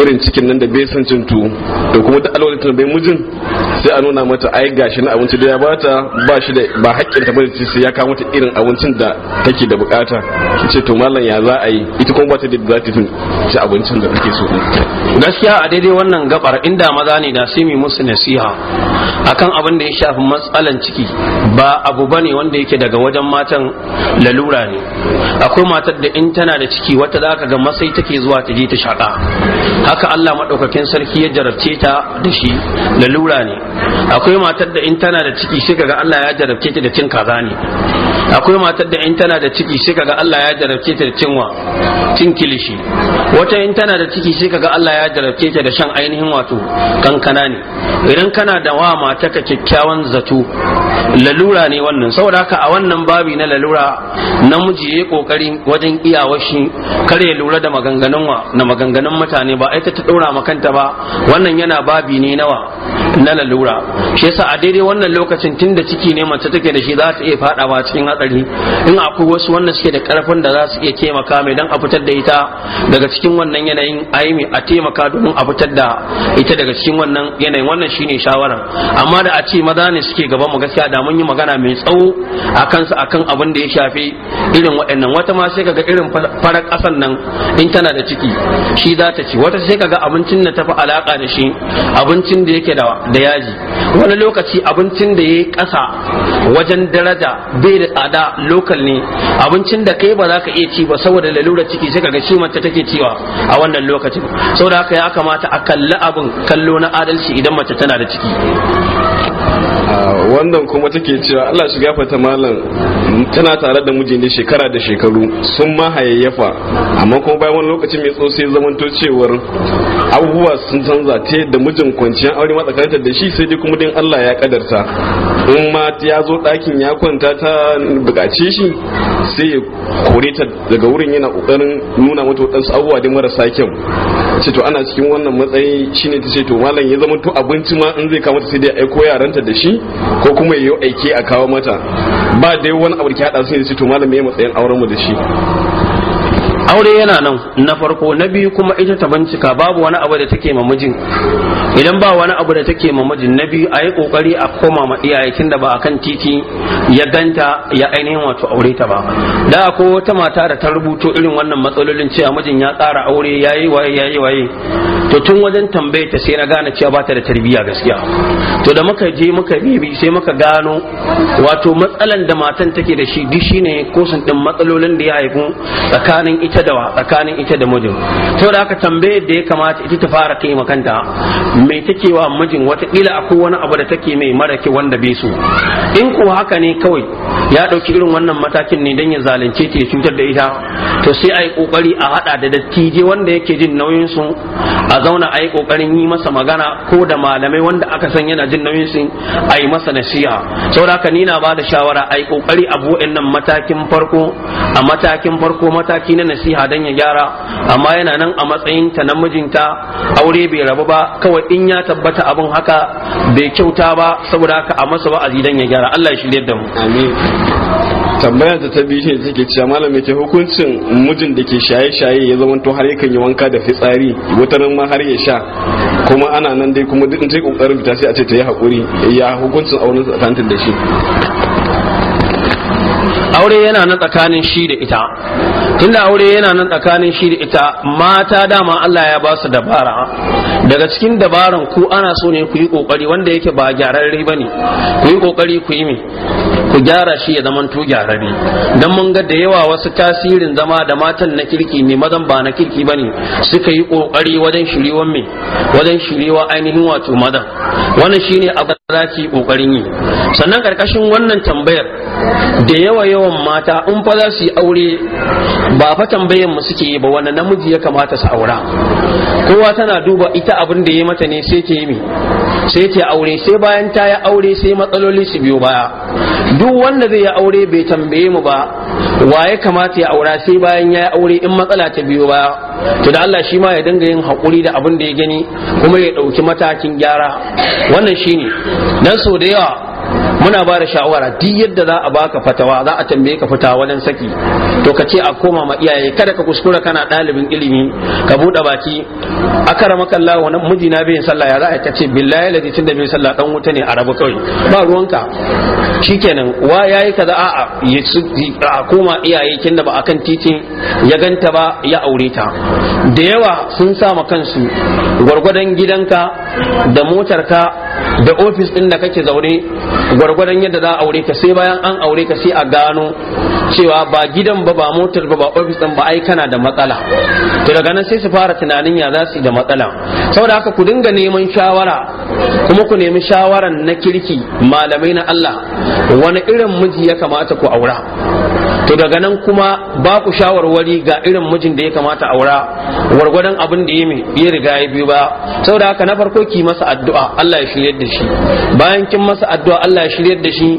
irin cikin nan da bai san cin tu da kuma da alwalin bai mijin sai a nuna mata ai gashi na abinci da ya bata ba shi da ba haƙƙin ta bari sai ya kawo mata irin abincin da take da bukata ce to mallan ya za a yi ita kuma bata da za ta abincin da take so gaskiya a daidai wannan gabar inda maza ne da sai mu musu nasiha akan abin da ya shafi matsalan ciki ba abu bane wanda yake daga wajen matan lalura ne akwai matar da in tana da ciki wata zaka ga sai take zuwa ta je ta shaka haka Allah madaukakin sarki ya jarabce ta da shi lalura ne akwai matar da in tana da ciki sai kaga Allah ya jarabce ta da cin kaza ne akwai matar da in tana da ciki sai kaga Allah ya jarabce ta da cin wa cin kilishi wata in tana da ciki sai kaga Allah ya jarabce ta da shan ainihin wato kankana ne idan kana da wa mata ka kyakkyawan zato lalura ne wannan saboda haka a wannan babi na lalura namiji yayi kokari wajen iyawar shi kare lura da maganganun wa na maganganun mutane ba aita ta dora makanta ba wannan yana babi ne nawa na lalura lalura shi yasa a daidai wannan lokacin da ciki ne mace take da shi za ta iya fadawa cikin hatsari in akwai wasu wanda suke da karfin da za su iya taimaka mai dan a fitar da ita daga cikin wannan yanayin aimi a taimaka domin a fitar da ita daga cikin wannan yanayin wannan shine shawaran amma da a ce maza ne suke gaba mu gaskiya da mun yi magana mai tsawo a kansu akan abin da ya shafi irin waɗannan wata ma sai kaga irin farar ƙasan nan in tana da ciki shi za ta ci wata sai kaga abincin da tafi alaka da shi abincin da yake da yaji wani lokaci abincin da ya yi ƙasa wajen daraja bai da tsada lokal ne abincin da kai ba za ka iya ci ba saboda lalura ciki sai ga shi mace take ciwa a wannan lokacin saboda haka ya kamata a kalli abin kallo na adalci idan mace tana da ciki ah, wannan kuma take cewa Allah shi gafarta malam tana tare da mijin da shekara da shekaru sun ma hayayyafa amma kuma bayan wani lokaci mai tsosai ya zamanto cewar abubuwa sun canza ta yadda mijin kwanciyar aure ma tsakaninta da shi sai dai kuma din Allah ya kadarta in ma ya zo ɗakin ya kwanta ta bukace shi sai ya kore ta daga wurin yana kokarin nuna mata waɗansu abubuwa da marasa kyau ce to ana cikin wannan matsayi shine ta ce to malam ya zama to abinci ma in zai ta sai dai aiko yaranta da shi ko kuma ya yi aiki a kawo mata ba da wani abu da ke hada su ne su to malam me matsayin auren mu da shi aure yana nan na farko na biyu kuma ita ta bincika babu wani abu da take ma mijin idan ba wani abu da take ma mijin na biyu a yi kokari a koma ma iyaye da ba akan titi ya ganta ya ainihin wato aure ta ba da akwai wata mata da ta rubuto irin wannan matsalolin cewa mijin ya tsara aure yayi waye yayi waye to tun wajen tambaye ta sai na gane cewa ba ta da tarbiyya gaskiya to da muka je muka bibi sai muka gano wato matsalan da matan take da shi duk shine sun din matsalolin da ya haifu tsakanin ita tsakaninta da tsakanin ita da mijin saboda haka tambayar da ya kamata ita ta fara kai makanta me take wa mijin watakila akwai wani abu da take mai mara ke wanda bai so in ko haka ne kawai ya ɗauki irin wannan matakin ne dan ya zalunce ta ya cutar da ita to sai a yi kokari a haɗa da dattijai wanda yake jin nauyin su a zauna a yi kokarin yi masa magana ko da malamai wanda aka san yana jin nauyin su a yi masa nasiha saboda haka ni na ba da shawara a yi kokari a bu'in nan matakin farko a matakin farko mataki na nasiha nasiha dan ya gyara amma yana nan a matsayin ta na mijinta aure bai rabu ba kawai in ya tabbata abun haka bai kyauta ba saboda haka a masa wa'azi dan ya gyara Allah ya shirye da mu amin tambaya ta ta biyu ne take cewa malam yake hukuncin mijin da ke shaye-shaye ya zama to har yakan yi wanka da fitsari wata nan ma har ya sha kuma ana nan dai kuma duk in ta kokarin a ce ta yi hakuri ya hukuncin auren tsakanin da shi aure yana nan tsakanin shi da ita tunda aure yana nan tsakanin shi da ita mata dama Allah ya ba su dabara daga cikin dabaran ku ana so ne ku yi kokari wanda yake ba gyararre bane ku yi kokari ku yi me ku gyara shi ya zaman to gyararre dan mun ga da yawa wasu tasirin zama da matan na kirki ne mazan ba na kirki bane suka yi kokari wajen shiriwan me wajen shiriwa ainihin wato mazan wannan shine abu da ki kokarin yi sannan karkashin wannan tambayar da yawa yawan mata in fa za su yi aure ba fa tambayar mu suke yi ba wani namiji ya kamata su aura kowa tana duba ita abin da ya mata ne sai ta yi sai ta aure sai bayan ta yi aure sai matsaloli su biyo baya duk wanda zai yi aure bai tambaye mu ba wa ya kamata ya aura sai bayan ya yi aure in matsala ta biyo baya to da Allah shi ma ya dinga yin hakuri da abin da ya gani kuma ya ɗauki matakin gyara wannan shine dan sau da yawa muna ba da shawara duk yadda za a baka fatawa za a tambaye ka fita wajen saki to ka ce a koma ma iyaye kada ka kuskura kana ɗalibin ilimi ka buɗe baki akaramaka Allah wannan miji na bai sallah ya za a ce billahi ladi tunda bai sallah dan wuta ne a rabu kawai ba ruwanka shikenan wa yayi kaza a a koma iyaye kin da ba akan titin ya ganta ba ya aure ta da yawa sun sa ma kansu gwargwadon gidanka da motarka da ofis ɗin da kake zaune gwargwadon yadda za a aure ka sai bayan an aure ka sai a gano cewa ba gidan ba ba motar ba ba ofis ɗin ba ai kana da matsala to daga nan sai su fara tunanin ya za su da matsala saboda haka ku dinga neman shawara kuma ku nemi shawaran na kirki malamai na Allah wani irin miji ya kamata ku aura to daga nan kuma ba ku shawarwari ga irin mijin da ya kamata aura wargwadon abin da ya riga ya biyu ba saboda haka na farko ki masa addu'a Allah ya shiryar da shi bayan kin masa addu'a Allah ya shirya da shi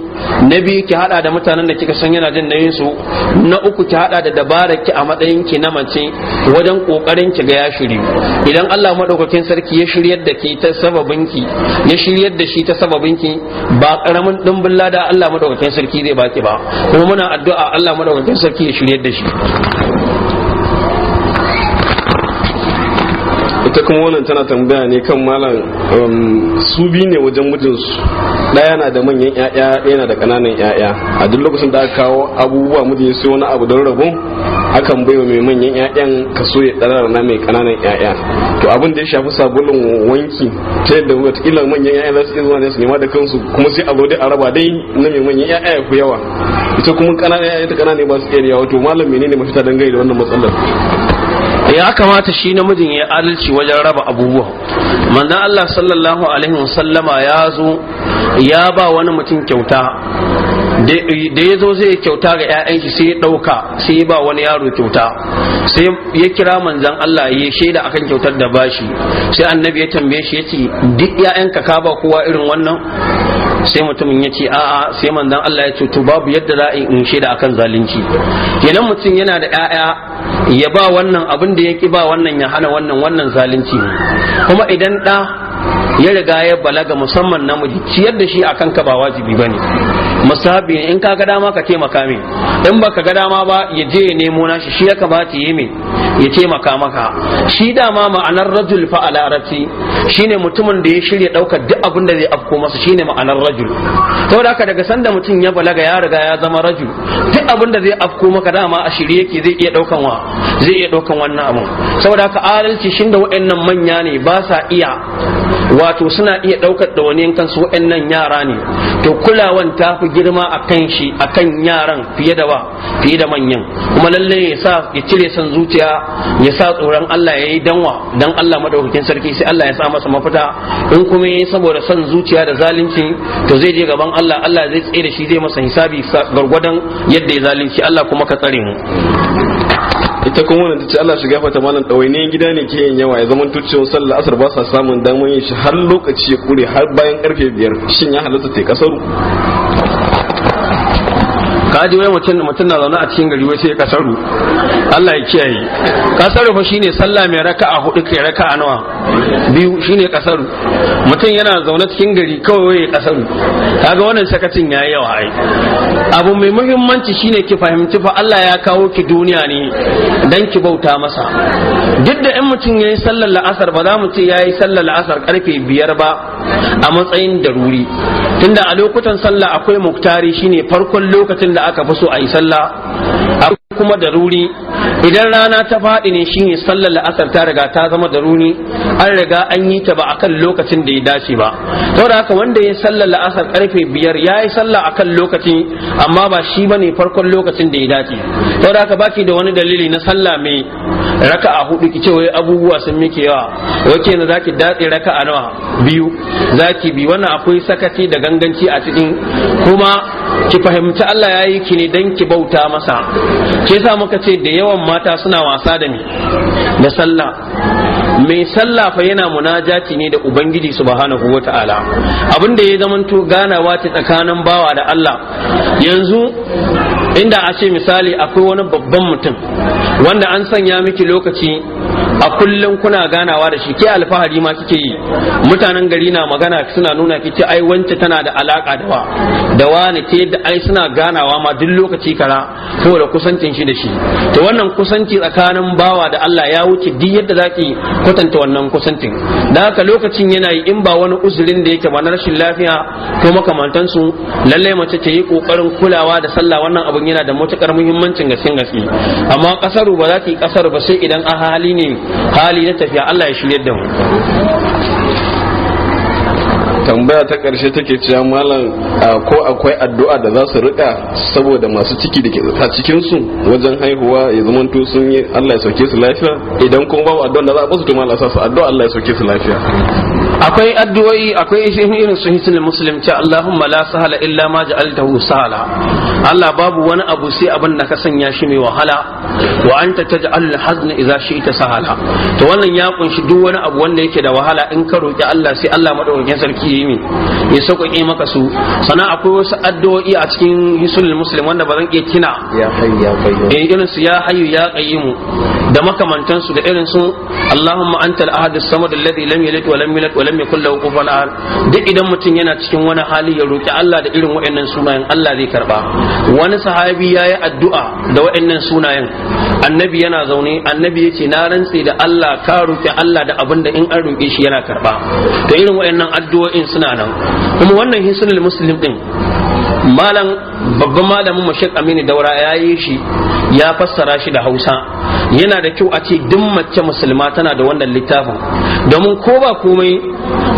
na biyu ki hada da mutanen da kika san yana jin nayin su na uku ki hada da dabarar ki a matsayin ki na mace wajen kokarin ki ga ya idan Allah madaukakin sarki ya shirya da ki ta sababin ki ya shiryar da shi ta sababin ki ba karamin dimbin lada Allah madaukakin sarki zai baki ba kuma muna addu'a Allah madaukakin sarki ya shirye da shi ita kuma wannan tana tambaya ne kan malam um, su bi ne wajen mijinsu ɗaya na da manyan ƴaƴa ɗaya na da ƙananan ƴaƴa a duk lokacin da aka kawo abubuwa mijin ya siyo wani abu don rabon akan baiwa mai manyan ƴaƴan kaso ya ɗara na mai ƙananan ƴaƴa to abin da ya shafi sabulun wanki ta yadda wataƙila manyan ƴaƴa za su iya zuwa ne su nema da kansu kuma sai a zo dai a raba dai na mai manyan ƴaƴa ya fi yawa ita kuma ƙananan ƴaƴa ta ƙananan ba su iya yawa to malam menene mafita dangane da wannan matsalar Eh, ya kamata shi namijin ya adalci wajen raba abubuwa manzon Allah sallallahu alaihi wasallama ya zo ya ba wani mutum kyauta da ya zo zai kyauta ga 'ya'yan shi sai ya ɗauka sai ya ba wani yaro kyauta sai ya kira manzan Allah ya shaida akan kyautar da bashi sai annabi ya tambaye shi ya ce duk 'ya'yanka ka ba kowa irin wannan sai mutumin ya ce a'a sai manzon Allah ya ce to babu yadda za a in shaida akan zalunci kenan mutum yana da ƴaƴa ya ba wannan abin da ya ki ba wannan ya hana wannan wannan zalunci kuma idan da. ya riga ya balaga musamman namiji ciyar da shi akan ka ba wajibi bane musabi in ka ga dama ka taimaka min in baka ga dama ba ya je ya nemo nashi shi ya kamata ya min ya taimaka maka shi dama ma'anar rajul fa a shine mutumin da ya shirya daukar duk abin da zai afko masa shine ma'anar rajul to haka daga sanda mutum ya balaga ya riga ya zama rajul duk abin da zai afko maka dama a shirye yake zai iya daukan wa zai iya daukan wannan abun saboda haka adalci shin da waɗannan manya ne ba sa iya wa wato suna iya ɗaukar ɗawaniyan kansu waɗannan yara ne to kulawan ta fi girma a kan shi a kan yaran fiye da ba fiye da manyan kuma lalle ya sa ya cire son zuciya ya sa tsoron Allah ya yi danwa dan Allah madaukakin sarki sai Allah ya sa masa mafita in kuma yayi saboda son zuciya da zalunci to zai je gaban Allah Allah zai da shi zai masa hisabi gargwadon yadda ya zalunci Allah kuma ka tsare mu ita kuma wannan tace Allah shi fata malam dawainiyan gida ne ke yin yawa ya zama tucciyar sallar asar ba sa samun damar yin shi har lokaci ya kure har bayan karfe biyar shin ya halatta ta kasaru ka ji wai mutum mutum na zaune a cikin gari wai sai kasaru Allah ya kiyaye kasaru fa shine sallah mai raka'a hudu kai raka'a nawa biyu shine kasaru mutum yana zaune cikin gari kawai ya kasaru kaga wannan sakacin yayi yawa ai abu mai muhimmanci shine ki fahimci fa Allah ya kawo ki duniya ne dan ki bauta masa duk da in mutum yayi sallar la'asar ba za mu ce yayi sallar la'asar karfe biyar ba a matsayin daruri tunda a lokutan sallah akwai muktari shine farkon lokacin da da aka fi so a yi sallah kuma da ruri idan rana ta faɗi ne shine sallar la'asar ta riga ta zama da ruri an riga an yi ta ba a kan lokacin da ya dace ba da haka wanda ya sallar la'asar karfe biyar ya yi sallah akan lokaci amma ba shi ba ne farkon lokacin da ya dace da haka baki da wani dalili na sallah mai raka a hudu ki ce wai abubuwa sun miki yawa wace na zaki datse raka a nawa biyu zaki bi wannan akwai sakaci da ganganci a cikin kuma ki fahimci Allah ya aiki ne dan ki bauta masa ke sa muka ce da yawan mata suna wasa da ni da sallah mai sallah fa yana munajati ne da ubangiji subhanahu wata'ala abin da ya zamanto ganawa ta tsakanin bawa da Allah yanzu inda a ce misali akwai wani babban mutum wanda an sanya miki lokaci a kullum kuna ganawa da shi ke alfahari ma kike yi mutanen gari na magana suna nuna kice ai wance tana da alaka da wa da wani ke da ai suna ganawa ma duk lokaci kara da kusancin shi da shi to wannan kusanci tsakanin bawa da Allah ya wuce duk yadda zaki kwatanta wannan kusancin dan haka lokacin yana yi in ba wani uzurin da yake ba na rashin lafiya ko makamantansu lallai mace ta yi kokarin kulawa da sallah wannan abun yana da matukar muhimmancin gaske gaske amma kasaru ba za ki kasaru ba sai idan a hali ne hali na tafiya Allah ya shiryar da mu tambaya ta karshe take cewa malam ko akwai addu'a da za su rika saboda masu ciki da ke a cikin su wajen haihuwa ya zama to sun yi Allah ya sauke su lafiya idan kuma babu addu'a da za a basu to malam sa su addu'a Allah ya sauke su lafiya akwai addu'o'i akwai irin su hisnul muslim ce Allahumma la sahala illa ma ja'altahu sahala Allah babu wani abu sai abin da ka sanya shi mai wahala wa anta taj'al hazna idza shi'ta sahala to wannan ya kunshi duk wani abu wanda yake da wahala in ka roki Allah sai Allah madaukakin sarki yi ya ya sauƙaƙe maka su sannan akwai wasu addu'o'i a cikin hisulul muslim wanda ba zan iya kina eh irin su ya hayyu ya qayyimu da makamantan su da irin su Allahumma antal ahad as-samad alladhi lam yalid wa lam yulad wa lam yakul lahu kufuwan ahad duk idan mutum yana cikin wani hali ya roki Allah da irin waɗannan sunayen Allah zai karba wani sahabi yayi addu'a da waɗannan sunayen annabi yana zaune annabi yace na rantse da Allah ka roki Allah da abin da in an roke shi yana karba to irin waɗannan addu'o'in hisuna nan kuma wannan hisnul muslim din malam babban malamin mashek aminu daura ya yi shi ya fassara shi da hausa yana da kyau a ce duk mace musulma tana da wannan littafin domin ko ba komai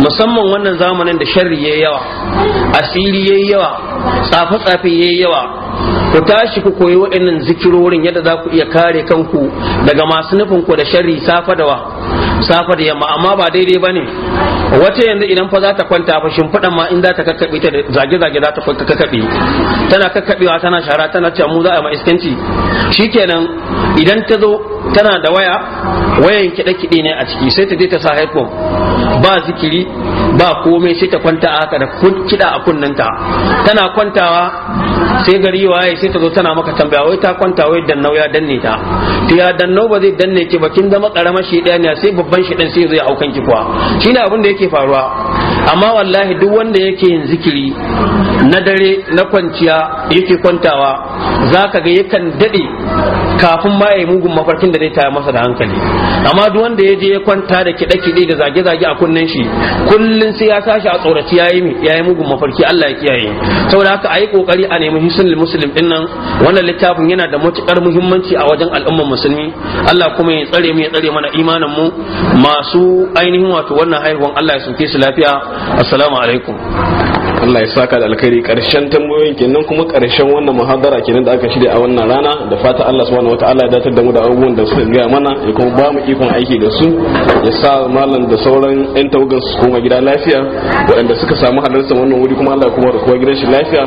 musamman wannan zamanin da sharri yayi yawa asiri yayi yawa tsafe-tsafe yayi yawa ku tashi ku koyi waɗannan zikirorin yadda za ku iya kare kanku daga masu nufin ku da sharri safa da wa safa da yamma amma ba daidai ba ne wata yanzu idan fa za ta kwanta fa shimfiɗan ma in za ta kakkaɓe ta zage-zage za ta kakkaɓe tana kakkaɓewa tana shara tana cewa mu za a ma iskanci shikenan idan ta zo tana da waya wayan kiɗe-kiɗe ne a ciki sai ta je ta sa headphone ba zikiri ba komai sai ta kwanta a haka da kiɗa a kunnanta tana kwantawa sai gari waye sai ta zo tana maka tambaya wai ta kwanta wai dannau ya danne ta to ya dannau ba zai danne ki ba kin zama karamar shi ɗaya ne sai babban shi ɗin sai zai aukan ki kuwa shine abin da yake faruwa amma wallahi duk wanda yake yin zikiri na dare na kwanciya yake kwantawa zaka ga yakan daɗe kafin ma ya mugun mafarkin da zai taya masa da hankali amma duk wanda ya je ya kwanta da kiɗe-kiɗe da zage-zage a kunnen shi kullun sai ya sashi a tsoraci yayi mi yayi mugun mafarki Allah ya kiyaye saboda haka ayi kokari a nemi sunnul muslim din nan wannan littafin yana da matukar muhimmanci a wajen al'ummar musulmi Allah kuma ya tsare mu ya tsare mana imanin mu masu ainihin wato wannan haihuwan Allah ya sauke su lafiya assalamu alaikum Allah ya saka da alkhairi karshen tambayoyin kenan kuma karshen wannan muhadara kenan da aka shirya a wannan rana da fata Allah subhanahu wataala ya datar da mu da abubuwan da suka gaya mana ya kuma ba mu ikon aiki da su ya sa malam da sauran yan tawagan su koma gida lafiya waɗanda suka samu halartar wannan wuri kuma Allah ya kuma da kowa gidan shi lafiya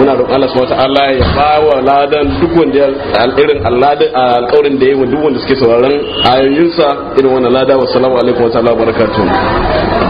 muna roƙon Allah subhanahu wataala ya ba wa ladan duk wanda ya alƙirin alladin alƙawarin da ya yi wa duk wanda suke sauraron ayoyinsa irin wannan lada wassalamu alaikum wa ta'ala barakatuh